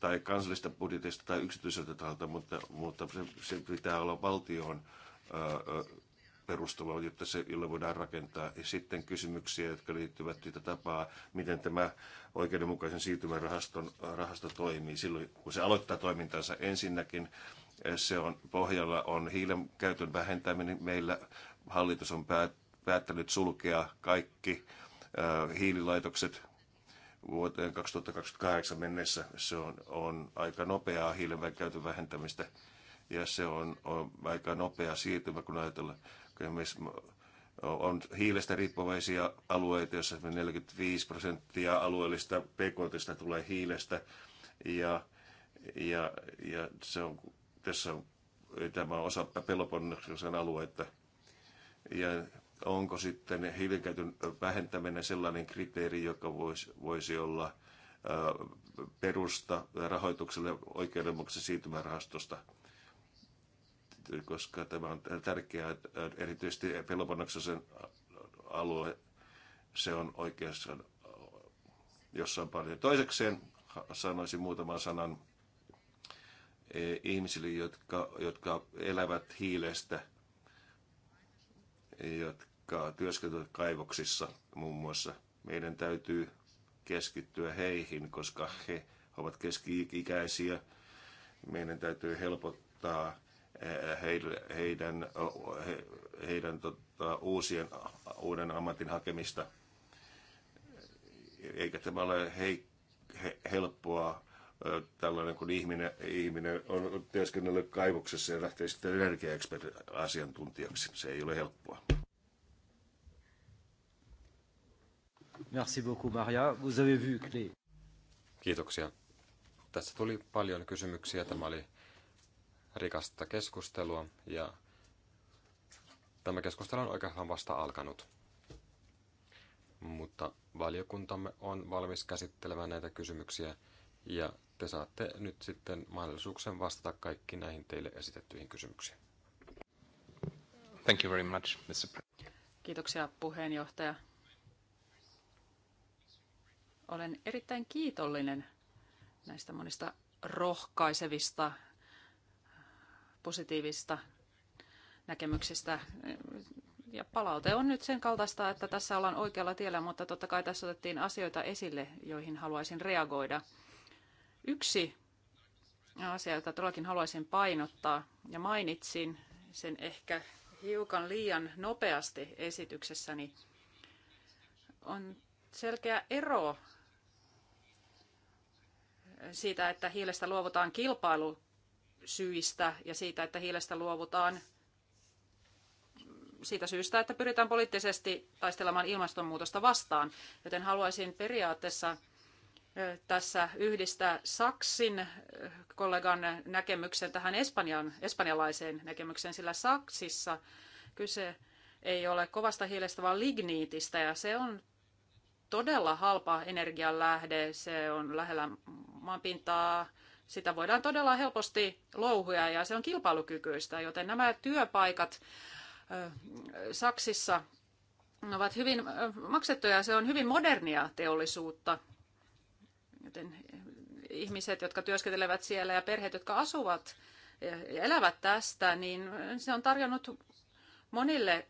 tai kansallista budjetista tai yksityiseltä taholta, mutta, mutta se, se pitää olla valtion perustuva, jotta se, jolla voidaan rakentaa. Ja sitten kysymyksiä, jotka liittyvät sitä tapaa, miten tämä oikeudenmukaisen siirtymän rahaston, äh, rahasto toimii silloin, kun se aloittaa toimintansa. Ensinnäkin äh, se on, pohjalla on hiilen käytön vähentäminen. Meillä hallitus on päät, päättänyt sulkea kaikki äh, hiililaitokset vuoteen 2028 mennessä. Se on, on aika nopeaa hiilen käytön vähentämistä ja se on, on aika nopea siirtymä, kun ajatellaan Esimerkiksi on hiilestä riippuvaisia alueita, joissa 45 prosenttia alueellista pekotista tulee hiilestä. Ja, ja, ja se on, tässä on, tämä on osa peloponnoksen alueita. Ja onko sitten hiilenkäytön vähentäminen sellainen kriteeri, joka voisi, voisi olla perusta rahoitukselle oikeudenmukaisen siirtymärahastosta? koska tämä on tärkeää, erityisesti Peloponnaksosen alue, se on oikeassa jossain paljon. Toisekseen sanoisin muutaman sanan e, ihmisille, jotka, jotka elävät hiilestä, jotka työskentelevät kaivoksissa muun muassa. Meidän täytyy keskittyä heihin, koska he ovat keski-ikäisiä. Meidän täytyy helpottaa heidän, heidän tota, uusien, uuden ammatin hakemista. Eikä tämä ole hei, he, helppoa tällainen, kun ihminen, ihminen on työskennellyt kaivoksessa ja lähtee sitten energiaekspert-asiantuntijaksi. Se ei ole helppoa. Merci beaucoup, Maria. Vous avez vu, Kiitoksia. Tässä tuli paljon kysymyksiä. Tämä oli rikasta keskustelua ja tämä keskustelu on oikeastaan vasta alkanut. Mutta valiokuntamme on valmis käsittelemään näitä kysymyksiä ja te saatte nyt sitten mahdollisuuksen vastata kaikki näihin teille esitettyihin kysymyksiin. Thank you very much, Mr. Kiitoksia puheenjohtaja. Olen erittäin kiitollinen näistä monista rohkaisevista positiivista näkemyksistä. Ja palaute on nyt sen kaltaista, että tässä ollaan oikealla tiellä, mutta totta kai tässä otettiin asioita esille, joihin haluaisin reagoida. Yksi asia, jota todellakin haluaisin painottaa, ja mainitsin sen ehkä hiukan liian nopeasti esityksessäni, on selkeä ero siitä, että hiilestä luovutaan kilpailu syistä ja siitä, että hiilestä luovutaan siitä syystä, että pyritään poliittisesti taistelemaan ilmastonmuutosta vastaan. Joten haluaisin periaatteessa tässä yhdistää Saksin kollegan näkemyksen tähän Espanjan, espanjalaiseen näkemykseen, sillä Saksissa kyse ei ole kovasta hiilestä, vaan ligniitistä, ja se on todella halpa energianlähde. Se on lähellä maanpintaa, sitä voidaan todella helposti louhuja ja se on kilpailukykyistä, joten nämä työpaikat Saksissa ovat hyvin maksettuja ja se on hyvin modernia teollisuutta. Joten ihmiset, jotka työskentelevät siellä ja perheet, jotka asuvat ja elävät tästä, niin se on tarjonnut monille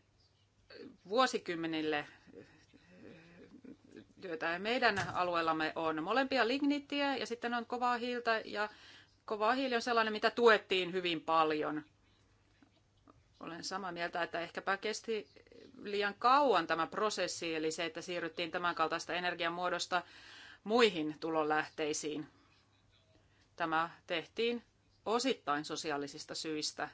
vuosikymmenille työtä. Meidän alueellamme on molempia lignittiä ja sitten on kovaa hiiltä ja kovaa hiili on sellainen, mitä tuettiin hyvin paljon. Olen samaa mieltä, että ehkäpä kesti liian kauan tämä prosessi, eli se, että siirryttiin tämän kaltaista energiamuodosta muihin tulonlähteisiin. Tämä tehtiin osittain sosiaalisista syistä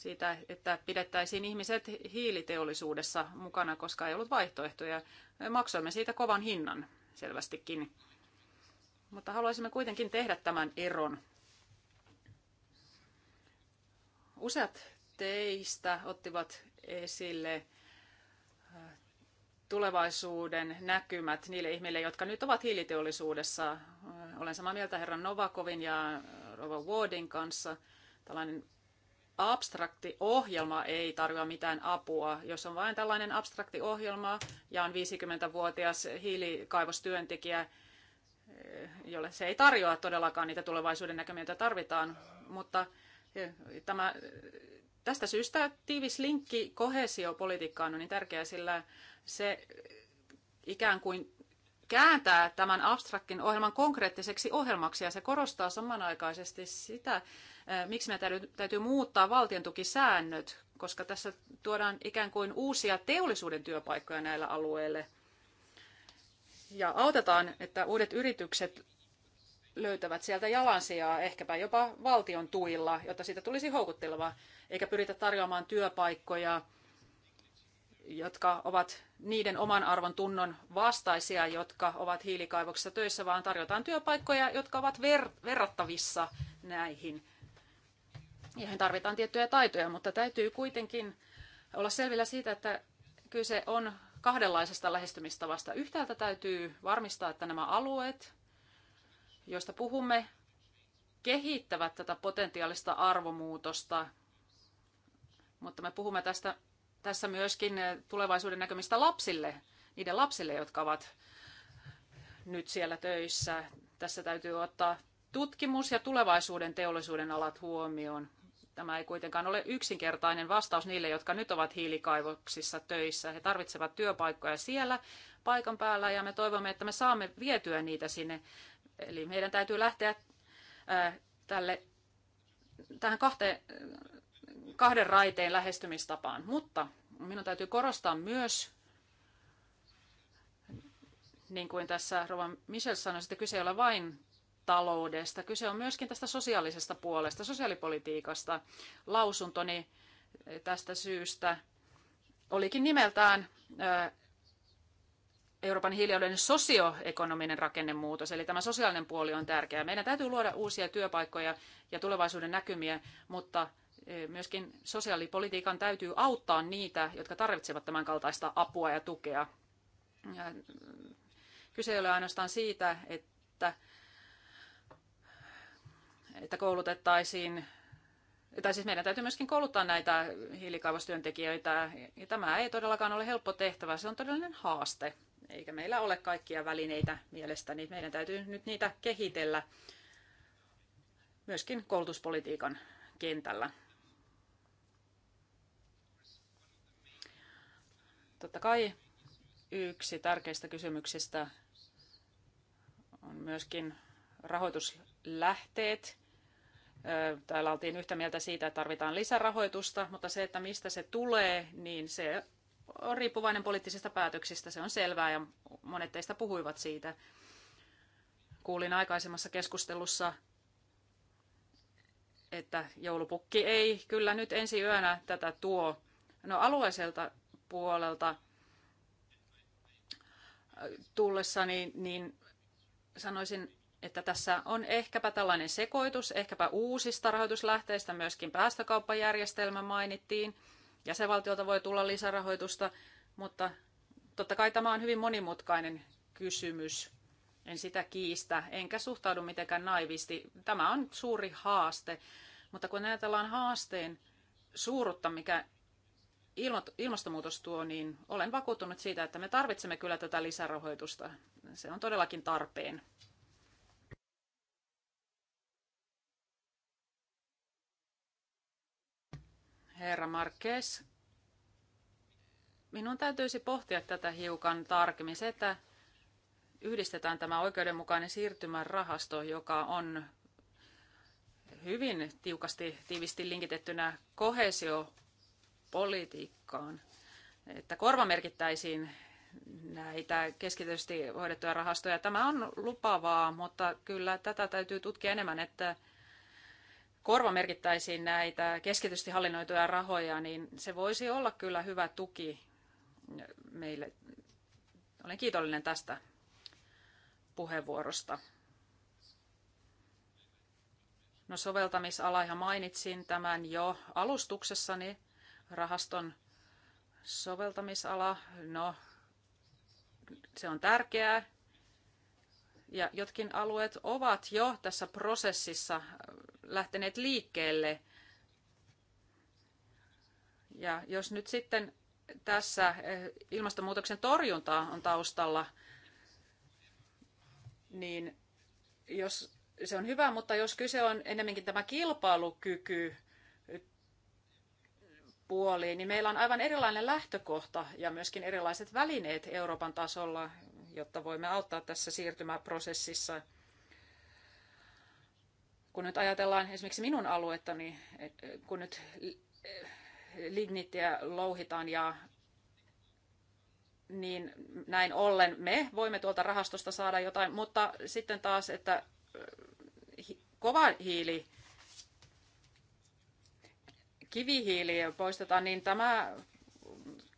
siitä, että pidettäisiin ihmiset hiiliteollisuudessa mukana, koska ei ollut vaihtoehtoja. Maksoimme siitä kovan hinnan selvästikin. Mutta haluaisimme kuitenkin tehdä tämän eron. Useat teistä ottivat esille äh, tulevaisuuden näkymät niille ihmille, jotka nyt ovat hiiliteollisuudessa. Olen samaa mieltä herran Novakovin ja Rova Wardin kanssa. Tällainen abstrakti ohjelma ei tarjoa mitään apua. Jos on vain tällainen abstrakti ohjelma ja on 50-vuotias hiilikaivostyöntekijä, eh, jolle se ei tarjoa todellakaan niitä tulevaisuuden näkymiä, joita tarvitaan. Mutta eh, tämä, eh, tästä syystä tiivis linkki kohesiopolitiikkaan on niin tärkeä, sillä se ikään kuin kääntää tämän abstraktin ohjelman konkreettiseksi ohjelmaksi, ja se korostaa samanaikaisesti sitä, eh, miksi me täytyy, täytyy muuttaa valtiontukisäännöt, koska tässä tuodaan ikään kuin uusia teollisuuden työpaikkoja näillä alueille. Ja autetaan, että uudet yritykset löytävät sieltä jalansijaa, ehkäpä jopa valtion tuilla, jotta siitä tulisi houkuttelevaa, eikä pyritä tarjoamaan työpaikkoja jotka ovat niiden oman arvon tunnon vastaisia, jotka ovat hiilikaivoksissa töissä, vaan tarjotaan työpaikkoja, jotka ovat ver- verrattavissa näihin. Niihin tarvitaan tiettyjä taitoja, mutta täytyy kuitenkin olla selvillä siitä, että kyse on kahdenlaisesta lähestymistavasta. Yhtäältä täytyy varmistaa, että nämä alueet, joista puhumme, kehittävät tätä potentiaalista arvomuutosta, mutta me puhumme tästä tässä myöskin eh, tulevaisuuden näkymistä lapsille, niiden lapsille, jotka ovat nyt siellä töissä. Tässä täytyy ottaa tutkimus ja tulevaisuuden teollisuuden alat huomioon. Tämä ei kuitenkaan ole yksinkertainen vastaus niille, jotka nyt ovat hiilikaivoksissa töissä. He tarvitsevat työpaikkoja siellä paikan päällä ja me toivomme, että me saamme vietyä niitä sinne. Eli meidän täytyy lähteä eh, tälle, tähän kahteen, kahden raiteen lähestymistapaan. Mutta minun täytyy korostaa myös, niin kuin tässä Rova Michel sanoi, että kyse ei ole vain taloudesta. Kyse on myöskin tästä sosiaalisesta puolesta, sosiaalipolitiikasta. Lausuntoni eh, tästä syystä olikin nimeltään eh, Euroopan hiilijalanjäljen sosioekonominen rakennemuutos, eli tämä sosiaalinen puoli on tärkeä. Meidän täytyy luoda uusia työpaikkoja ja tulevaisuuden näkymiä, mutta myöskin sosiaalipolitiikan täytyy auttaa niitä, jotka tarvitsevat tämän kaltaista apua ja tukea. Kyse ei ole ainoastaan siitä, että, että koulutettaisiin, tai siis meidän täytyy myöskin kouluttaa näitä hiilikaivostyöntekijöitä, ja tämä ei todellakaan ole helppo tehtävä, se on todellinen haaste, eikä meillä ole kaikkia välineitä mielestäni. Meidän täytyy nyt niitä kehitellä myöskin koulutuspolitiikan kentällä. Totta kai yksi tärkeistä kysymyksistä on myöskin rahoituslähteet. Täällä oltiin yhtä mieltä siitä, että tarvitaan lisärahoitusta, mutta se, että mistä se tulee, niin se on riippuvainen poliittisista päätöksistä, se on selvää ja monet teistä puhuivat siitä. Kuulin aikaisemmassa keskustelussa, että joulupukki ei kyllä nyt ensi yönä tätä tuo. No alueelta, puolelta tullessani, niin, niin sanoisin, että tässä on ehkäpä tällainen sekoitus, ehkäpä uusista rahoituslähteistä, myöskin päästökauppajärjestelmä mainittiin, jäsenvaltiolta voi tulla lisärahoitusta, mutta totta kai tämä on hyvin monimutkainen kysymys. En sitä kiistä, enkä suhtaudu mitenkään naivisti. Tämä on suuri haaste, mutta kun ajatellaan haasteen suurutta, mikä ilmastonmuutos tuo, niin olen vakuuttunut siitä, että me tarvitsemme kyllä tätä lisärahoitusta. Se on todellakin tarpeen. Herra Marques, minun täytyisi pohtia tätä hiukan tarkemmin. Se, että yhdistetään tämä oikeudenmukainen siirtymän rahasto, joka on hyvin tiukasti, tiivisti linkitettynä kohesio politiikkaan, että korvamerkittäisiin näitä keskitetysti hoidettuja rahastoja. Tämä on lupavaa, mutta kyllä tätä täytyy tutkia enemmän, että korvamerkittäisiin näitä keskitysti hallinnoituja rahoja, niin se voisi olla kyllä hyvä tuki meille. Olen kiitollinen tästä puheenvuorosta. No soveltamisala ihan mainitsin tämän jo alustuksessani rahaston soveltamisala, no se on tärkeää. Ja jotkin alueet ovat jo tässä prosessissa lähteneet liikkeelle. Ja jos nyt sitten tässä eh, ilmastonmuutoksen torjunta on taustalla, niin jos se on hyvä, mutta jos kyse on enemmänkin tämä kilpailukyky, puoliin, niin meillä on aivan erilainen lähtökohta ja myöskin erilaiset välineet Euroopan tasolla, jotta voimme auttaa tässä siirtymäprosessissa. Kun nyt ajatellaan esimerkiksi minun aluettani, niin, kun nyt lignittiä louhitaan ja niin näin ollen me voimme tuolta rahastosta saada jotain, mutta sitten taas, että eh, kova hiili kivihiili poistetaan, niin tämä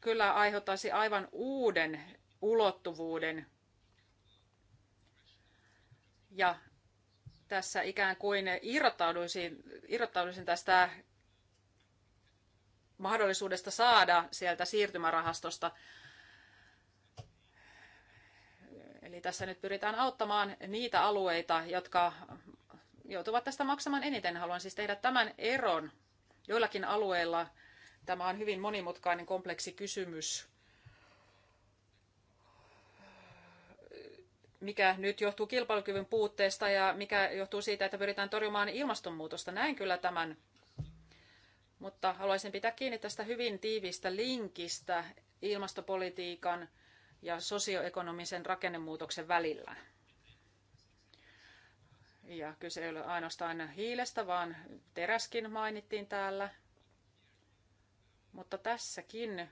kyllä aiheuttaisi aivan uuden ulottuvuuden. Ja tässä ikään kuin irrottauduisin, irrottauduisin tästä mahdollisuudesta saada sieltä siirtymärahastosta. Eli tässä nyt pyritään auttamaan niitä alueita, jotka joutuvat tästä maksamaan eniten. Haluan siis tehdä tämän eron Joillakin alueilla tämä on hyvin monimutkainen kompleksi kysymys. Mikä nyt johtuu kilpailukyvyn puutteesta ja mikä johtuu siitä, että pyritään torjumaan ilmastonmuutosta. Näin kyllä tämän. Mutta haluaisin pitää kiinni tästä hyvin tiiviistä linkistä ilmastopolitiikan ja sosioekonomisen rakennemuutoksen välillä. Ja kyse ei ole ainoastaan hiilestä, vaan teräskin mainittiin täällä. Mutta tässäkin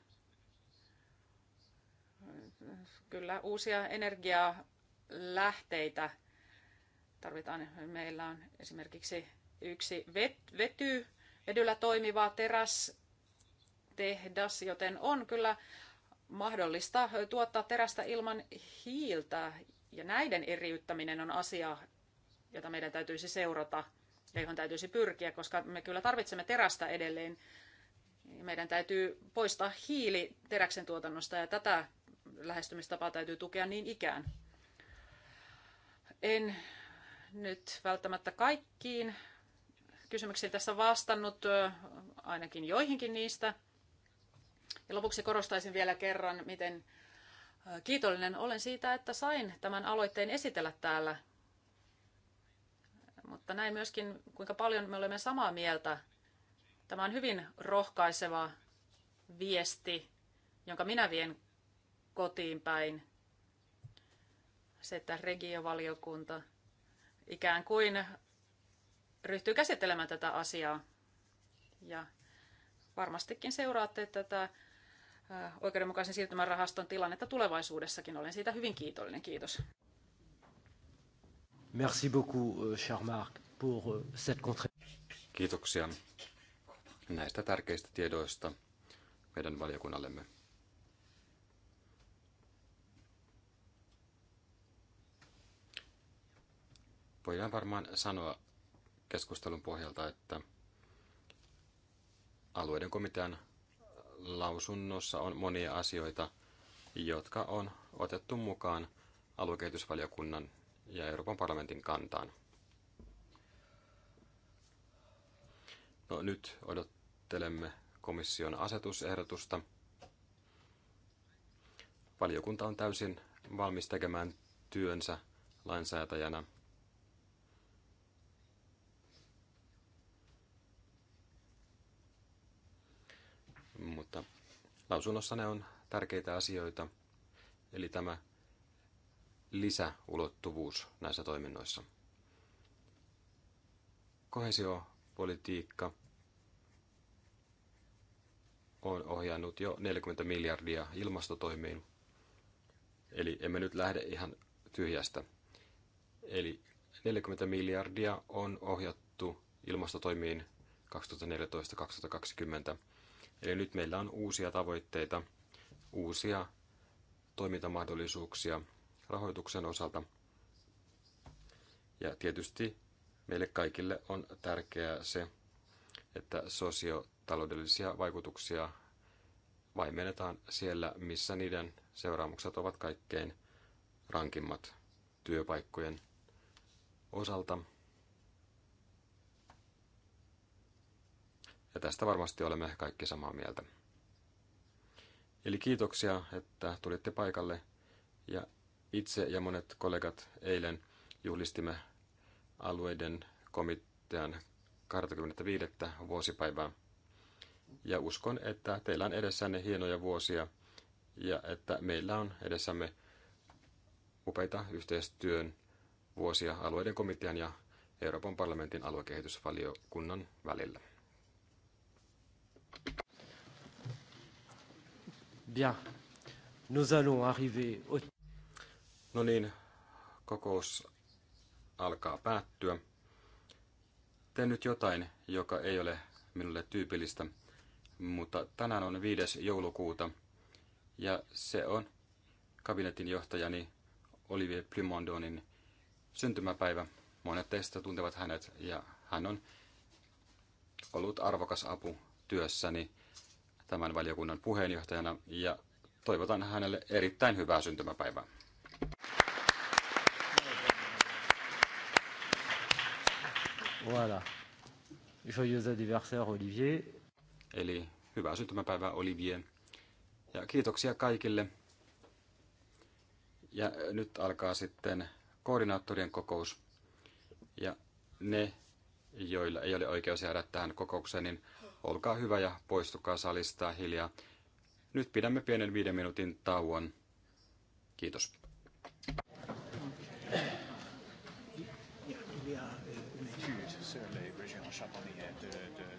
kyllä uusia energialähteitä tarvitaan. Meillä on esimerkiksi yksi vet- vety, vedyllä toimiva terästehdas, joten on kyllä mahdollista tuottaa terästä ilman hiiltä. Ja näiden eriyttäminen on asia, jota meidän täytyisi seurata ja johon täytyisi pyrkiä, koska me kyllä tarvitsemme terästä edelleen. Meidän täytyy poistaa hiili teräksen tuotannosta ja tätä lähestymistapaa täytyy tukea niin ikään. En nyt välttämättä kaikkiin kysymyksiin tässä vastannut, ainakin joihinkin niistä. Ja lopuksi korostaisin vielä kerran, miten kiitollinen olen siitä, että sain tämän aloitteen esitellä täällä mutta näin myöskin, kuinka paljon me olemme samaa mieltä. Tämä on hyvin rohkaiseva viesti, jonka minä vien kotiin päin. Se, että regiovaliokunta ikään kuin ryhtyy käsittelemään tätä asiaa. Ja varmastikin seuraatte tätä oikeudenmukaisen siirtymärahaston tilannetta tulevaisuudessakin. Olen siitä hyvin kiitollinen. Kiitos. Merci beaucoup, euh, cher Marc, pour euh, cette Kiitoksia näistä tärkeistä tiedoista meidän valiokunnallemme. Voidaan varmaan sanoa keskustelun pohjalta, että alueiden komitean lausunnossa on monia asioita, jotka on otettu mukaan aluekehitysvaliokunnan ja Euroopan parlamentin kantaan. No, nyt odottelemme komission asetusehdotusta. Valiokunta on täysin valmis tekemään työnsä lainsäätäjänä. Mutta ne on tärkeitä asioita, eli tämä lisäulottuvuus näissä toiminnoissa. Kohesiopolitiikka on ohjannut jo 40 miljardia ilmastotoimiin, eli emme nyt lähde ihan tyhjästä. Eli 40 miljardia on ohjattu ilmastotoimiin 2014-2020. Eli nyt meillä on uusia tavoitteita, uusia toimintamahdollisuuksia rahoituksen osalta. Ja tietysti meille kaikille on tärkeää se, että sosiotaloudellisia vaikutuksia vaimennetaan siellä, missä niiden seuraamukset ovat kaikkein rankimmat työpaikkojen osalta. Ja tästä varmasti olemme kaikki samaa mieltä. Eli kiitoksia, että tulitte paikalle ja itse ja monet kollegat eilen juhlistimme alueiden komitean 25. vuosipäivää. Ja uskon, että teillä on edessänne hienoja vuosia ja että meillä on edessämme upeita yhteistyön vuosia alueiden komitean ja Euroopan parlamentin aluekehitysvaliokunnan välillä. Bien. Nous allons arriver au... No niin, kokous alkaa päättyä. Teen nyt jotain, joka ei ole minulle tyypillistä, mutta tänään on 5. joulukuuta ja se on kabinetin johtajani Olivier Plymondonin syntymäpäivä. Monet teistä tuntevat hänet ja hän on ollut arvokas apu työssäni tämän valiokunnan puheenjohtajana ja toivotan hänelle erittäin hyvää syntymäpäivää. Voilà. Joyeux anniversaire, Olivier. Eli hyvää syntymäpäivää, Olivier. Ja kiitoksia kaikille. Ja nyt alkaa sitten koordinaattorien kokous. Ja ne, joilla ei ole oikeus jäädä tähän kokoukseen, niin olkaa hyvä ja poistukaa salista hiljaa. Nyt pidämme pienen viiden minuutin tauon. Kiitos. Yeah, sur les régions charbonnières de, de